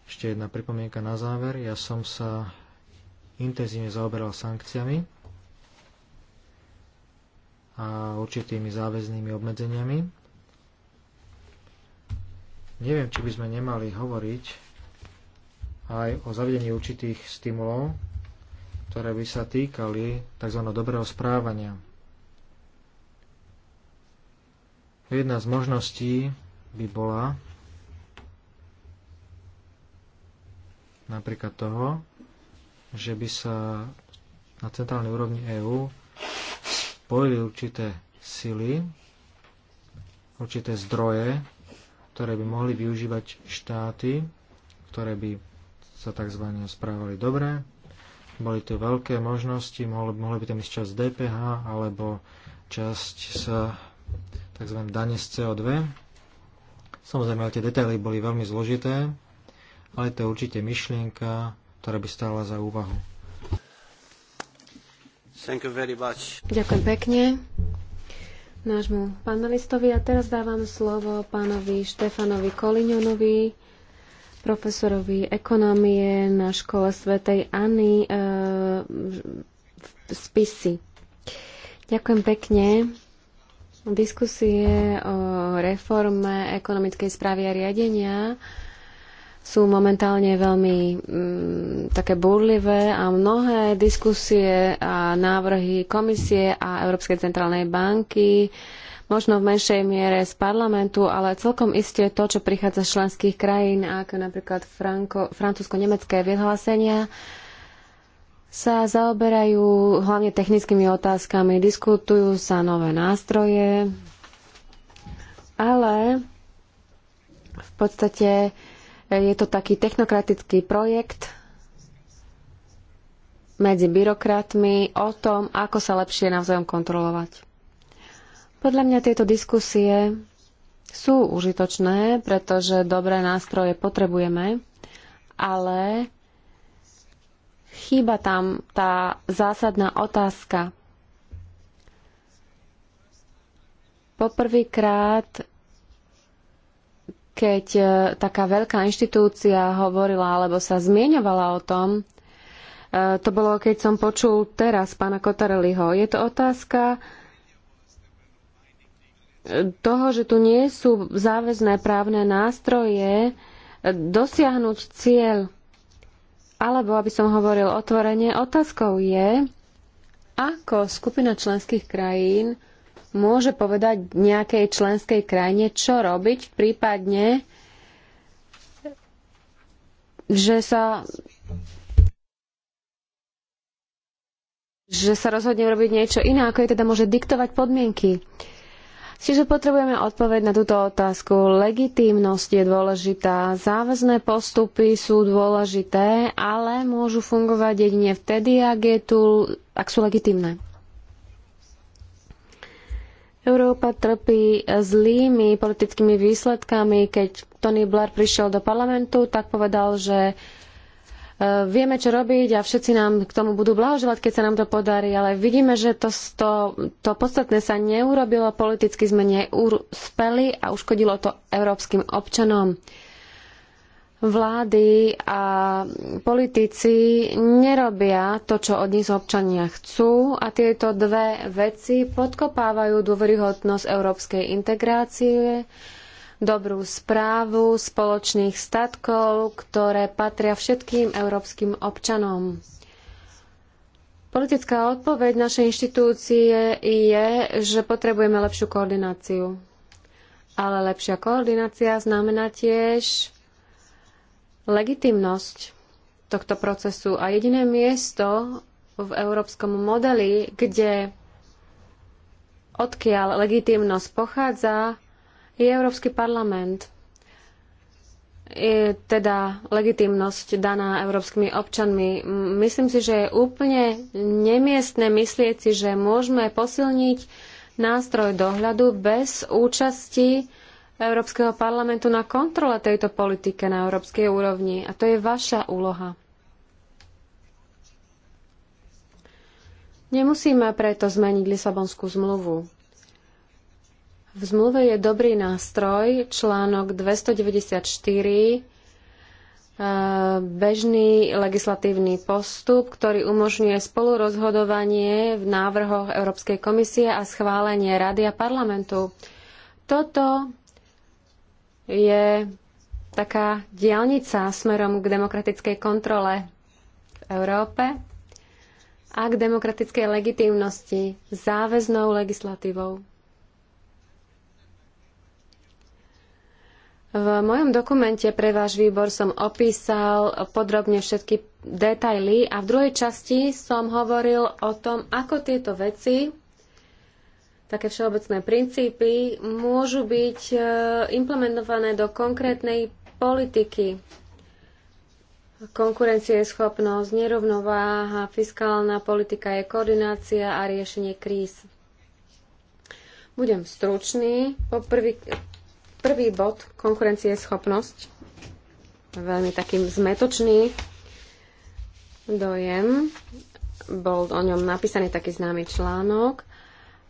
Ešte jedna pripomienka na záver. Ja som sa intenzívne zaoberal sankciami a určitými záväznými obmedzeniami. Neviem, či by sme nemali hovoriť aj o zavedení určitých stimulov, ktoré by sa týkali tzv. dobrého správania. Jedna z možností by bola napríklad toho, že by sa na centrálnej úrovni EÚ spojili určité sily, určité zdroje, ktoré by mohli využívať štáty, ktoré by sa tzv. správali dobre boli tu veľké možnosti, mohli, mohlo by tam ísť časť DPH alebo časť sa tzv. dane z CO2. Samozrejme, tie detaily boli veľmi zložité, ale to je určite myšlienka, ktorá by stála za úvahu. Ďakujem pekne nášmu panelistovi a teraz dávam slovo pánovi Štefanovi Koliňonovi, profesorovi ekonomie na škole Svetej Anny e, v spisy. Ďakujem pekne. Diskusie o reforme ekonomickej správy a riadenia sú momentálne veľmi mm, také búrlivé a mnohé diskusie a návrhy komisie a Európskej centrálnej banky e, možno v menšej miere z parlamentu, ale celkom iste to, čo prichádza z členských krajín, ako napríklad francúzsko-nemecké vyhlásenia, sa zaoberajú hlavne technickými otázkami, diskutujú sa nové nástroje, ale v podstate je to taký technokratický projekt, medzi byrokratmi o tom, ako sa lepšie navzájom kontrolovať. Podľa mňa tieto diskusie sú užitočné, pretože dobré nástroje potrebujeme, ale chýba tam tá zásadná otázka. Poprvýkrát, keď e, taká veľká inštitúcia hovorila alebo sa zmieňovala o tom, e, to bolo, keď som počul teraz pána Kotareliho. Je to otázka toho, že tu nie sú záväzné právne nástroje dosiahnuť cieľ. Alebo, aby som hovoril otvorene, otázkou je, ako skupina členských krajín môže povedať nejakej členskej krajine, čo robiť v prípadne, že sa že sa rozhodne robiť niečo iné, ako je teda môže diktovať podmienky. Uh, Čiže potrebujeme odpoveď na túto otázku. Legitímnosť je dôležitá, záväzné postupy sú dôležité, ale môžu fungovať jedine vtedy, ak, je tu, ak sú legitímne. Európa trpí zlými politickými výsledkami. Keď Tony Blair prišiel do parlamentu, tak povedal, že E, vieme, čo robiť a všetci nám k tomu budú blahoželať, keď sa nám to podarí, ale vidíme, že to, to, to podstatné sa neurobilo, politicky sme neúspeli a uškodilo to európskym občanom. Vlády a politici nerobia to, čo od nich občania chcú a tieto dve veci podkopávajú dôveryhodnosť európskej integrácie dobrú správu spoločných statkov, ktoré patria všetkým európskym občanom. Politická odpoveď našej inštitúcie je, že potrebujeme lepšiu koordináciu. Ale lepšia koordinácia znamená tiež legitimnosť tohto procesu. A jediné miesto v európskom modeli, kde odkiaľ legitimnosť pochádza, je Európsky parlament. Je teda legitimnosť daná európskymi občanmi. Myslím si, že je úplne nemiestne myslieť si, že môžeme posilniť nástroj dohľadu bez účasti Európskeho parlamentu na kontrole tejto politike na európskej úrovni. A to je vaša úloha. Nemusíme preto zmeniť Lisabonskú zmluvu. V zmluve je dobrý nástroj, článok 294, e, bežný legislatívny postup, ktorý umožňuje spolurozhodovanie v návrhoch Európskej komisie a schválenie Rady a parlamentu. Toto je taká diaľnica smerom k demokratickej kontrole v Európe a k demokratickej legitímnosti záväznou legislatívou. V mojom dokumente pre váš výbor som opísal podrobne všetky detaily a v druhej časti som hovoril o tom, ako tieto veci, také všeobecné princípy, môžu byť e, implementované do konkrétnej politiky. Konkurencieschopnosť, nerovnováha, fiskálna politika je koordinácia a riešenie kríz. Budem stručný. prvý, Prvý bod, schopnosť. Veľmi takým zmetočný dojem. Bol o ňom napísaný taký známy článok.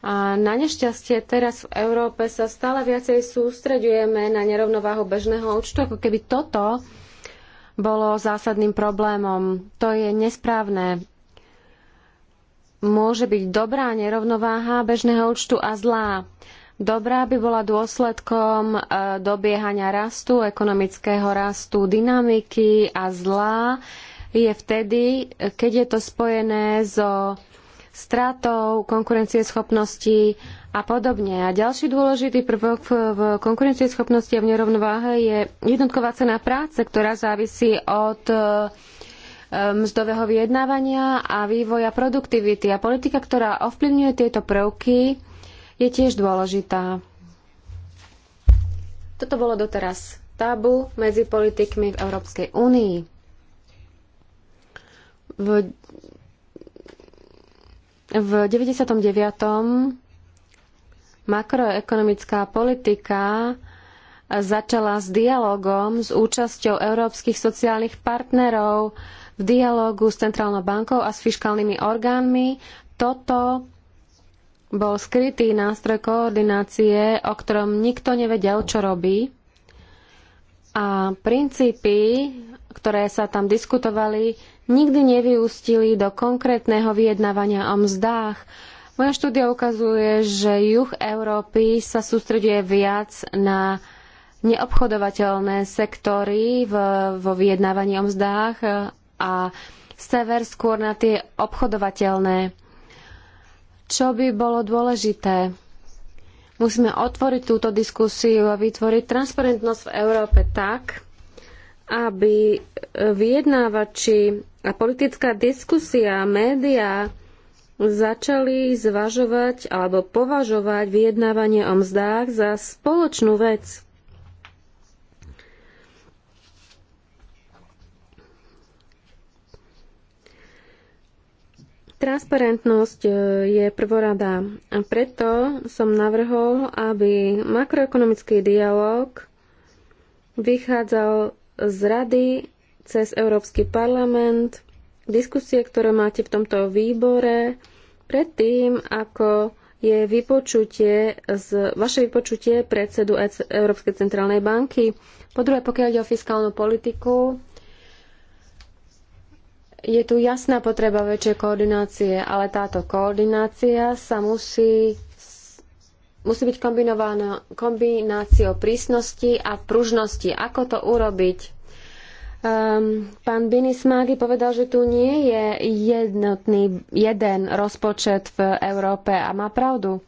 A na nešťastie teraz v Európe sa stále viacej sústreďujeme na nerovnováhu bežného účtu, ako keby toto bolo zásadným problémom. To je nesprávne. Môže byť dobrá nerovnováha bežného účtu a zlá dobrá by bola dôsledkom e, dobiehania rastu, ekonomického rastu, dynamiky a zlá je vtedy, keď je to spojené so stratou konkurencieschopnosti a podobne. A ďalší dôležitý prvok v konkurencieschopnosti a v nerovnováhe je jednotková cena práce, ktorá závisí od e, mzdového vyjednávania a vývoja produktivity. A politika, ktorá ovplyvňuje tieto prvky, je tiež dôležitá. Toto bolo doteraz tabu medzi politikmi v Európskej únii. V, v 99. makroekonomická politika začala s dialogom s účasťou európskych sociálnych partnerov v dialógu s Centrálnou bankou a s fiškálnymi orgánmi. Toto bol skrytý nástroj koordinácie, o ktorom nikto nevedel, čo robí. A princípy, ktoré sa tam diskutovali, nikdy nevyústili do konkrétneho vyjednávania o mzdách. Moja štúdia ukazuje, že juh Európy sa sústreďuje viac na neobchodovateľné sektory v, vo vyjednávaní o mzdách a sever skôr na tie obchodovateľné čo by bolo dôležité. Musíme otvoriť túto diskusiu a vytvoriť transparentnosť v Európe tak, aby vyjednávači a politická diskusia, médiá začali zvažovať alebo považovať vyjednávanie o mzdách za spoločnú vec. Transparentnosť eh, je prvorada a preto som navrhol, aby makroekonomický dialog vychádzal z rady cez Európsky parlament, diskusie, ktoré máte v tomto výbore, predtým, ako je vypočutie z, vaše vypočutie predsedu e Európskej centrálnej banky. Po druhé, pokiaľ ide o fiskálnu politiku, je tu jasná potreba väčšej koordinácie, ale táto koordinácia sa musí, musí byť kombinovaná kombináciou prísnosti a pružnosti. Ako to urobiť? Um, pán Binismágy povedal, že tu nie je jednotný jeden rozpočet v Európe a má pravdu.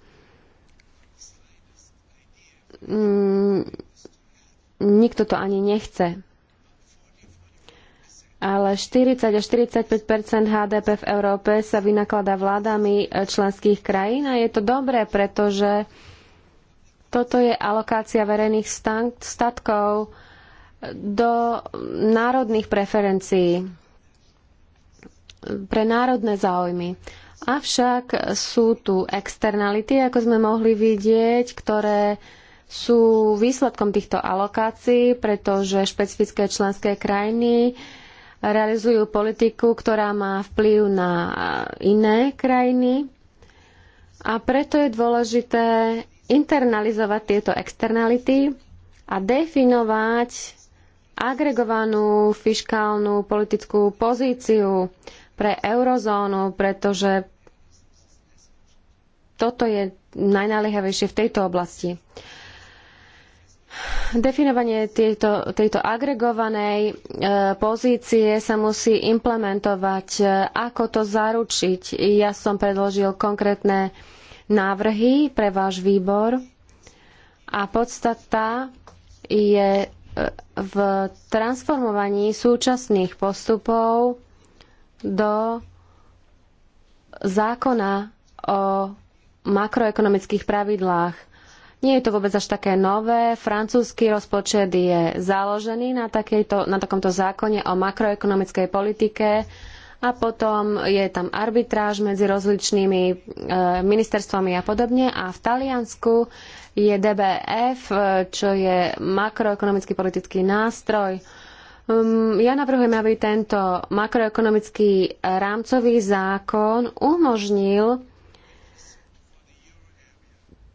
Mm, nikto to ani nechce ale 40 až 45 HDP v Európe sa vynakladá vládami e, členských krajín a je to dobré, pretože toto je alokácia verejných statkov e, do národných preferencií e, pre národné záujmy. Avšak sú tu externality, ako sme mohli vidieť, ktoré sú výsledkom týchto alokácií, pretože špecifické členské krajiny realizujú politiku, ktorá má vplyv na iné krajiny. A preto je dôležité internalizovať tieto externality a definovať agregovanú fiškálnu politickú pozíciu pre eurozónu, pretože toto je najnaliehavejšie v tejto oblasti. Definovanie tejto, tejto agregovanej e, pozície sa musí implementovať. E, ako to zaručiť? Ja som predložil konkrétne návrhy pre váš výbor a podstata je e, v transformovaní súčasných postupov do zákona o makroekonomických pravidlách nie je to vôbec až také nové. Francúzsky rozpočet je založený na, takejto, na takomto zákone o makroekonomickej politike a potom je tam arbitráž medzi rozličnými e, ministerstvami a podobne. A v Taliansku je DBF, e, čo je makroekonomický politický nástroj. Hm, ja navrhujem, aby tento makroekonomický rámcový zákon umožnil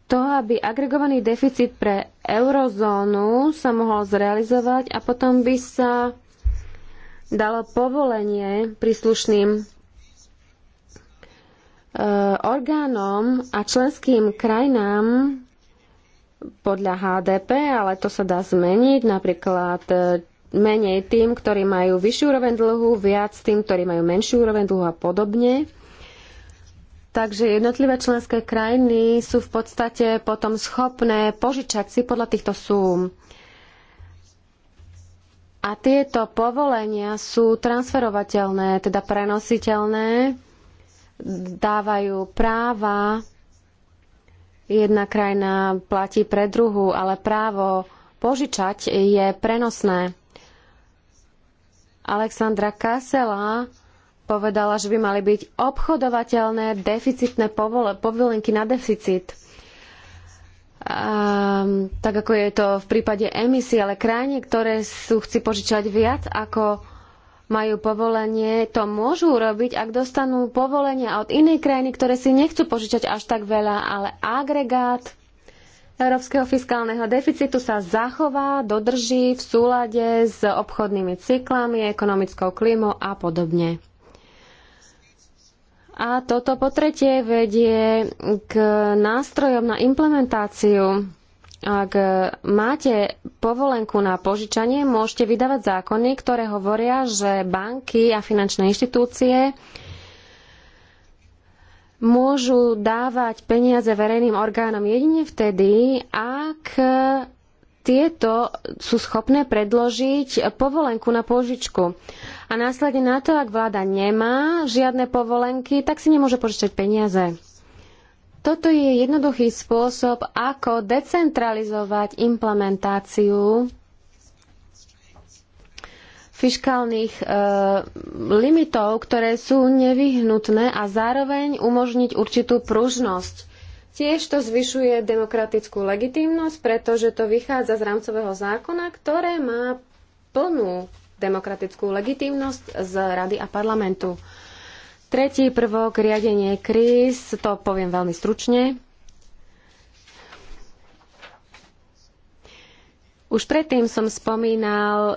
toho, aby agregovaný deficit pre eurozónu sa mohol zrealizovať a potom by sa dalo povolenie príslušným e, orgánom a členským krajinám podľa HDP, ale to sa dá zmeniť, napríklad e, menej tým, ktorí majú vyššiu úroveň dlhu, viac tým, ktorí majú menšiu úroveň dlhu a podobne. Takže jednotlivé členské krajiny sú v podstate potom schopné požičať si podľa týchto súm. A tieto povolenia sú transferovateľné, teda prenositeľné, dávajú práva. Jedna krajina platí pre druhú, ale právo požičať je prenosné. Alexandra Kasela povedala, že by mali byť obchodovateľné deficitné povolenky na deficit. Um, tak ako je to v prípade emisí, ale krajiny, ktoré sú chci požičať viac ako majú povolenie, to môžu urobiť, ak dostanú povolenia od inej krajiny, ktoré si nechcú požičať až tak veľa, ale agregát európskeho fiskálneho deficitu sa zachová, dodrží v súlade s obchodnými cyklami, ekonomickou klímou a podobne. A toto po tretie vedie k nástrojom na implementáciu. Ak máte povolenku na požičanie, môžete vydávať zákony, ktoré hovoria, že banky a finančné inštitúcie môžu dávať peniaze verejným orgánom jedine vtedy, ak tieto sú schopné predložiť povolenku na požičku. A následne na to, ak vláda nemá žiadne povolenky, tak si nemôže požičať peniaze. Toto je jednoduchý spôsob, ako decentralizovať implementáciu fiskálnych e, limitov, ktoré sú nevyhnutné a zároveň umožniť určitú pružnosť. Tiež to zvyšuje demokratickú legitímnosť, pretože to vychádza z rámcového zákona, ktoré má plnú demokratickú legitimnosť z Rady a parlamentu. Tretí prvok, riadenie kríz, to poviem veľmi stručne. Už predtým som spomínal e,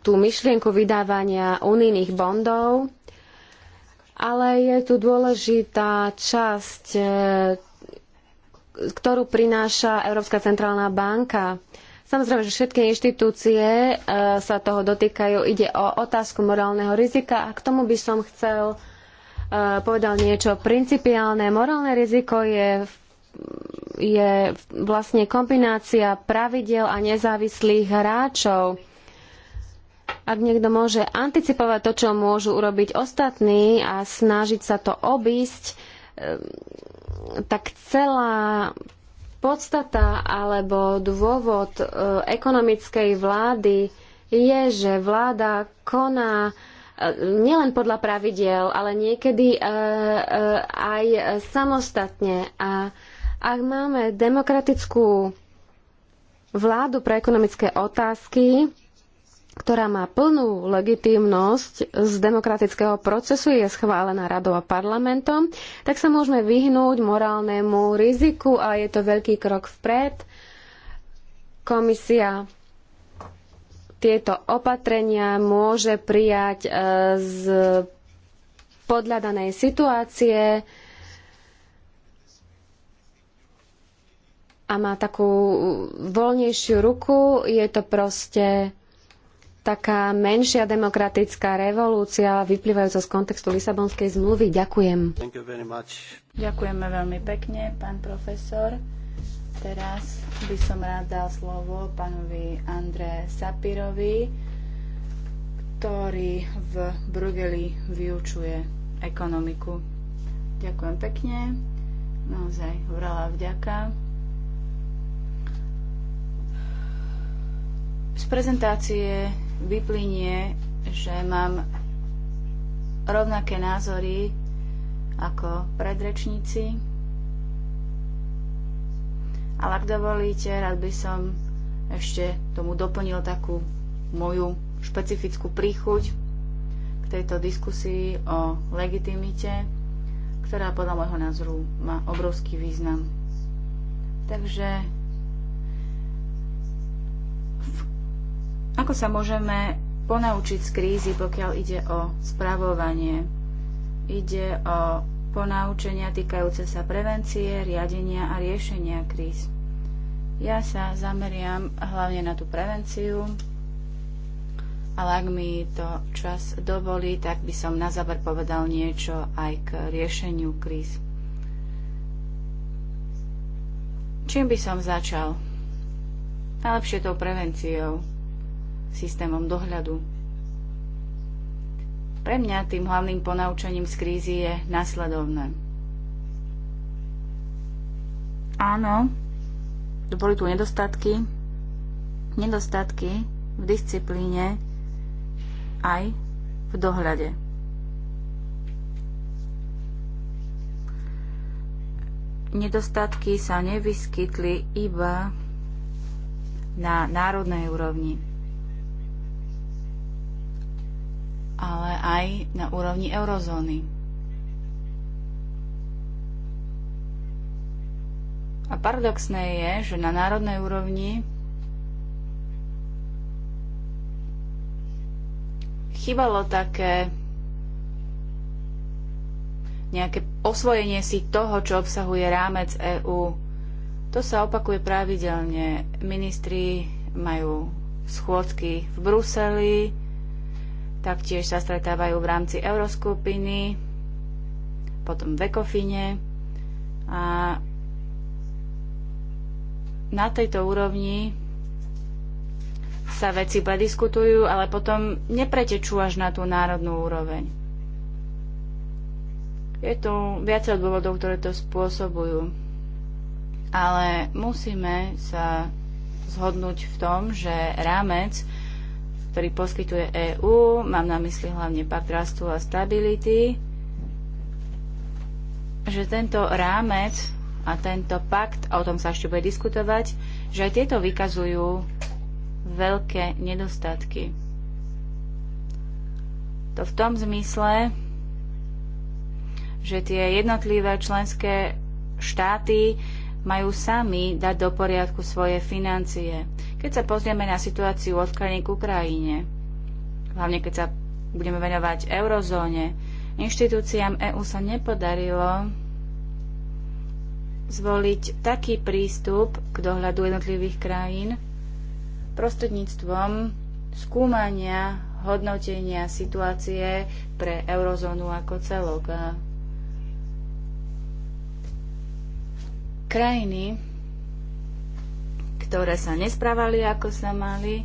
tú myšlienku vydávania unijných bondov, ale je tu dôležitá časť, e, ktorú prináša Európska centrálna banka. E, Samozrejme, že všetky inštitúcie e, sa toho dotýkajú. Ide o otázku morálneho rizika a k tomu by som chcel e, povedať niečo principiálne. Morálne riziko je je vlastne kombinácia pravidel a nezávislých hráčov. Ak niekto môže anticipovať to, čo môžu urobiť ostatní a snažiť sa to obísť, e, tak celá Podstata alebo dôvod e, ekonomickej vlády je, že vláda koná e, nielen podľa pravidiel, ale niekedy e, aj samostatne. A ak máme demokratickú vládu pre ekonomické otázky, ktorá má plnú legitímnosť z demokratického procesu, je schválená radou a parlamentom, tak sa môžeme vyhnúť morálnemu riziku a je to veľký krok vpred. Komisia tieto opatrenia môže prijať e, z podľadanej situácie a má takú voľnejšiu ruku. Je to proste taká menšia demokratická revolúcia vyplývajúca z kontextu Lisabonskej zmluvy. Ďakujem. Ďakujeme veľmi pekne, pán profesor. Teraz by som rád dal slovo pánovi André Sapirovi, ktorý v Brugeli vyučuje ekonomiku. Ďakujem pekne, naozaj veľa vďaka. Z prezentácie vyplynie, že mám rovnaké názory ako predrečníci. Ale ak dovolíte, rád by som ešte tomu doplnil takú moju špecifickú príchuť k tejto diskusii o legitimite, ktorá podľa môjho názoru má obrovský význam. Takže Ako sa môžeme ponaučiť z krízy, pokiaľ ide o spravovanie? Ide o ponaučenia týkajúce sa prevencie, riadenia a riešenia kríz. Ja sa zameriam hlavne na tú prevenciu, ale ak mi to čas dovolí, tak by som na záver povedal niečo aj k riešeniu kríz. Čím by som začal? Najlepšie tou prevenciou systémom dohľadu. Pre mňa tým hlavným ponaučením z krízy je nasledovné. Áno, boli tu nedostatky, nedostatky v disciplíne aj v dohľade. Nedostatky sa nevyskytli iba na národnej úrovni. ale aj na úrovni eurozóny. A paradoxné je, že na národnej úrovni chýbalo také nejaké osvojenie si toho, čo obsahuje rámec EÚ. To sa opakuje pravidelne. Ministri majú schôdky v Bruseli, taktiež sa stretávajú v rámci euroskupiny, potom v Ekofine a na tejto úrovni sa veci prediskutujú, ale potom nepretečú až na tú národnú úroveň. Je tu viacero dôvodov, ktoré to spôsobujú. Ale musíme sa zhodnúť v tom, že rámec, ktorý poskytuje EÚ, mám na mysli hlavne pakt rastu a stability, že tento rámec a tento pakt, a o tom sa ešte bude diskutovať, že aj tieto vykazujú veľké nedostatky. To v tom zmysle, že tie jednotlivé členské štáty majú sami dať do poriadku svoje financie. Keď sa pozrieme na situáciu od krajiny k Ukrajine, hlavne keď sa budeme venovať eurozóne, inštitúciám EÚ sa nepodarilo zvoliť taký prístup k dohľadu jednotlivých krajín prostredníctvom skúmania, hodnotenia situácie pre eurozónu ako celok. krajiny ktoré sa nesprávali, ako sa mali.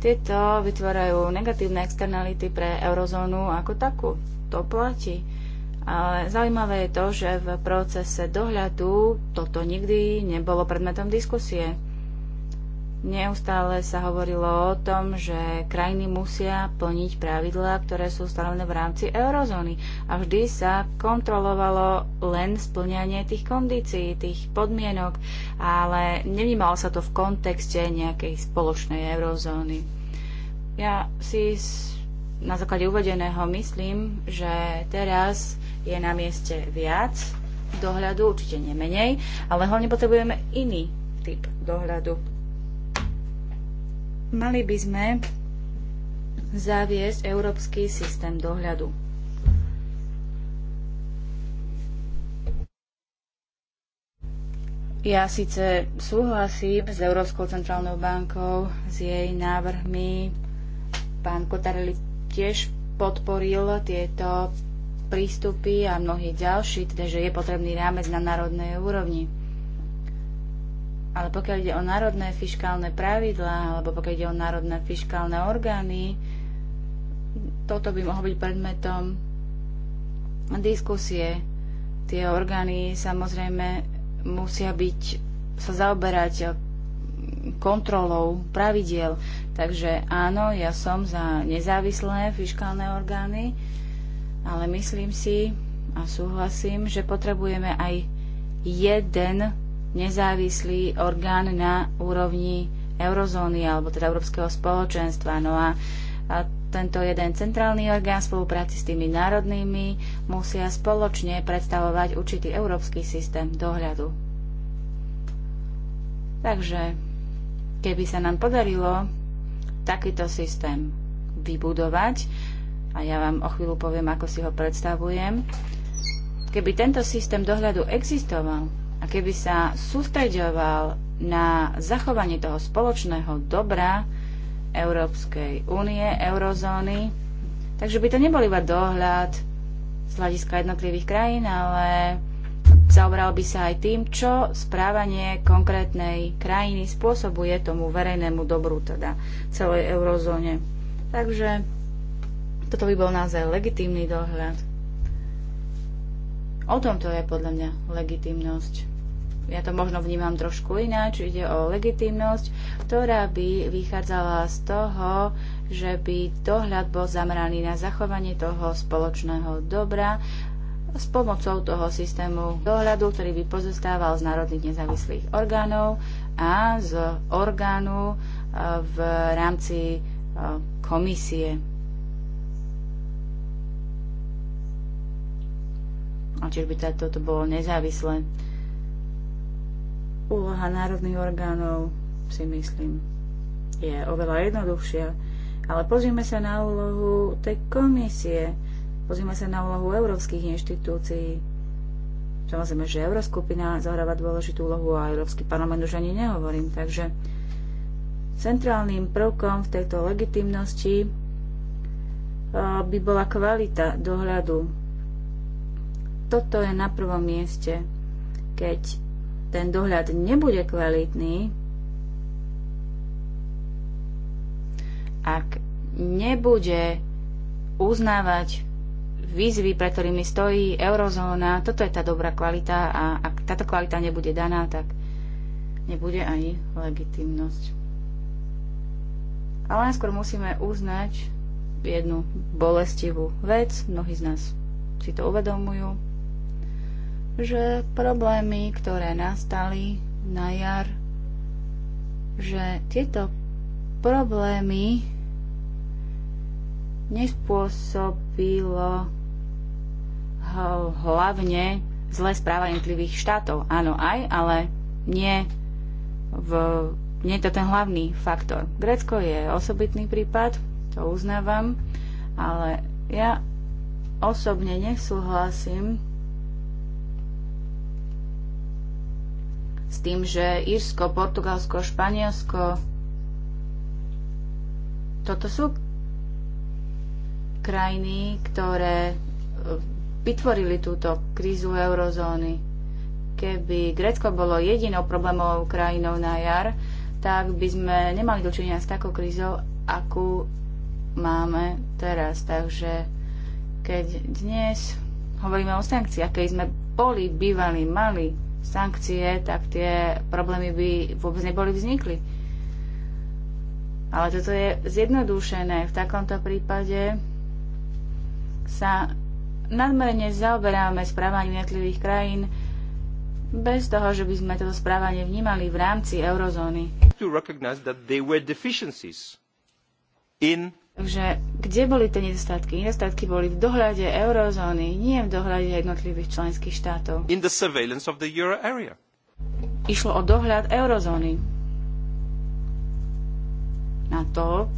Tieto vytvárajú negatívne externality pre eurozónu ako takú. To platí. Ale zaujímavé je to, že v procese dohľadu toto nikdy nebolo predmetom diskusie. Neustále sa hovorilo o tom, že krajiny musia plniť pravidlá, ktoré sú stanovené v rámci eurozóny. A vždy sa kontrolovalo len splňanie tých kondícií, tých podmienok, ale nevnímalo sa to v kontexte nejakej spoločnej eurozóny. Ja si na základe uvedeného myslím, že teraz je na mieste viac dohľadu, určite nemenej, ale hlavne potrebujeme iný typ dohľadu Mali by sme zaviesť európsky systém dohľadu. Ja síce súhlasím s Európskou centrálnou bankou, s jej návrhmi. Pán Kotarelli tiež podporil tieto prístupy a mnohí ďalší, teda že je potrebný rámec na národnej úrovni. Ale pokiaľ ide o národné fiskálne pravidlá, alebo pokiaľ ide o národné fiskálne orgány, toto by mohlo byť predmetom diskusie. Tie orgány samozrejme musia byť, sa zaoberať kontrolou pravidiel. Takže áno, ja som za nezávislé fiskálne orgány, ale myslím si a súhlasím, že potrebujeme aj jeden nezávislý orgán na úrovni eurozóny alebo teda Európskeho spoločenstva. No a, a tento jeden centrálny orgán v spolupráci s tými národnými musia spoločne predstavovať určitý európsky systém dohľadu. Takže keby sa nám podarilo takýto systém vybudovať, a ja vám o chvíľu poviem, ako si ho predstavujem, keby tento systém dohľadu existoval, keby sa sústreďoval na zachovanie toho spoločného dobra Európskej únie, eurozóny, takže by to nebol iba dohľad z hľadiska jednotlivých krajín, ale zaoberal by sa aj tým, čo správanie konkrétnej krajiny spôsobuje tomu verejnému dobru, teda celej eurozóne. Takže toto by bol naozaj legitímny dohľad. O tomto je podľa mňa legitimnosť ja to možno vnímam trošku ináč, ide o legitimnosť, ktorá by vychádzala z toho, že by dohľad bol zameraný na zachovanie toho spoločného dobra s pomocou toho systému dohľadu, ktorý by pozostával z národných nezávislých orgánov a z orgánu e, v rámci e, komisie. A čiže by toto bolo nezávislé. Úloha národných orgánov, si myslím, je oveľa jednoduchšia. Ale pozrime sa na úlohu tej komisie, pozrime sa na úlohu európskych inštitúcií. Samozrejme, že Euroskupina zahráva dôležitú úlohu a Európsky parlament už ani nehovorím. Takže centrálnym prvkom v tejto legitimnosti eh, by bola kvalita dohľadu. Toto je na prvom mieste, keď ten dohľad nebude kvalitný, ak nebude uznávať výzvy, pre ktorými stojí eurozóna, toto je tá dobrá kvalita a ak táto kvalita nebude daná, tak nebude ani legitimnosť. Ale najskôr musíme uznať jednu bolestivú vec, mnohí z nás si to uvedomujú, že problémy, ktoré nastali na jar, že tieto problémy nespôsobilo hlavne zlé správa jednotlivých štátov. Áno, aj, ale nie, v, nie je to ten hlavný faktor. Grécko je osobitný prípad, to uznávam, ale ja osobne nesúhlasím s tým, že Írsko, Portugalsko, Španielsko, toto sú krajiny, ktoré e, vytvorili túto krízu eurozóny. Keby Grécko bolo jedinou problémovou krajinou na jar, tak by sme nemali dočinenia s takou krízou, akú máme teraz. Takže keď dnes hovoríme o sankciách, keď sme boli, bývali, mali sankcie, tak tie problémy by vôbec neboli vznikli. Ale toto je zjednodušené. V takomto prípade sa nadmerne zaoberáme správaním jednotlivých krajín bez toho, že by sme toto správanie vnímali v rámci eurozóny. To že kde boli tie nedostatky? Nedostatky boli v dohľade eurozóny, nie v dohľade jednotlivých členských štátov. In the surveillance of the euro area. Išlo o dohľad eurozóny. Na to,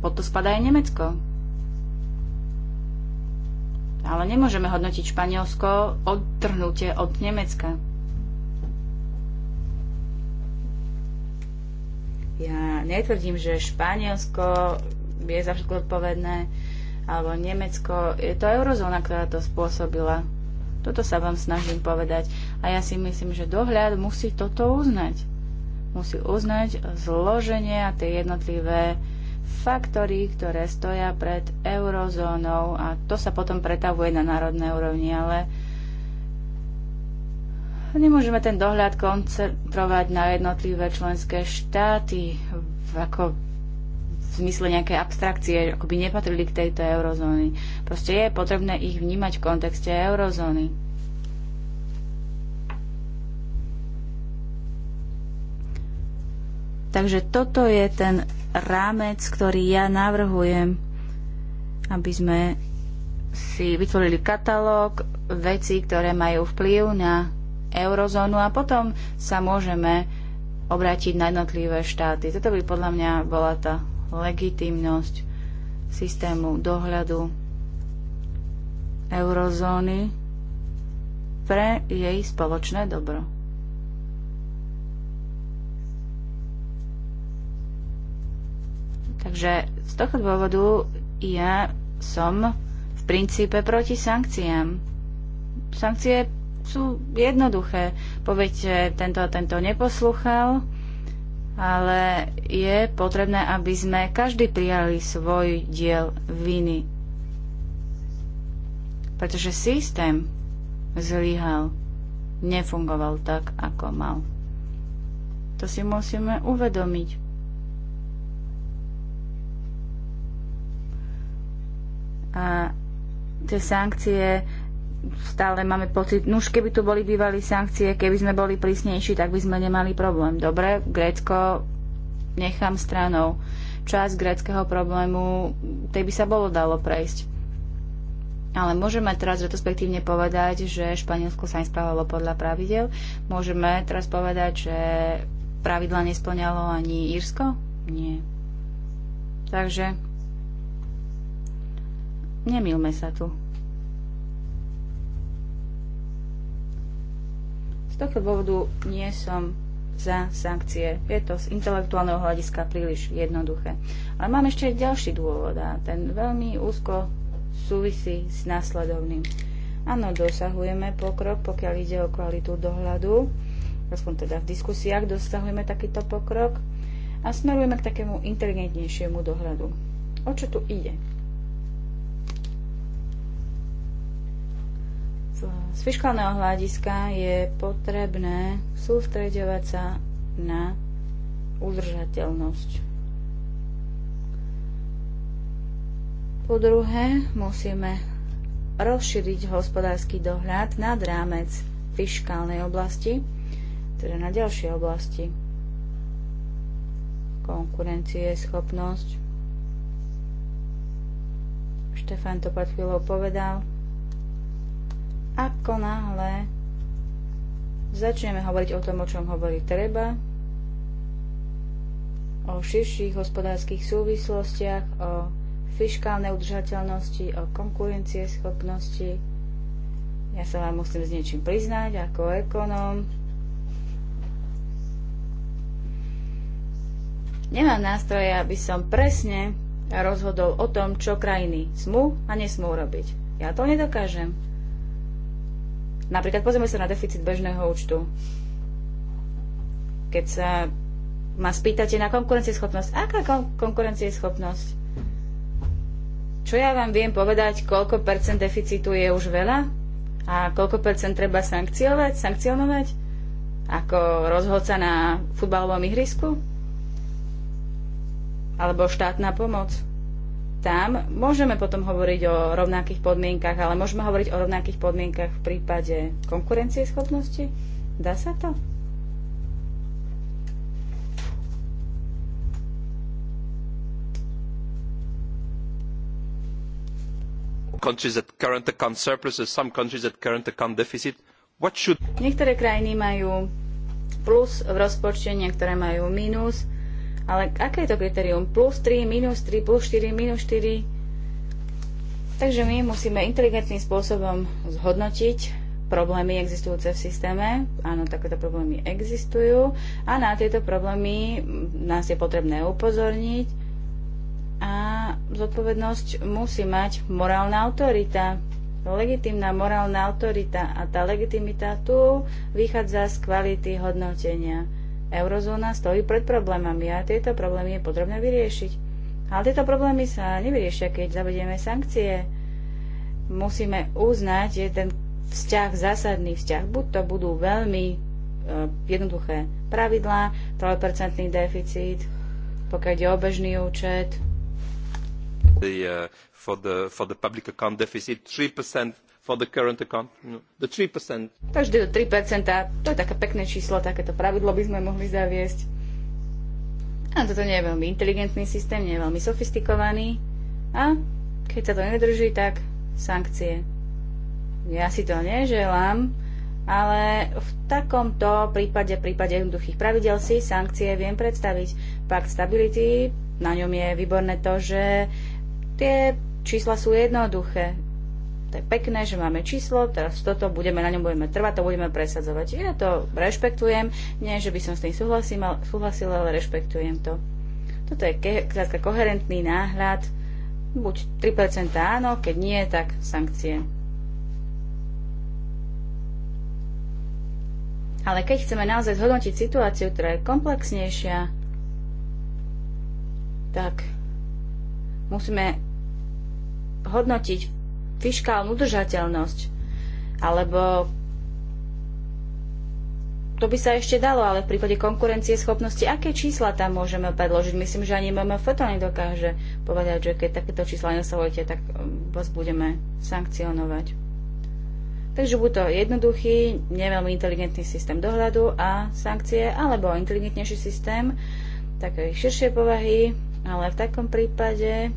pod to spadá aj Nemecko. Ale nemôžeme hodnotiť Španielsko odtrhnutie od Nemecka. Ja netvrdím, že Španielsko je za všetko odpovedné, alebo Nemecko. Je to eurozóna, ktorá to spôsobila. Toto sa vám snažím povedať. A ja si myslím, že dohľad musí toto uznať. Musí uznať zloženie a tie jednotlivé faktory, ktoré stoja pred eurozónou a to sa potom pretavuje na národnej úrovni, ale nemôžeme ten dohľad koncentrovať na jednotlivé členské štáty, ako zmysle nejaké abstrakcie, ako by nepatrili k tejto eurozóny. Proste je potrebné ich vnímať v kontexte eurozóny. Takže toto je ten rámec, ktorý ja navrhujem, aby sme si vytvorili katalóg vecí, ktoré majú vplyv na eurozónu a potom sa môžeme obrátiť na jednotlivé štáty. Toto by podľa mňa bola tá legitimnosť systému dohľadu eurozóny pre jej spoločné dobro. Takže z tohto dôvodu ja som v princípe proti sankciám. Sankcie sú jednoduché. Poviete, tento a tento neposluchal, ale je potrebné, aby sme každý prijali svoj diel viny. Pretože systém zlyhal, nefungoval tak, ako mal. To si musíme uvedomiť. A tie sankcie stále máme pocit, no už keby tu boli bývali sankcie, keby sme boli prísnejší, tak by sme nemali problém. Dobre, Grécko nechám stranou. Časť gréckého problému, tej by sa bolo dalo prejsť. Ale môžeme teraz retrospektívne povedať, že Španielsko sa nespravalo podľa pravidel. Môžeme teraz povedať, že pravidla nesplňalo ani Írsko? Nie. Takže nemilme sa tu. tohto dôvodu nie som za sankcie. Je to z intelektuálneho hľadiska príliš jednoduché. Ale mám ešte aj ďalší dôvod a ten veľmi úzko súvisí s následovným. Áno, dosahujeme pokrok, pokiaľ ide o kvalitu dohľadu, aspoň teda v diskusiách dosahujeme takýto pokrok a smerujeme k takému inteligentnejšiemu dohľadu. O čo tu ide? z fiskálneho hľadiska je potrebné sústreďovať sa na udržateľnosť. Po druhé, musíme rozšíriť hospodársky dohľad nad rámec fiskálnej oblasti, teda na ďalšie oblasti. Konkurencie, schopnosť. Štefan to pred chvíľou povedal, ako náhle začneme hovoriť o tom, o čom hovorí treba, o širších hospodárskych súvislostiach, o fiškálnej udržateľnosti, o konkurencie schopnosti. Ja sa vám musím s niečím priznať ako ekonóm. Nemám nástroje, aby som presne rozhodol o tom, čo krajiny smú a nesmú robiť. Ja to nedokážem. Napríklad pozrieme sa na deficit bežného účtu. Keď sa ma spýtate na konkurencieschopnosť, aká kon- konkurencieschopnosť? Čo ja vám viem povedať, koľko percent deficitu je už veľa? A koľko percent treba sankciovať, sankcionovať? Ako rozhodca na futbalovom ihrisku? Alebo štátna pomoc? tam môžeme potom hovoriť o rovnakých podmienkach, ale môžeme hovoriť o rovnakých podmienkach v prípade konkurencie schopnosti? Dá sa to? countries that current account surpluses, some countries that current account deficit. What should... Niektoré krajiny majú plus v rozpočte, niektoré majú minus. Ale aké je to kritérium? Plus 3, minus 3, plus 4, minus 4? Takže my musíme inteligentným spôsobom zhodnotiť problémy existujúce v systéme. Áno, takéto problémy existujú a na tieto problémy nás je potrebné upozorniť a zodpovednosť musí mať morálna autorita, Legitímna morálna autorita a tá legitimita tu vychádza z kvality hodnotenia. Eurozóna stojí pred problémami a tieto problémy je potrebné vyriešiť. Ale tieto problémy sa nevyriešia, keď zavedieme sankcie. Musíme uznať, je ten vzťah, zásadný vzťah. Buď to budú veľmi e, jednoduché pravidlá, 3% deficit, pokiaľ je obežný účet. The, uh, for the, for the public account deficit 3% for the current account. The 3%. Každé do 3%, to je také pekné číslo, takéto pravidlo by sme mohli zaviesť. A toto nie je veľmi inteligentný systém, nie je veľmi sofistikovaný. A keď sa to nedrží, tak sankcie. Ja si to neželám, ale v takomto prípade, v prípade jednoduchých pravidel si sankcie viem predstaviť. Pakt stability, na ňom je výborné to, že tie čísla sú jednoduché to je pekné, že máme číslo, teraz toto budeme na ňom budeme trvať, to budeme presadzovať. Ja to rešpektujem, nie, že by som s tým súhlasila, súhlasila ale rešpektujem to. Toto je krátka koherentný náhľad, buď 3% áno, keď nie, tak sankcie. Ale keď chceme naozaj zhodnotiť situáciu, ktorá je komplexnejšia, tak musíme hodnotiť fiskálnu udržateľnosť. Alebo to by sa ešte dalo, ale v prípade konkurencie schopnosti, aké čísla tam môžeme predložiť? Myslím, že ani MMF to nedokáže povedať, že keď takéto čísla nesahujete, tak um, vás budeme sankcionovať. Takže buď to jednoduchý, neveľmi inteligentný systém dohľadu a sankcie, alebo inteligentnejší systém také širšie povahy, ale v takom prípade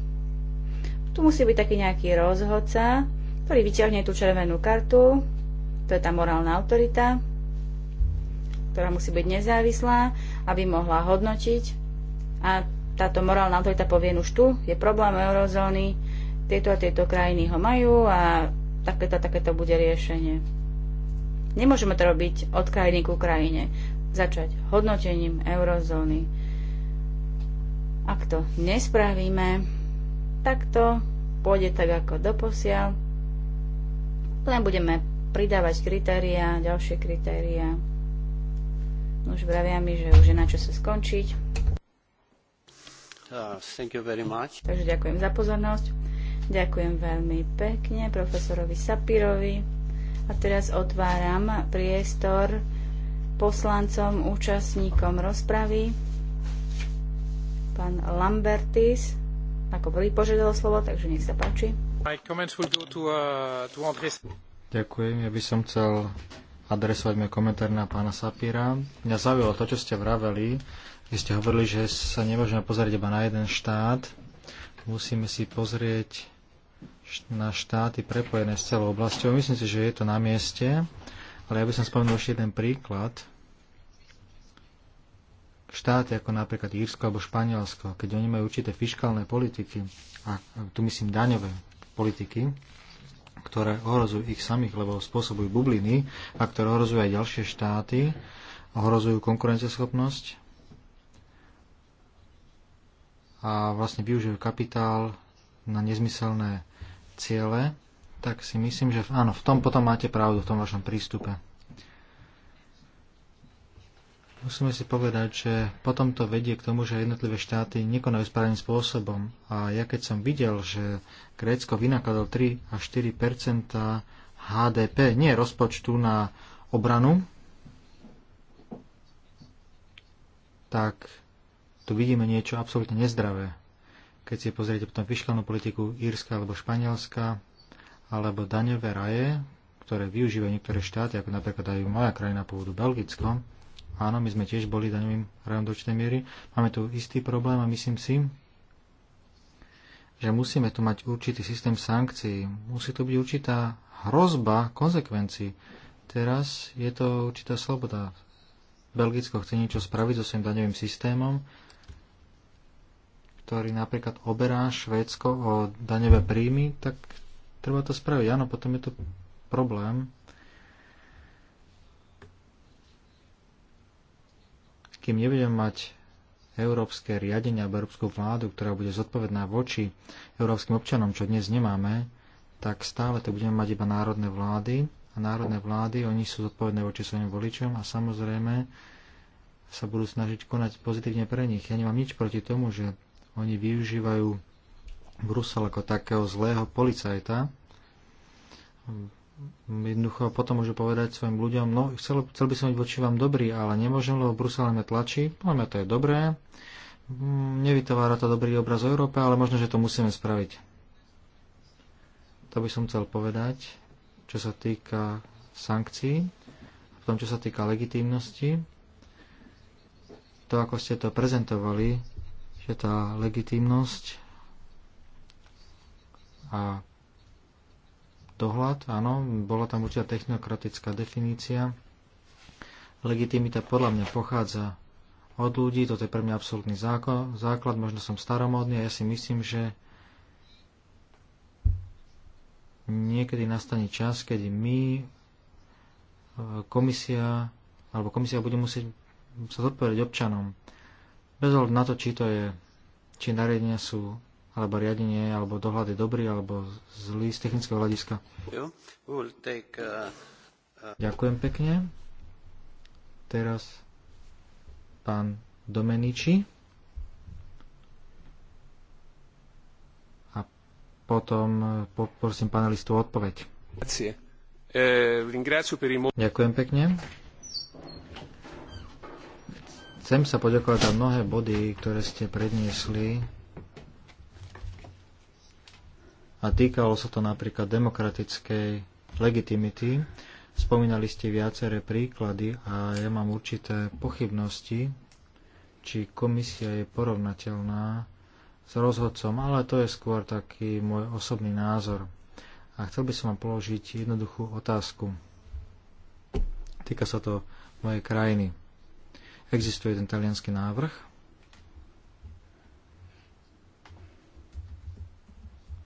tu musí byť taký nejaký rozhodca, ktorý vyťahne tú červenú kartu, to je tá morálna autorita, ktorá musí byť nezávislá, aby mohla hodnotiť. A táto morálna autorita povie, už tu je problém eurozóny, tieto a tieto krajiny ho majú a takéto, takéto bude riešenie. Nemôžeme to robiť od krajiny ku krajine. Začať hodnotením eurozóny. Ak to nespravíme, takto pôjde tak ako doposiaľ. Len budeme pridávať kritéria, ďalšie kritéria. Už vravia mi, že už je na čase skončiť. Uh, thank you very much. Takže ďakujem za pozornosť. Ďakujem veľmi pekne profesorovi Sapirovi. A teraz otváram priestor poslancom, účastníkom rozpravy. Pán Lambertis ako prvý požiadal slovo, takže nech sa páči. Uh, Ďakujem, ja by som chcel adresovať môj komentár na pána Sapíra. Mňa zaujalo to, čo ste vraveli. Vy ste hovorili, že sa nemôžeme pozrieť iba na jeden štát. Musíme si pozrieť na štáty prepojené s celou oblasťou. Myslím si, že je to na mieste, ale ja by som spomenul ešte jeden príklad – štáty ako napríklad Írsko alebo Španielsko, keď oni majú určité fiskálne politiky, a tu myslím daňové politiky, ktoré ohrozujú ich samých, lebo spôsobujú bubliny a ktoré ohrozujú aj ďalšie štáty, ohrozujú konkurenceschopnosť a vlastne využijú kapitál na nezmyselné ciele, tak si myslím, že áno, v tom potom máte pravdu, v tom vašom prístupe musíme si povedať, že potom to vedie k tomu, že jednotlivé štáty nekonajú správnym spôsobom. A ja keď som videl, že Grécko vynakladalo 3 až 4 HDP, nie rozpočtu na obranu, tak tu vidíme niečo absolútne nezdravé. Keď si pozriete potom fiskálnu politiku Írska alebo Španielska, alebo daňové raje, ktoré využívajú niektoré štáty, ako napríklad aj moja krajina pôvodu Belgicko, Áno, my sme tiež boli daňovým rajom do určitej miery. Máme tu istý problém a myslím si, že musíme tu mať určitý systém sankcií. Musí tu byť určitá hrozba konsekvencií. Teraz je to určitá sloboda. Belgicko chce niečo spraviť so svojím daňovým systémom, ktorý napríklad oberá Švédsko o daňové príjmy, tak treba to spraviť. Áno, potom je to problém, Kým nebudeme mať európske riadenie alebo európsku vládu, ktorá bude zodpovedná voči európskym občanom, čo dnes nemáme, tak stále to budeme mať iba národné vlády. A národné vlády, oni sú zodpovedné voči svojim voličom a samozrejme sa budú snažiť konať pozitívne pre nich. Ja nemám nič proti tomu, že oni využívajú Brusel ako takého zlého policajta jednoducho potom môžu povedať svojim ľuďom, no chcel, chcel by som byť voči vám dobrý, ale nemôžem, lebo Brusel ma tlačí, máme to je dobré, mm, nevytvára to dobrý obraz o Európe, ale možno, že to musíme spraviť. To by som chcel povedať, čo sa týka sankcií, v tom, čo sa týka legitímnosti. To, ako ste to prezentovali, že tá legitímnosť a dohľad, áno, bola tam určitá technokratická definícia. Legitimita podľa mňa pochádza od ľudí, toto je pre mňa absolútny základ, možno som staromodný a ja si myslím, že niekedy nastane čas, kedy my, e, komisia, alebo komisia bude musieť sa zodpovedať občanom. Bez ohľadu na to, či to je, či nariadenia sú alebo riadenie, alebo dohľad je dobrý, alebo zlý z technického hľadiska. Uh, uh, Ďakujem pekne. Teraz pán Domeniči. A potom poprosím panelistu o odpoveď. Eh, Ďakujem pekne. Chcem sa poďakovať za mnohé body, ktoré ste predniesli a týkalo sa to napríklad demokratickej legitimity. Spomínali ste viaceré príklady a ja mám určité pochybnosti, či komisia je porovnateľná s rozhodcom, ale to je skôr taký môj osobný názor. A chcel by som vám položiť jednoduchú otázku. Týka sa to mojej krajiny. Existuje ten talianský návrh,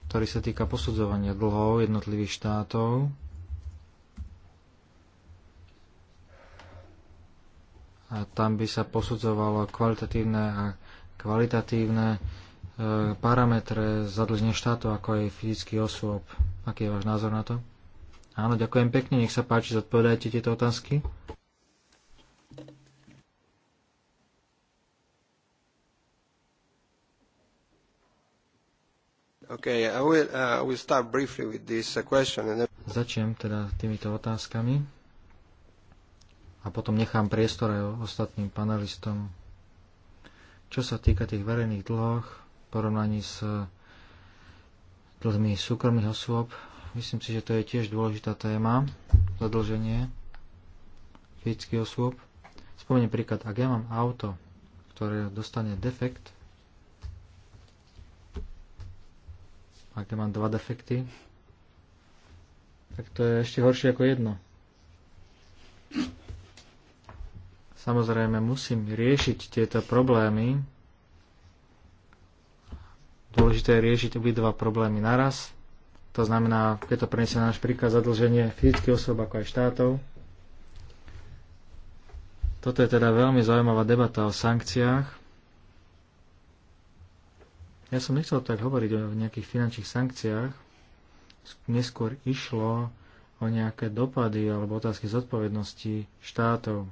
ktorý sa týka posudzovania dlhov jednotlivých štátov. A tam by sa posudzovalo kvalitatívne a kvalitatívne e, parametre zadlženia štátov, ako aj fyzický osôb. Aký je váš názor na to? Áno, ďakujem pekne, nech sa páči, zodpovedajte tieto otázky. Okay, I will, uh, will start briefly with this uh, question. And... Začnem teda týmito otázkami a potom nechám priestor aj ostatným panelistom. Čo sa týka tých verejných dlhoch v porovnaní s uh, dlhmi súkromných osôb, myslím si, že to je tiež dôležitá téma, zadlženie fyzických osôb. Spomeniem príklad, ak ja mám auto, ktoré dostane defekt, ak mám dva defekty, tak to je ešte horšie ako jedno. Samozrejme, musím riešiť tieto problémy. Dôležité je riešiť obidva problémy naraz. To znamená, keď to preniesie náš príkaz zadlženie fyzických osob ako aj štátov. Toto je teda veľmi zaujímavá debata o sankciách. Ja som nechcel tak hovoriť o nejakých finančných sankciách. Neskôr išlo o nejaké dopady alebo otázky zodpovednosti štátov.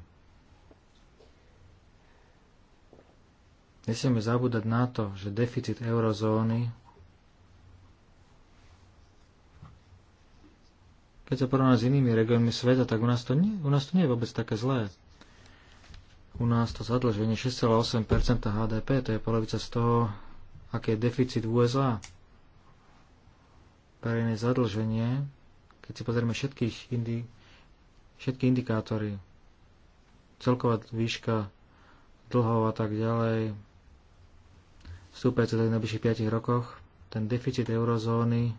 Nesieme zabúdať na to, že deficit eurozóny, keď sa porovná s inými regiónmi sveta, tak u nás, to nie, u nás to nie je vôbec také zlé. U nás to zadlženie 6,8% HDP, to je polovica z toho, aký je deficit v USA, verejné zadlženie, keď si pozrieme všetkých indi, všetky indikátory, celková výška dlhov a tak ďalej, vstúpajúce do najbližších 5 rokoch, ten deficit eurozóny,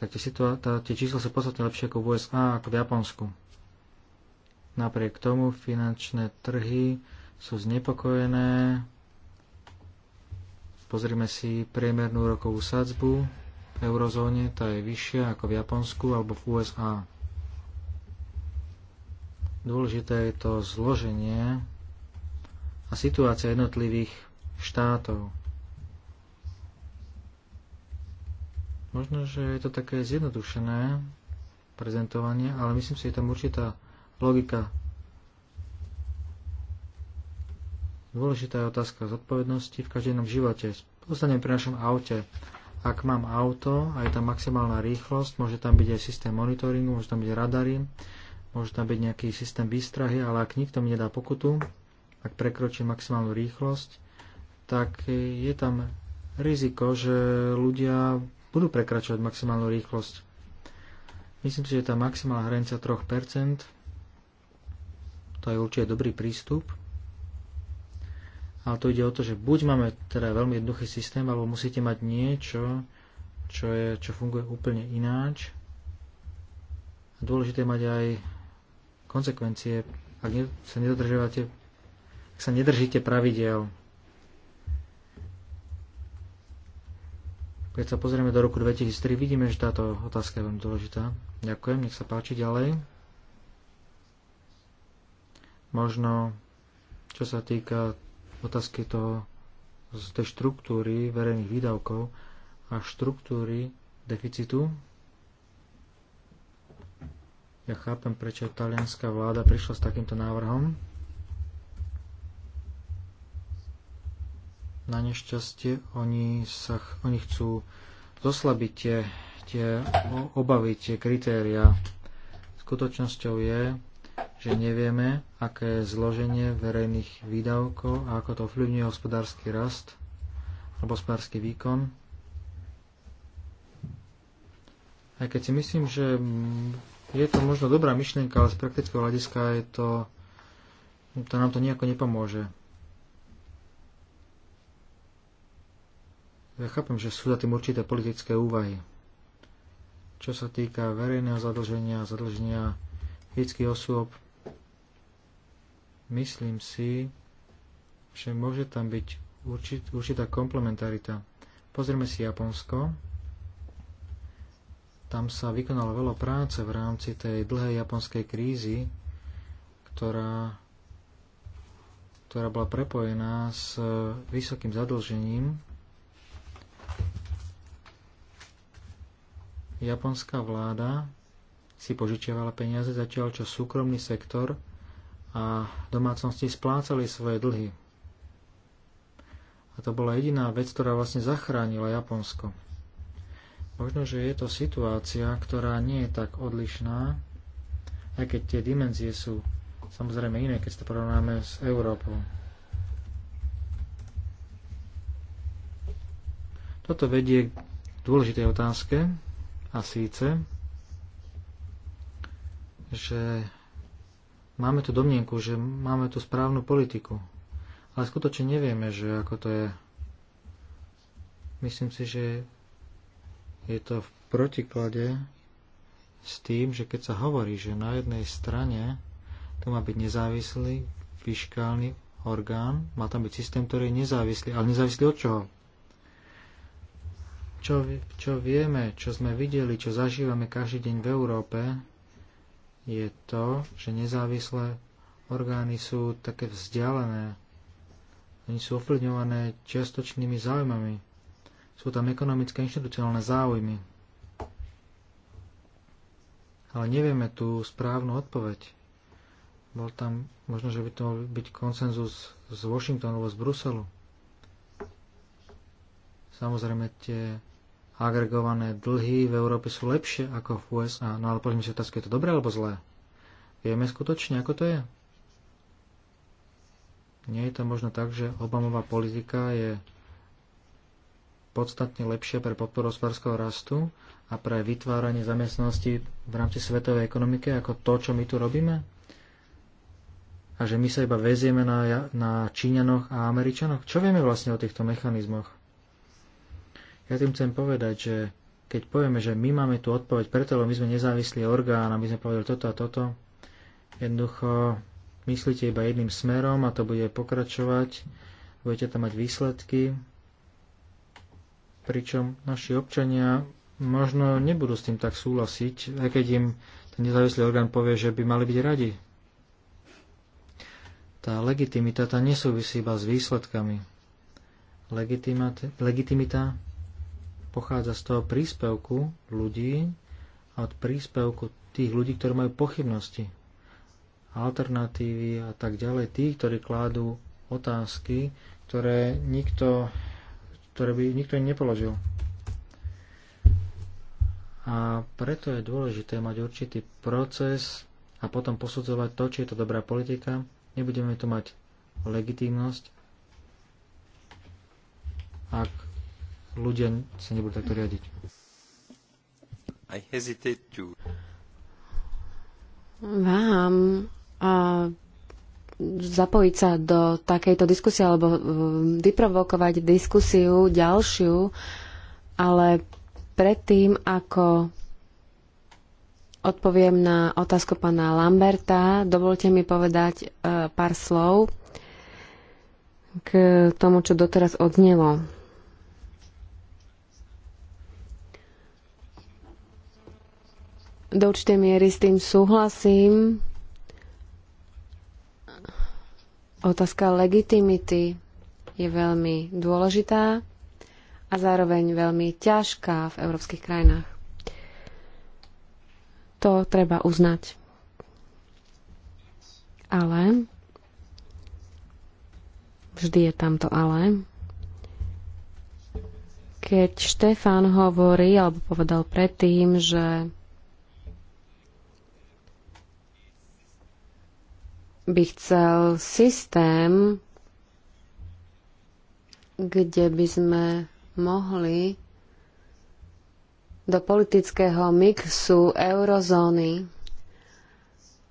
tak tie, situá- tie čísla sú podstatne lepšie ako v USA, ako v Japonsku. Napriek tomu finančné trhy sú znepokojené, Pozrime si priemernú rokovú sadzbu v eurozóne, tá je vyššia ako v Japonsku alebo v USA. Dôležité je to zloženie a situácia jednotlivých štátov. Možno, že je to také zjednodušené prezentovanie, ale myslím si, že je tam určitá logika Dôležitá je otázka zodpovednosti v každom živote. Zostanem pri našom aute. Ak mám auto a je tam maximálna rýchlosť, môže tam byť aj systém monitoringu, môže tam byť radary, môže tam byť nejaký systém výstrahy, ale ak nikto mi nedá pokutu, ak prekročím maximálnu rýchlosť, tak je tam riziko, že ľudia budú prekračovať maximálnu rýchlosť. Myslím si, že tá maximálna hranica 3%, to je určite dobrý prístup, ale tu ide o to, že buď máme teda veľmi jednoduchý systém, alebo musíte mať niečo, čo, je, čo funguje úplne ináč. A dôležité je mať aj konsekvencie, ak sa nedodržiavate, ak sa nedržíte pravidel. Keď sa pozrieme do roku 2003, vidíme, že táto otázka je veľmi dôležitá. Ďakujem, nech sa páči ďalej. Možno, čo sa týka otázky to z tej štruktúry verejných výdavkov a štruktúry deficitu. Ja chápem, prečo talianská vláda prišla s takýmto návrhom. Na nešťastie oni, sa, oni chcú zoslabiť tie, tie obavy, tie kritéria. Skutočnosťou je, že nevieme, aké je zloženie verejných výdavkov a ako to ovplyvňuje hospodársky rast alebo hospodársky výkon. Aj keď si myslím, že je to možno dobrá myšlienka, ale z praktického hľadiska je to, to nám to nejako nepomôže. Ja chápem, že sú za tým určité politické úvahy. Čo sa týka verejného zadlženia, zadlženia fyzických osôb, Myslím si, že môže tam byť určit, určitá komplementarita. Pozrieme si Japonsko. Tam sa vykonalo veľa práce v rámci tej dlhej japonskej krízy, ktorá, ktorá bola prepojená s e, vysokým zadlžením. Japonská vláda si požičiavala peniaze, zatiaľ čo súkromný sektor a domácnosti splácali svoje dlhy. A to bola jediná vec, ktorá vlastne zachránila Japonsko. Možno, že je to situácia, ktorá nie je tak odlišná, aj keď tie dimenzie sú samozrejme iné, keď to porovnáme s Európou. Toto vedie k dôležitej otázke, a síce, že máme tu domnienku, že máme tu správnu politiku. Ale skutočne nevieme, že ako to je. Myslím si, že je to v protiklade s tým, že keď sa hovorí, že na jednej strane to má byť nezávislý fiskálny orgán, má tam byť systém, ktorý je nezávislý, ale nezávislý od čoho? Čo, čo vieme, čo sme videli, čo zažívame každý deň v Európe, je to, že nezávislé orgány sú také vzdialené. Oni sú ovplyvňované čiastočnými záujmami. Sú tam ekonomické inštitucionálne záujmy. Ale nevieme tú správnu odpoveď. Bol tam, možno, že by to mal byť konsenzus z Washingtonu alebo z Bruselu. Samozrejme, tie agregované dlhy v Európe sú lepšie ako v USA. No ale poďme si otázku, je to dobré alebo zlé? Vieme skutočne, ako to je? Nie je to možno tak, že Obamová politika je podstatne lepšia pre podporu hospodárskeho rastu a pre vytváranie zamestnanosti v rámci svetovej ekonomiky ako to, čo my tu robíme? A že my sa iba vezieme na, na Číňanoch a Američanoch? Čo vieme vlastne o týchto mechanizmoch? Ja tým chcem povedať, že keď povieme, že my máme tú odpoveď preto, lebo my sme nezávislý orgán a my sme povedali toto a toto, jednoducho myslíte iba jedným smerom a to bude pokračovať, budete tam mať výsledky, pričom naši občania možno nebudú s tým tak súhlasiť, aj keď im ten nezávislý orgán povie, že by mali byť radi. Tá legitimita tá nesúvisí iba s výsledkami. Legitimita, legitimita pochádza z toho príspevku ľudí a od príspevku tých ľudí, ktorí majú pochybnosti, alternatívy a tak ďalej, tých, ktorí kládú otázky, ktoré nikto, ktoré by nikto im nepoložil. A preto je dôležité mať určitý proces a potom posudzovať to, či je to dobrá politika. Nebudeme tu mať legitímnosť, ak ľudia sa nebudú takto riadiť. To... Vám a zapojiť sa do takejto diskusie alebo e, vyprovokovať diskusiu ďalšiu, ale predtým, ako odpoviem na otázku pána Lamberta. Dovolte mi povedať e, pár slov k tomu, čo doteraz odznelo. Do určitej miery s tým súhlasím. Otázka legitimity je veľmi dôležitá a zároveň veľmi ťažká v európskych krajinách. To treba uznať. Ale vždy je tamto ale keď Štefán hovorí, alebo povedal predtým, že by chcel systém, kde by sme mohli do politického mixu eurozóny,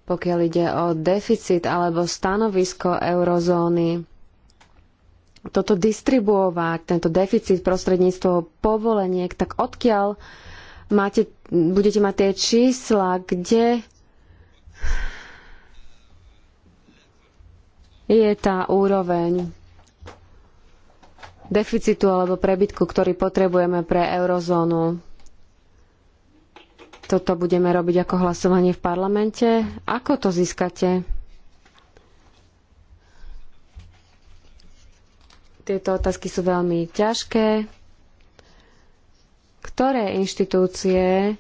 pokiaľ ide o deficit alebo stanovisko eurozóny, toto distribuovať, tento deficit prostredníctvom povoleniek, tak odkiaľ máte, budete mať tie čísla, kde je tá úroveň deficitu alebo prebytku, ktorý potrebujeme pre eurozónu. Toto budeme robiť ako hlasovanie v parlamente. Ako to získate? Tieto otázky sú veľmi ťažké. Ktoré inštitúcie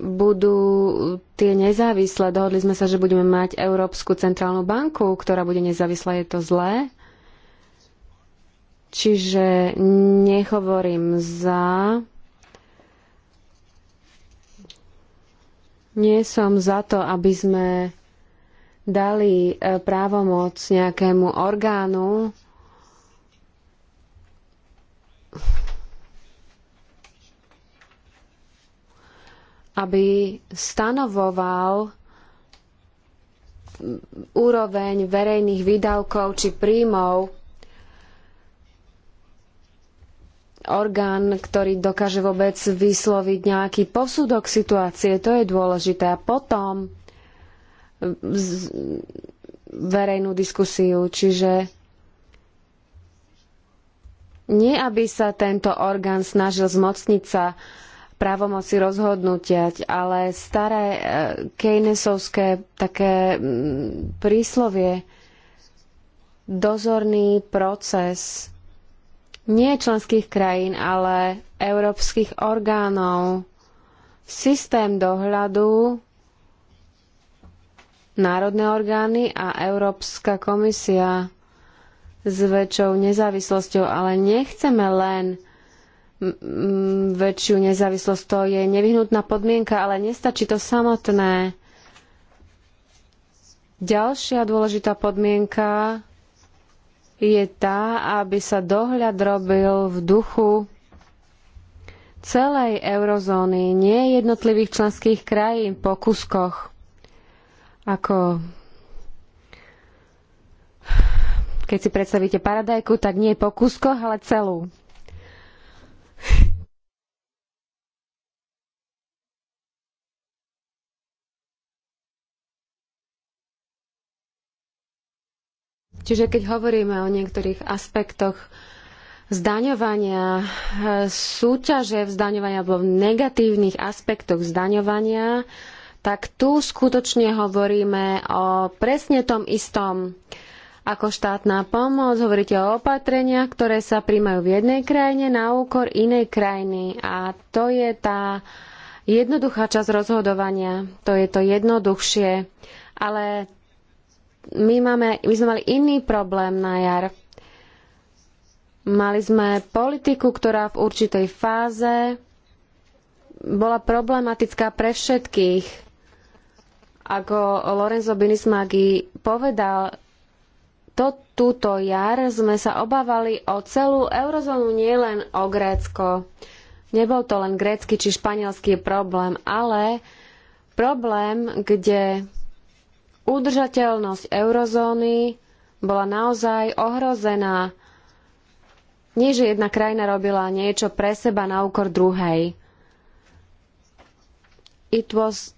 budú tie nezávislé. Dohodli sme sa, že budeme mať Európsku centrálnu banku, ktorá bude nezávislá. Je to zlé? Čiže nehovorím za. Nie som za to, aby sme dali e, právomoc nejakému orgánu, aby stanovoval úroveň verejných výdavkov či príjmov orgán, ktorý dokáže vôbec vysloviť nejaký posudok situácie, to je dôležité. A potom verejnú diskusiu, čiže nie aby sa tento orgán snažil zmocniť sa právomoci rozhodnutia, ale staré e, keynesovské také mm, príslovie, dozorný proces nie členských krajín, ale európskych orgánov, systém dohľadu, národné orgány a Európska komisia s väčšou nezávislosťou, ale nechceme len väčšiu nezávislosť. To je nevyhnutná podmienka, ale nestačí to samotné. Ďalšia dôležitá podmienka je tá, aby sa dohľad robil v duchu celej eurozóny, nie jednotlivých členských krajín po kuskoch. Ako keď si predstavíte paradajku, tak nie po kuskoch, ale celú. Čiže keď hovoríme o niektorých aspektoch zdaňovania, súťaže vzdaňovania alebo negatívnych aspektoch zdaňovania, tak tu skutočne hovoríme o presne tom istom ako štátna pomoc. Hovoríte o opatreniach, ktoré sa príjmajú v jednej krajine na úkor inej krajiny. A to je tá jednoduchá časť rozhodovania. To je to jednoduchšie. Ale my, máme, my sme mali iný problém na jar. Mali sme politiku, ktorá v určitej fáze bola problematická pre všetkých. Ako Lorenzo Binismagi povedal, to, túto jar sme sa obávali o celú eurozónu, nielen o Grécko. Nebol to len grécky či španielský problém, ale problém, kde udržateľnosť eurozóny bola naozaj ohrozená. Nie, že jedna krajina robila niečo pre seba na úkor druhej. It was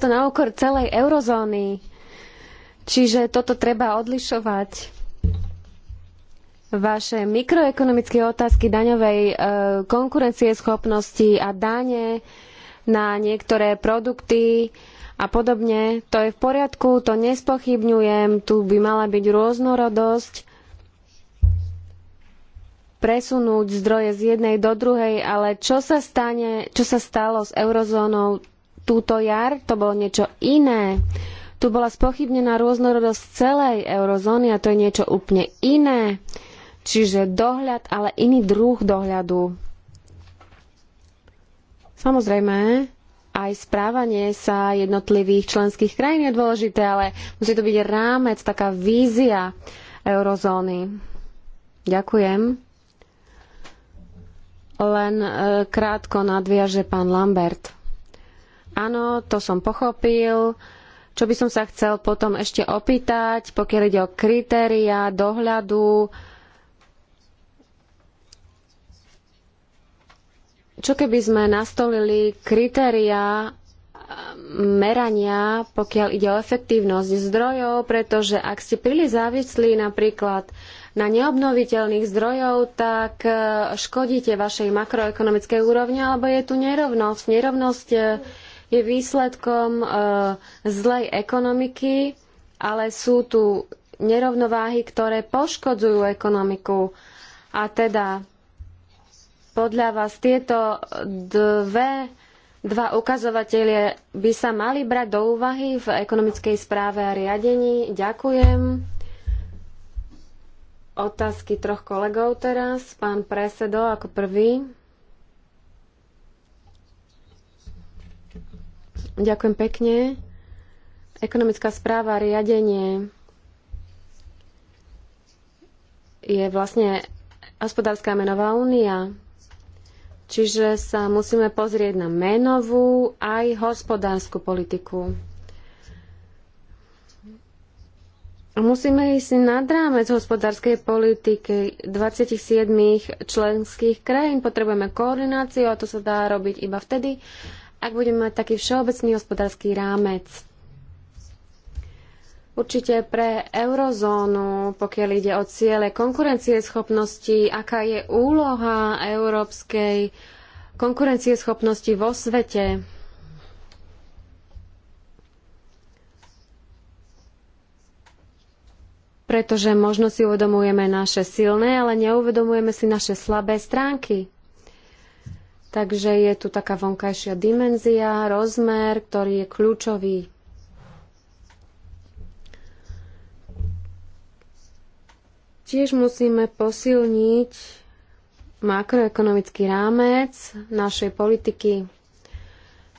to na úkor celej eurozóny. Čiže toto treba odlišovať vaše mikroekonomické otázky daňovej e, konkurencieschopnosti a dane na niektoré produkty a podobne. To je v poriadku, to nespochybňujem, tu by mala byť rôznorodosť presunúť zdroje z jednej do druhej, ale čo sa, stane, čo sa stalo s eurozónou túto jar, to bolo niečo iné. Tu bola spochybnená rôznorodosť celej eurozóny a to je niečo úplne iné. Čiže dohľad, ale iný druh dohľadu. Samozrejme, aj správanie sa jednotlivých členských krajín je dôležité, ale musí to byť rámec, taká vízia eurozóny. Ďakujem. Len e, krátko nadviaže pán Lambert. Áno, to som pochopil. Čo by som sa chcel potom ešte opýtať, pokiaľ ide o kritériá dohľadu, Čo keby sme nastolili kritériá um, merania, pokiaľ ide o efektívnosť zdrojov, pretože ak ste príliš závislí napríklad na neobnoviteľných zdrojov, tak uh, škodíte vašej makroekonomickej úrovni, alebo je tu nerovnosť. Nerovnosť uh, je výsledkom uh, zlej ekonomiky, ale sú tu nerovnováhy, ktoré poškodzujú ekonomiku. A teda podľa vás tieto dve, dva ukazovatele by sa mali brať do úvahy v ekonomickej správe a riadení. Ďakujem. Otázky troch kolegov teraz. Pán Presedo ako prvý. Ďakujem pekne. Ekonomická správa a riadenie je vlastne hospodárska menová únia. Čiže sa musíme pozrieť na menovú aj hospodárskú politiku. Musíme ísť nad rámec hospodárskej politiky 27 členských krajín. Potrebujeme koordináciu a to sa dá robiť iba vtedy, ak budeme mať taký všeobecný hospodársky rámec. Určite pre eurozónu, pokiaľ ide o ciele konkurencieschopnosti, aká je úloha európskej konkurencieschopnosti vo svete? Pretože možno si uvedomujeme naše silné, ale neuvedomujeme si naše slabé stránky. Takže je tu taká vonkajšia dimenzia, rozmer, ktorý je kľúčový Tiež musíme posilniť makroekonomický rámec našej politiky,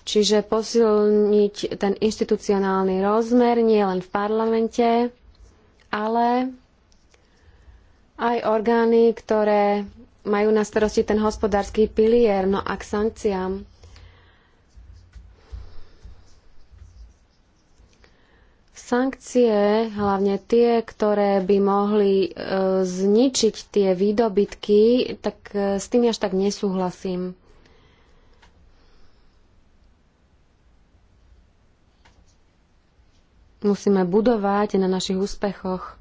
čiže posilniť ten inštitucionálny rozmer nie len v parlamente, ale aj orgány, ktoré majú na starosti ten hospodársky pilier, no a k sankciám. Sankcie, hlavne tie, ktoré by mohli e, zničiť tie výdobytky, tak e, s tým až tak nesúhlasím. Musíme budovať na našich úspechoch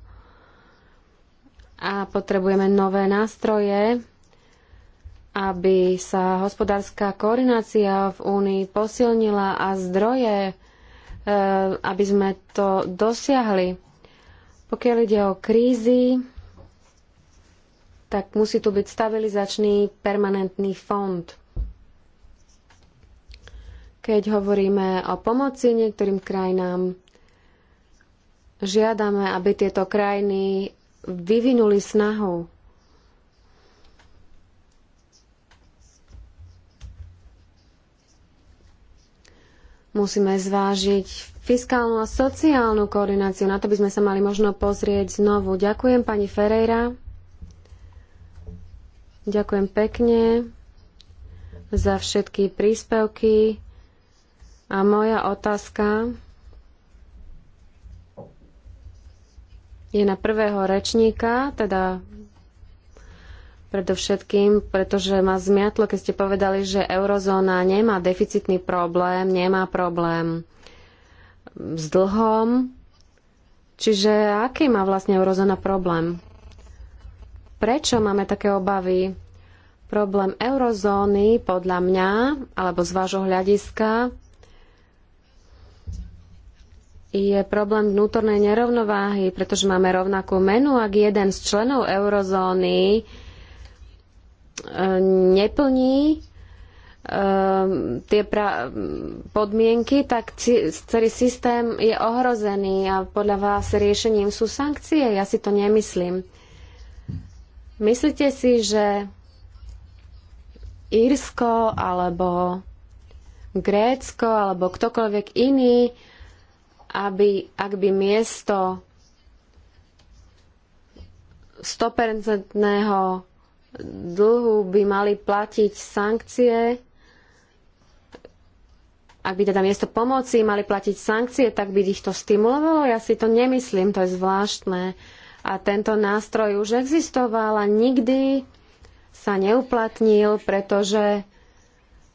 a potrebujeme nové nástroje, aby sa hospodárska koordinácia v Únii posilnila a zdroje Eh, aby sme to dosiahli. Pokiaľ ide o krízy, tak musí tu byť stabilizačný permanentný fond. Keď hovoríme o pomoci niektorým krajinám, žiadame, aby tieto krajiny vyvinuli snahu Musíme zvážiť fiskálnu a sociálnu koordináciu. Na to by sme sa mali možno pozrieť znovu. Ďakujem pani Ferreira. Ďakujem pekne za všetky príspevky. A moja otázka je na prvého rečníka, teda Predovšetkým, pretože ma zmiatlo, keď ste povedali, že eurozóna nemá deficitný problém, nemá problém s dlhom. Čiže aký má vlastne eurozóna problém? Prečo máme také obavy? Problém eurozóny podľa mňa, alebo z vášho hľadiska, je problém vnútornej nerovnováhy, pretože máme rovnakú menu, ak jeden z členov eurozóny neplní ehm, tie podmienky, tak celý systém je ohrozený a podľa vás riešením sú sankcie? Ja si to nemyslím. Myslíte si, že Írsko alebo Grécko alebo ktokoľvek iný, aby, ak by miesto 100% dlhu by mali platiť sankcie, ak by teda miesto pomoci mali platiť sankcie, tak by ich to stimulovalo. Ja si to nemyslím, to je zvláštne. A tento nástroj už existoval a nikdy sa neuplatnil, pretože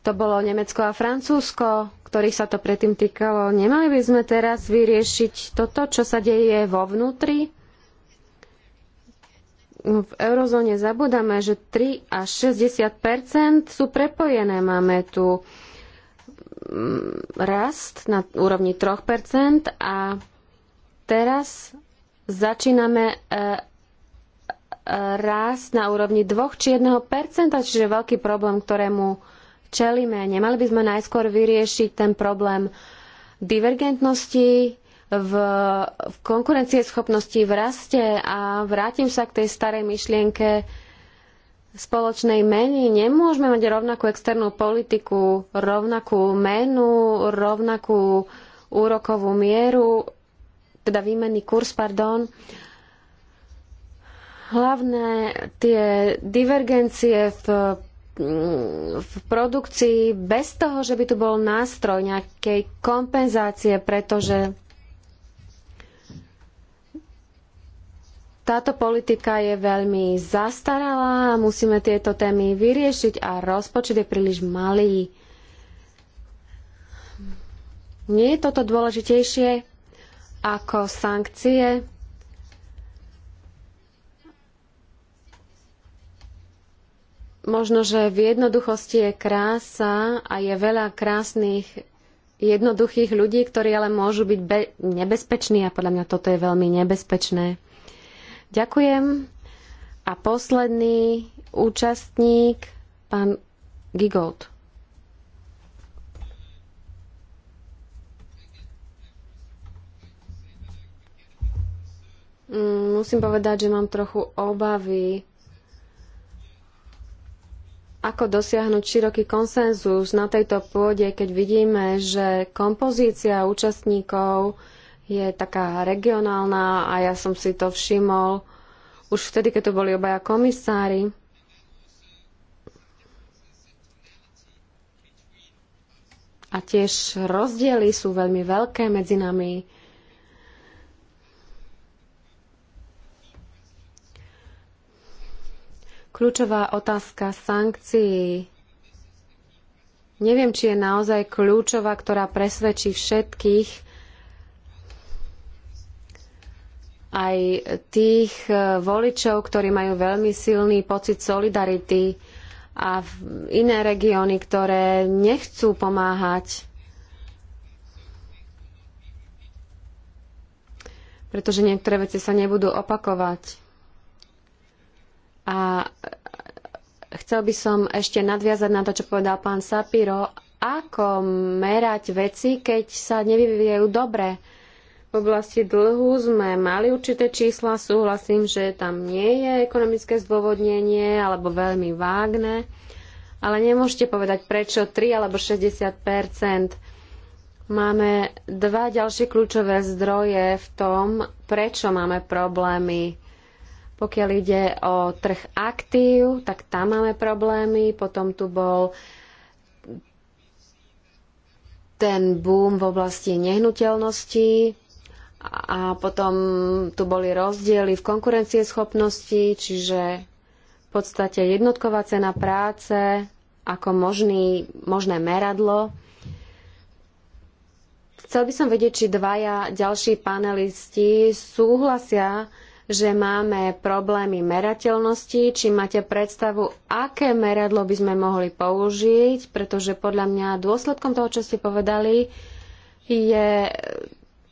to bolo Nemecko a Francúzsko, ktorých sa to predtým týkalo. Nemali by sme teraz vyriešiť toto, čo sa deje vo vnútri v eurozóne zabudáme, že 3 až 60 sú prepojené. Máme tu mm, rast na úrovni 3 a teraz začíname e, e, rast na úrovni 2 či 1 čiže veľký problém, ktorému čelíme. Nemali by sme najskôr vyriešiť ten problém divergentnosti, v, v konkurencieschopnosti, v raste a vrátim sa k tej starej myšlienke spoločnej meny. Nemôžeme mať rovnakú externú politiku, rovnakú menu, rovnakú úrokovú mieru, teda výmenný kurz, pardon. Hlavné tie divergencie v v produkcii bez toho, že by tu bol nástroj nejakej kompenzácie, pretože Táto politika je veľmi zastaralá, musíme tieto témy vyriešiť a rozpočet je príliš malý. Nie je toto dôležitejšie ako sankcie? Možno, že v jednoduchosti je krása a je veľa krásnych jednoduchých ľudí, ktorí ale môžu byť nebezpeční a podľa mňa toto je veľmi nebezpečné. Ďakujem. A posledný účastník, pán Gigold. Mm, musím povedať, že mám trochu obavy, ako dosiahnuť široký konsenzus na tejto pôde, keď vidíme, že kompozícia účastníkov je taká regionálna a ja som si to všimol už vtedy, keď to boli obaja komisári. A tiež rozdiely sú veľmi veľké medzi nami. Kľúčová otázka sankcií. Neviem, či je naozaj kľúčová, ktorá presvedčí všetkých, aj tých e, voličov, ktorí majú veľmi silný pocit solidarity a iné regióny, ktoré nechcú pomáhať, pretože niektoré veci sa nebudú opakovať. A e, chcel by som ešte nadviazať na to, čo povedal pán Sapiro, ako merať veci, keď sa nevyvíjajú dobre v oblasti dlhu sme mali určité čísla, súhlasím, že tam nie je ekonomické zdôvodnenie alebo veľmi vágne, ale nemôžete povedať prečo 3 alebo 60 Máme dva ďalšie kľúčové zdroje v tom, prečo máme problémy. Pokiaľ ide o trh aktív, tak tam máme problémy. Potom tu bol ten boom v oblasti nehnuteľností. A potom tu boli rozdiely v konkurencieschopnosti, čiže v podstate jednotková cena práce ako možný, možné meradlo. Chcel by som vedieť, či dvaja ďalší panelisti súhlasia, že máme problémy merateľnosti, či máte predstavu, aké meradlo by sme mohli použiť, pretože podľa mňa dôsledkom toho, čo ste povedali, je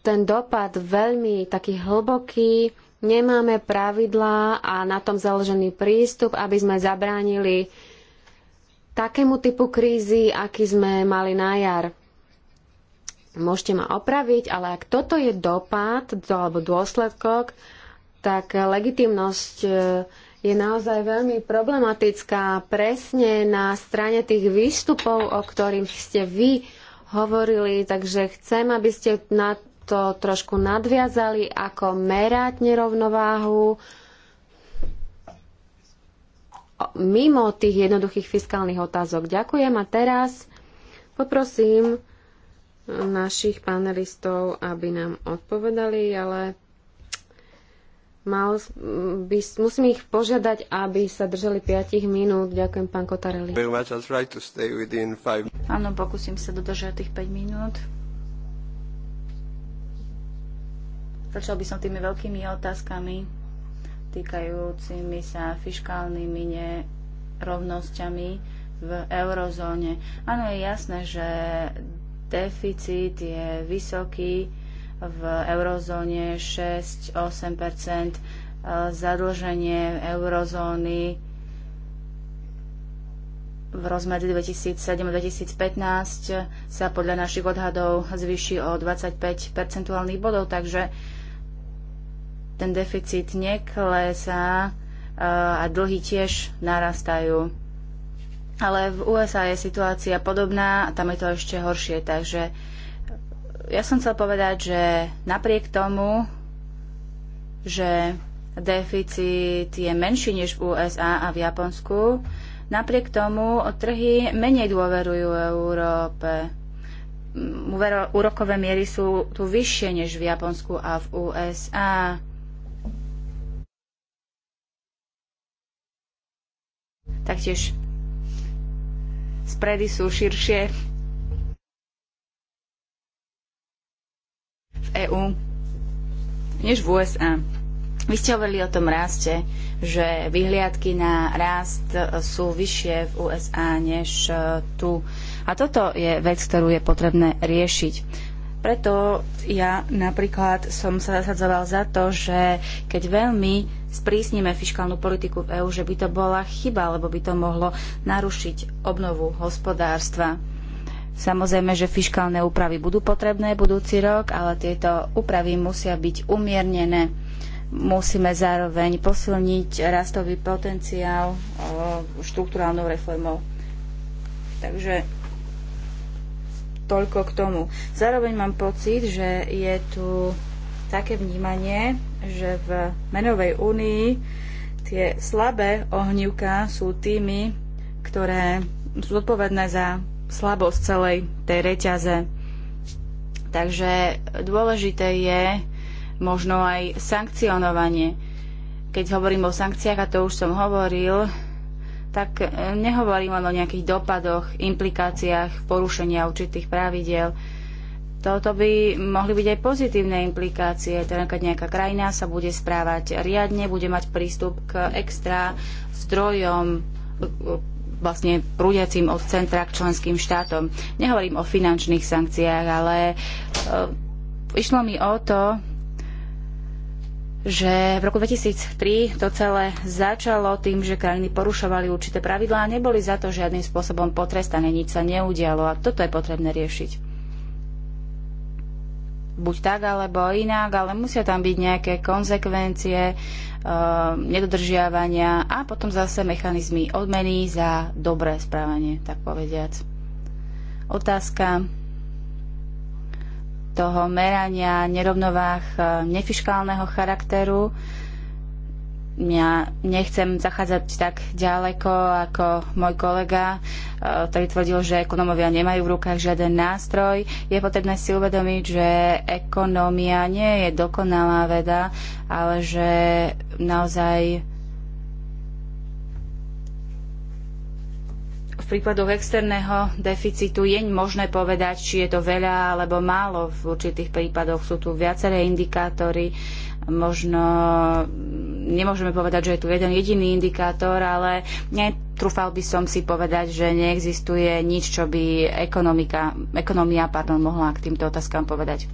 ten dopad veľmi taký hlboký, nemáme pravidlá a na tom založený prístup, aby sme zabránili takému typu krízy, aký sme mali na jar. Môžete ma opraviť, ale ak toto je dopad alebo dôsledok, tak legitimnosť e, je naozaj veľmi problematická presne na strane tých výstupov, o ktorých ste vy hovorili, takže chcem, aby ste na to trošku nadviazali, ako merať nerovnováhu mimo tých jednoduchých fiskálnych otázok. Ďakujem a teraz poprosím našich panelistov, aby nám odpovedali, ale mal by, musím ich požiadať, aby sa držali 5 minút. Ďakujem, pán Kotarelli. Áno, pokúsim sa dodržať tých 5 minút. Začal by som tými veľkými otázkami týkajúcimi sa fiškálnymi nerovnosťami v eurozóne. Áno, je jasné, že deficit je vysoký v eurozóne 6-8 zadlženie eurozóny v rozmedzi 2007-2015 sa podľa našich odhadov zvýši o 25 percentuálnych bodov, takže ten deficit neklesá eh, a dlhy tiež narastajú. Ale v USA je situácia podobná a tam je to ešte horšie. Takže ja som chcel povedať, že napriek tomu, že deficit je menší než v USA a v Japonsku, napriek tomu trhy menej dôverujú Európe mm, úrokové miery sú tu vyššie než v Japonsku a v USA. Taktiež spredy sú širšie v EÚ než v USA. Vy ste hovorili o tom raste, že vyhliadky na rast sú vyššie v USA než e, tu. A toto je vec, ktorú je potrebné riešiť. Preto ja napríklad som sa zasadzoval za to, že keď veľmi sprísnime fiskálnu politiku v EÚ, že by to bola chyba, lebo by to mohlo narušiť obnovu hospodárstva. Samozrejme, že fiškálne úpravy budú potrebné budúci rok, ale tieto úpravy musia byť umiernené. Musíme zároveň posilniť rastový potenciál štruktúrálnou reformou. Takže toľko k tomu. Zároveň mám pocit, že je tu také vnímanie že v menovej únii tie slabé ohnívka sú tými, ktoré sú zodpovedné za slabosť celej tej reťaze. Takže dôležité je možno aj sankcionovanie. Keď hovorím o sankciách, a to už som hovoril, tak eh, nehovorím len o nejakých dopadoch, implikáciách porušenia určitých pravidel. Toto by mohli byť aj pozitívne implikácie, teda keď nejaká krajina sa bude správať riadne, bude mať prístup k extra zdrojom, vlastne prúdiacim od centra k členským štátom. Nehovorím o finančných sankciách, ale uh, išlo mi o to, že v roku 2003 to celé začalo tým, že krajiny porušovali určité pravidlá a neboli za to žiadnym spôsobom potrestané, nič sa neudialo a toto je potrebné riešiť buď tak alebo inak, ale musia tam byť nejaké konsekvencie e, nedodržiavania a potom zase mechanizmy odmeny za dobré správanie, tak povediac. Otázka toho merania nerovnovách eh, nefiškálneho charakteru ja nechcem zachádzať tak ďaleko ako môj kolega, e, ktorý tvrdil, že ekonomovia nemajú v rukách žiaden nástroj. Je potrebné si uvedomiť, že ekonómia nie je dokonalá veda, ale že naozaj v prípadoch externého deficitu je možné povedať, či je to veľa alebo málo. V určitých prípadoch sú tu viaceré indikátory. Uh, Možno mm, nemôžeme povedať, že je tu jeden jediný indikátor, ale netrúfal by som si povedať, že neexistuje nič, čo by ekonomika, ekonomia pardon, mohla k týmto otázkam povedať.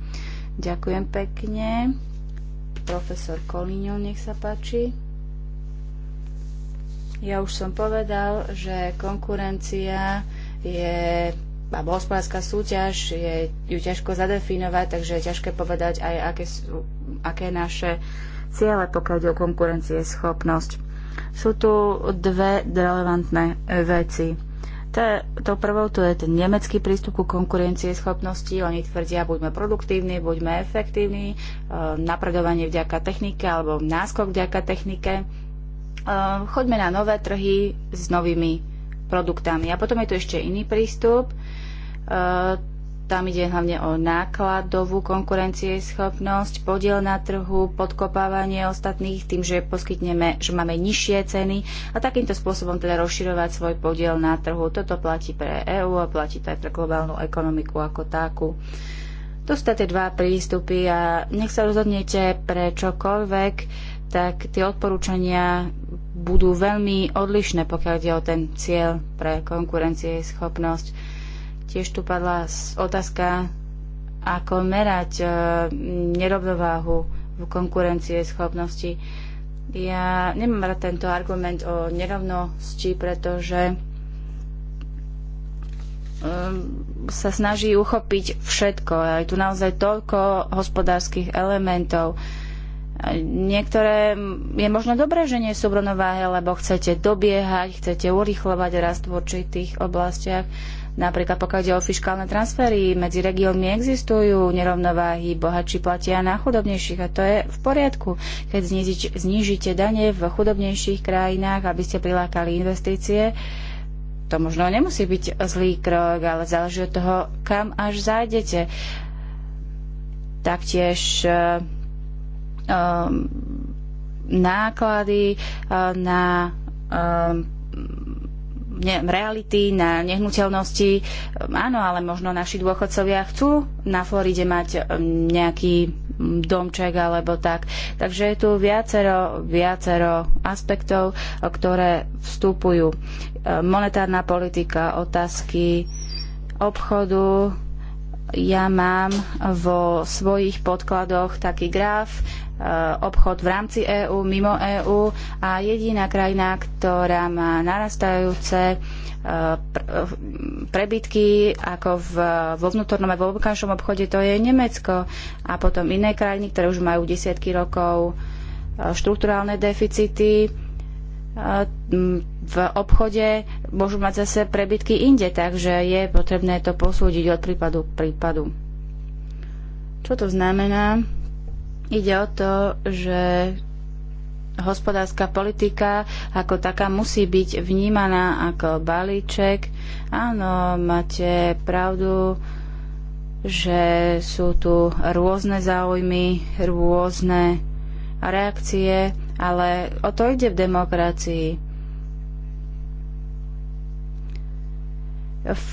Ďakujem pekne. Profesor Kolíňov, nech sa páči. Ja už som povedal, že konkurencia je alebo hospodárska súťaž, je ju ťažko zadefinovať, takže je ťažké povedať aj, aké, sú, aké naše ciele, pokiaľ ide o konkurencie schopnosť. Sú tu dve relevantné e, veci. Tá, to prvou to je ten nemecký prístup ku konkurencie schopnosti. Oni tvrdia, buďme produktívni, buďme efektívni, e, napredovanie vďaka technike alebo náskok vďaka technike. E, choďme na nové trhy s novými produktami. A potom je tu ešte iný prístup, Ehm, tam ide hlavne o nákladovú konkurencieschopnosť, podiel na trhu, podkopávanie ostatných tým, že poskytneme, že máme nižšie ceny a takýmto spôsobom teda rozširovať svoj podiel na trhu. Toto platí pre EÚ a platí to aj pre globálnu ekonomiku ako takú. To sú tie dva prístupy a nech sa rozhodnete pre čokoľvek, tak tie odporúčania budú veľmi odlišné, pokiaľ ide o ten cieľ pre konkurencieschopnosť. schopnosť Tiež tu padla otázka, ako merať e, nerovnováhu v konkurencie schopnosti. Ja nemám rád tento argument o nerovnosti, pretože e, sa snaží uchopiť všetko. Je tu naozaj toľko hospodárskych elementov. Niektoré je možno dobré, že nie sú v rovnováhe, lebo chcete dobiehať, chcete urychľovať rast v určitých oblastiach. Napríklad pokiaľ ide o fiskálne transfery, medzi regiónmi existujú nerovnováhy, bohatší platia na chudobnejších a to je v poriadku. Keď znížite znižíte dane v chudobnejších krajinách, aby ste prilákali investície, to možno nemusí byť zlý krok, ale záleží od toho, kam až zájdete. Taktiež um, náklady eh, na um, reality, na nehnuteľnosti. Ehm, áno, ale možno naši dôchodcovia chcú na Floride mať ehm, nejaký domček alebo tak. Takže je tu viacero, viacero aspektov, e, ktoré vstupujú. Ehm, monetárna politika, otázky obchodu. Ja mám vo svojich podkladoch taký graf, Eh, obchod v rámci EÚ, mimo EÚ a jediná krajina, ktorá má narastajúce eh, eh, prebytky ako v, vo vnútornom a vo vonkajšom obchode, to je Nemecko a potom iné krajiny, ktoré už majú desiatky rokov štruktúrálne deficity v obchode môžu mať zase prebytky inde, takže je potrebné to posúdiť od prípadu k prípadu. Čo to znamená? Ide o to, že hospodárska politika ako taká musí byť vnímaná ako balíček. Áno, máte pravdu, že sú tu rôzne záujmy, rôzne reakcie, ale o to ide v demokracii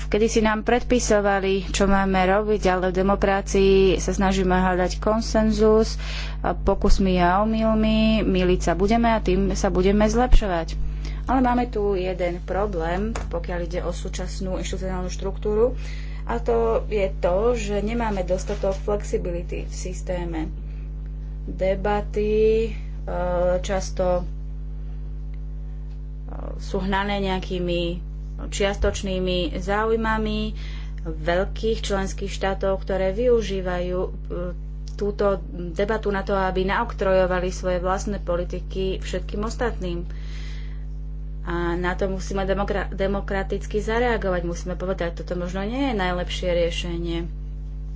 Kedy si nám predpisovali, čo máme robiť, ale v demokracii sa snažíme hľadať konsenzus, pokusmi a omylmi, miliť sa budeme a tým sa budeme zlepšovať. Ale máme tu jeden problém, pokiaľ ide o súčasnú inštitucionálnu štruktúru, a to je to, že nemáme dostatok flexibility v systéme. Debaty e, často e, sú hnané nejakými čiastočnými záujmami veľkých členských štátov, ktoré využívajú e, túto debatu na to, aby naoktrojovali svoje vlastné politiky všetkým ostatným. A na to musíme demokra- demokraticky zareagovať. Musíme povedať, toto možno nie je najlepšie riešenie.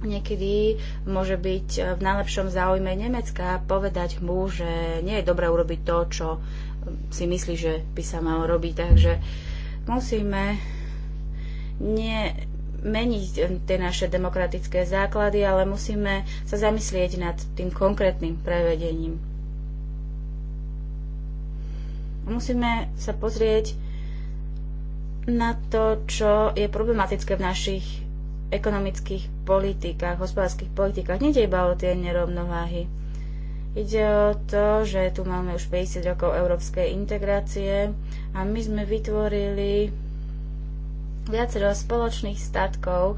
Niekedy môže byť e, v najlepšom záujme Nemecka povedať mu, že nie je dobré urobiť to, čo e, si myslí, že by sa malo robiť. Takže uh, Musíme nie meniť tie naše demokratické základy, ale musíme sa zamyslieť nad tým konkrétnym prevedením. Musíme sa pozrieť na to, čo je problematické v našich ekonomických politikách, hospodárskych politikách. Nede iba o tie nerovnováhy Ide o to, že tu máme už 50 rokov európskej integrácie a my sme vytvorili viacero spoločných statkov,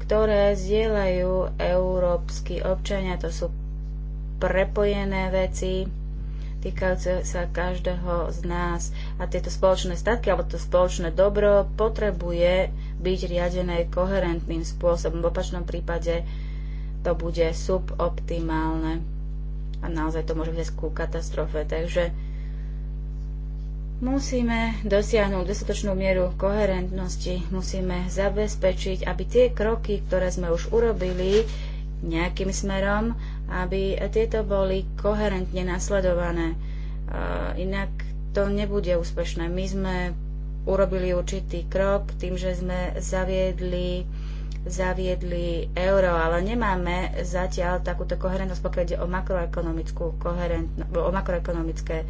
ktoré zdieľajú európsky občania. To sú prepojené veci týkajúce sa každého z nás. A tieto spoločné statky alebo to spoločné dobro potrebuje byť riadené koherentným spôsobom. V opačnom prípade to bude suboptimálne a naozaj to môže viesť ku katastrofe. Takže musíme dosiahnuť dostatočnú mieru koherentnosti, musíme zabezpečiť, aby tie kroky, ktoré sme už urobili nejakým smerom, aby tieto boli koherentne nasledované. Inak to nebude úspešné. My sme urobili určitý krok tým, že sme zaviedli zaviedli euro, ale nemáme zatiaľ takúto koherentnosť, pokiaľ ide o, makroekonomickú o makroekonomické e,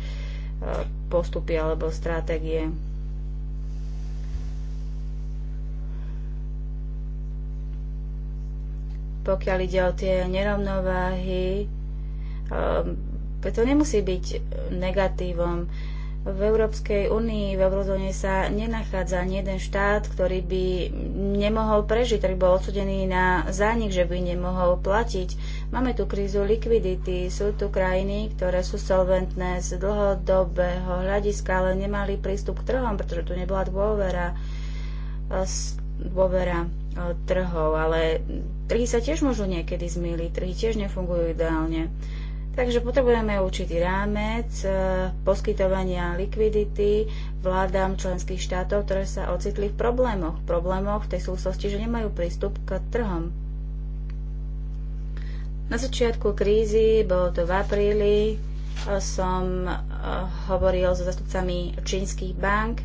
postupy alebo stratégie. Pokiaľ ide o tie nerovnováhy, e, to nemusí byť negatívom v Európskej únii, v eurozóne sa nenachádza ani jeden štát, ktorý by nemohol prežiť, ktorý bol odsudený na zánik, že by nemohol platiť. Máme tu krízu likvidity, sú tu krajiny, ktoré sú solventné z dlhodobého hľadiska, ale nemali prístup k trhom, pretože tu nebola dôvera, dôvera e, trhov, ale trhy sa tiež môžu niekedy zmýliť, trhy tiež nefungujú ideálne. Takže potrebujeme určitý rámec e, poskytovania likvidity vládám členských štátov, ktoré sa ocitli v problémoch. Problémoch v tej súvislosti, že nemajú prístup k trhom. Na začiatku krízy, bolo to v apríli, e, som e, hovoril so zastupcami čínskych bank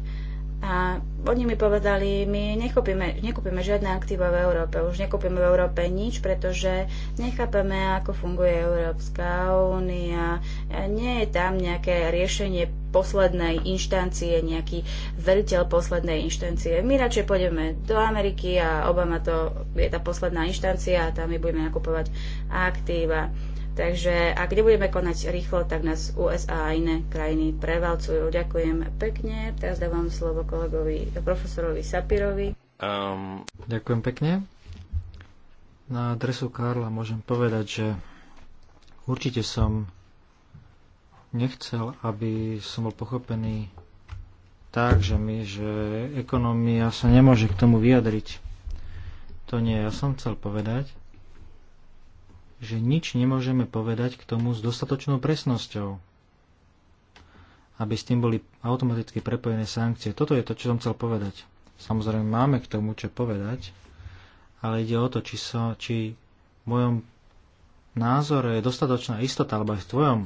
a oni mi povedali, my nekúpime, nekúpime žiadne aktíva v Európe, už nekúpime v Európe nič, pretože nechápame, ako funguje Európska únia. E, nie je tam nejaké riešenie poslednej inštancie, nejaký veliteľ poslednej inštancie. My radšej pôjdeme do Ameriky a Obama to je tá posledná inštancia a tam my budeme nakupovať aktíva. Takže ak nebudeme konať rýchlo, tak nás USA a iné krajiny prevalcujú. Ďakujem pekne. Teraz dávam slovo kolegovi profesorovi Sapirovi. Um... Ďakujem pekne. Na adresu Karla môžem povedať, že určite som nechcel, aby som bol pochopený tak, že my, že ekonomia sa nemôže k tomu vyjadriť. To nie, ja som chcel povedať, že nič nemôžeme povedať k tomu s dostatočnou presnosťou, aby s tým boli automaticky prepojené sankcie. Toto je to, čo som chcel povedať. Samozrejme, máme k tomu čo povedať, ale ide o to, či, so, či v mojom názore je dostatočná istota, alebo aj v tvojom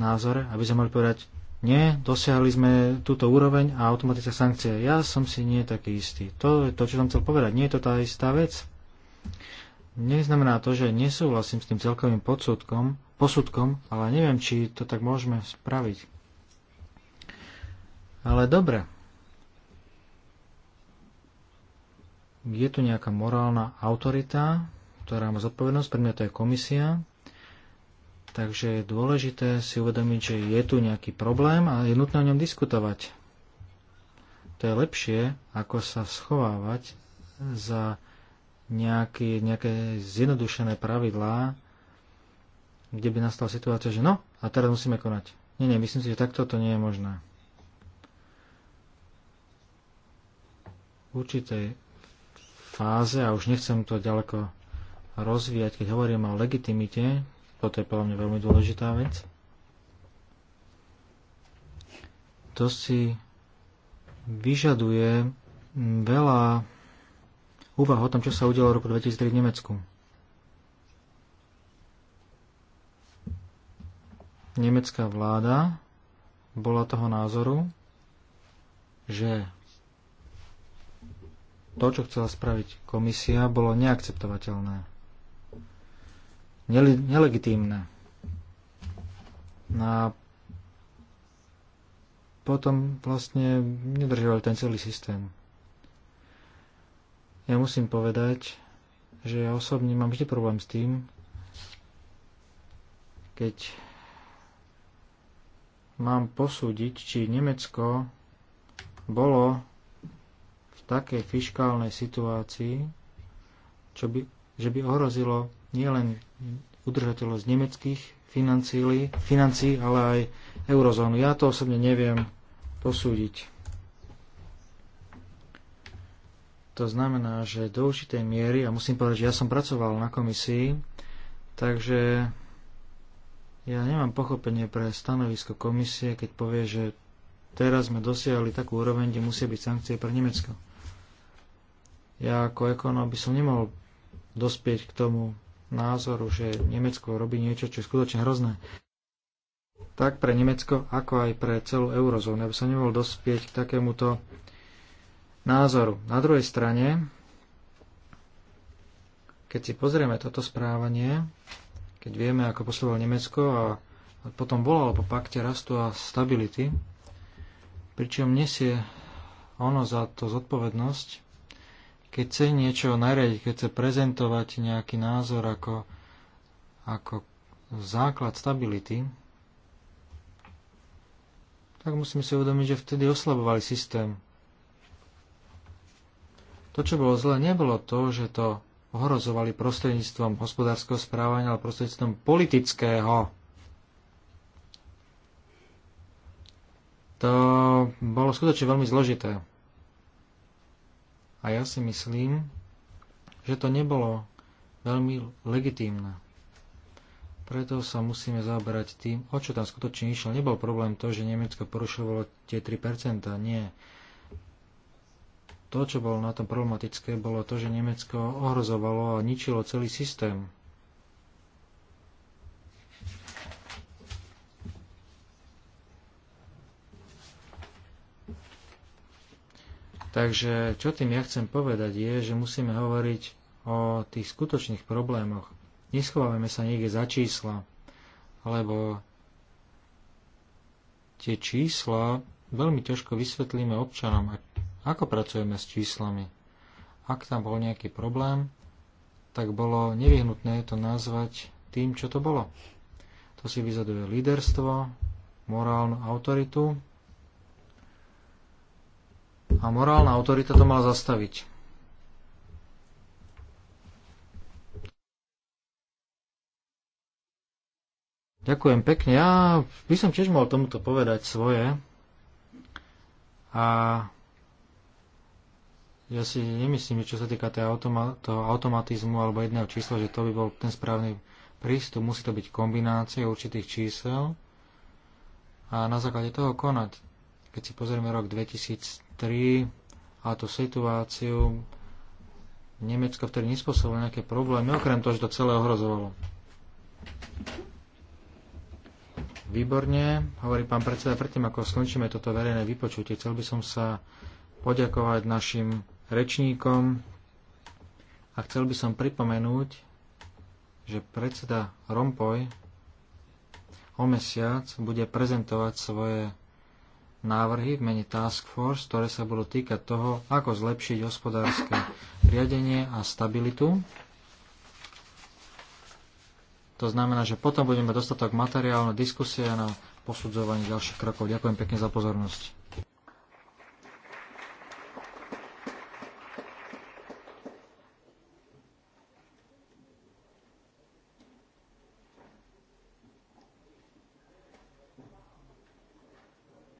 názore, aby sme mohli povedať, nie, dosiahli sme túto úroveň a automatická sankcia. Ja som si nie taký istý. To je to, čo som chcel povedať. Nie je to tá istá vec neznamená to, že nesúhlasím s tým celkovým podsudkom, posudkom, ale neviem, či to tak môžeme spraviť. Ale dobre. Je tu nejaká morálna autorita, ktorá má zodpovednosť, pre mňa to je komisia, takže je dôležité si uvedomiť, že je tu nejaký problém a je nutné o ňom diskutovať. To je lepšie, ako sa schovávať za nejaké nejaké zjednodušené pravidlá, kde by nastala situácia, že no, a teraz musíme konať. Nie, nie, myslím si, že takto to nie je možné. V určitej fáze, a už nechcem to ďaleko rozvíjať, keď hovorím o legitimite, toto je podľa mňa veľmi dôležitá vec, to si vyžaduje veľa úvah o tom, čo sa udialo v roku 2003 v Nemecku. Nemecká vláda bola toho názoru, že to, čo chcela spraviť komisia, bolo neakceptovateľné, nele- nelegitímne. No a potom vlastne nedržovali ten celý systém. Ja musím povedať, že ja osobne mám vždy problém s tým, keď mám posúdiť, či Nemecko bolo v takej fiškálnej situácii, čo by, že by ohrozilo nielen udržateľnosť nemeckých financií, ale aj eurozónu. Ja to osobne neviem posúdiť. To znamená, že do určitej miery, a musím povedať, že ja som pracoval na komisii, takže ja nemám pochopenie pre stanovisko komisie, keď povie, že teraz sme dosiahli takú úroveň, kde musia byť sankcie pre Nemecko. Ja ako ekonóm by som nemohol dospieť k tomu názoru, že Nemecko robí niečo, čo je skutočne hrozné. Tak pre Nemecko, ako aj pre celú eurozónu. Ja by som nemohol dospieť k takémuto názoru. Na druhej strane, keď si pozrieme toto správanie, keď vieme, ako poslovalo Nemecko a potom volalo po pakte rastu a stability, pričom nesie ono za to zodpovednosť, keď chce niečo nariadiť, keď chce prezentovať nejaký názor ako, ako základ stability, tak musíme si uvedomiť, že vtedy oslabovali systém. To, čo bolo zle, nebolo to, že to ohrozovali prostredníctvom hospodárskeho správania, ale prostredníctvom politického. To bolo skutočne veľmi zložité. A ja si myslím, že to nebolo veľmi legitímne. Preto sa musíme zaoberať tým, o čo tam skutočne išlo. Nebol problém to, že Nemecko porušovalo tie 3%, nie to, čo bolo na tom problematické, bolo to, že Nemecko ohrozovalo a ničilo celý systém. Takže čo tým ja chcem povedať je, že musíme hovoriť o tých skutočných problémoch. Neschovávame sa niekde za čísla, lebo tie čísla veľmi ťažko vysvetlíme občanom. Ak ako pracujeme s číslami? Ak tam bol nejaký problém, tak bolo nevyhnutné to nazvať tým, čo to bolo. To si vyzaduje líderstvo, morálnu autoritu a morálna autorita to mala zastaviť. Ďakujem pekne. Ja by som tiež mal tomuto povedať svoje. A ja si nemyslím, že čo sa týka toho, automa- toho automatizmu alebo jedného čísla, že to by bol ten správny prístup. Musí to byť kombinácia určitých čísel a na základe toho konať. Keď si pozrieme rok 2003 a tú situáciu Nemecko vtedy nespôsobilo nejaké problémy, okrem toho, že to celé ohrozovalo. Výborne, hovorí pán predseda, predtým ako skončíme toto verejné vypočutie, chcel by som sa poďakovať našim rečníkom a chcel by som pripomenúť, že predseda Rompoy o mesiac bude prezentovať svoje návrhy v mene Task Force, ktoré sa budú týkať toho, ako zlepšiť hospodárske riadenie a stabilitu. To znamená, že potom budeme dostatok materiálne diskusie na posudzovanie ďalších krokov. Ďakujem pekne za pozornosť.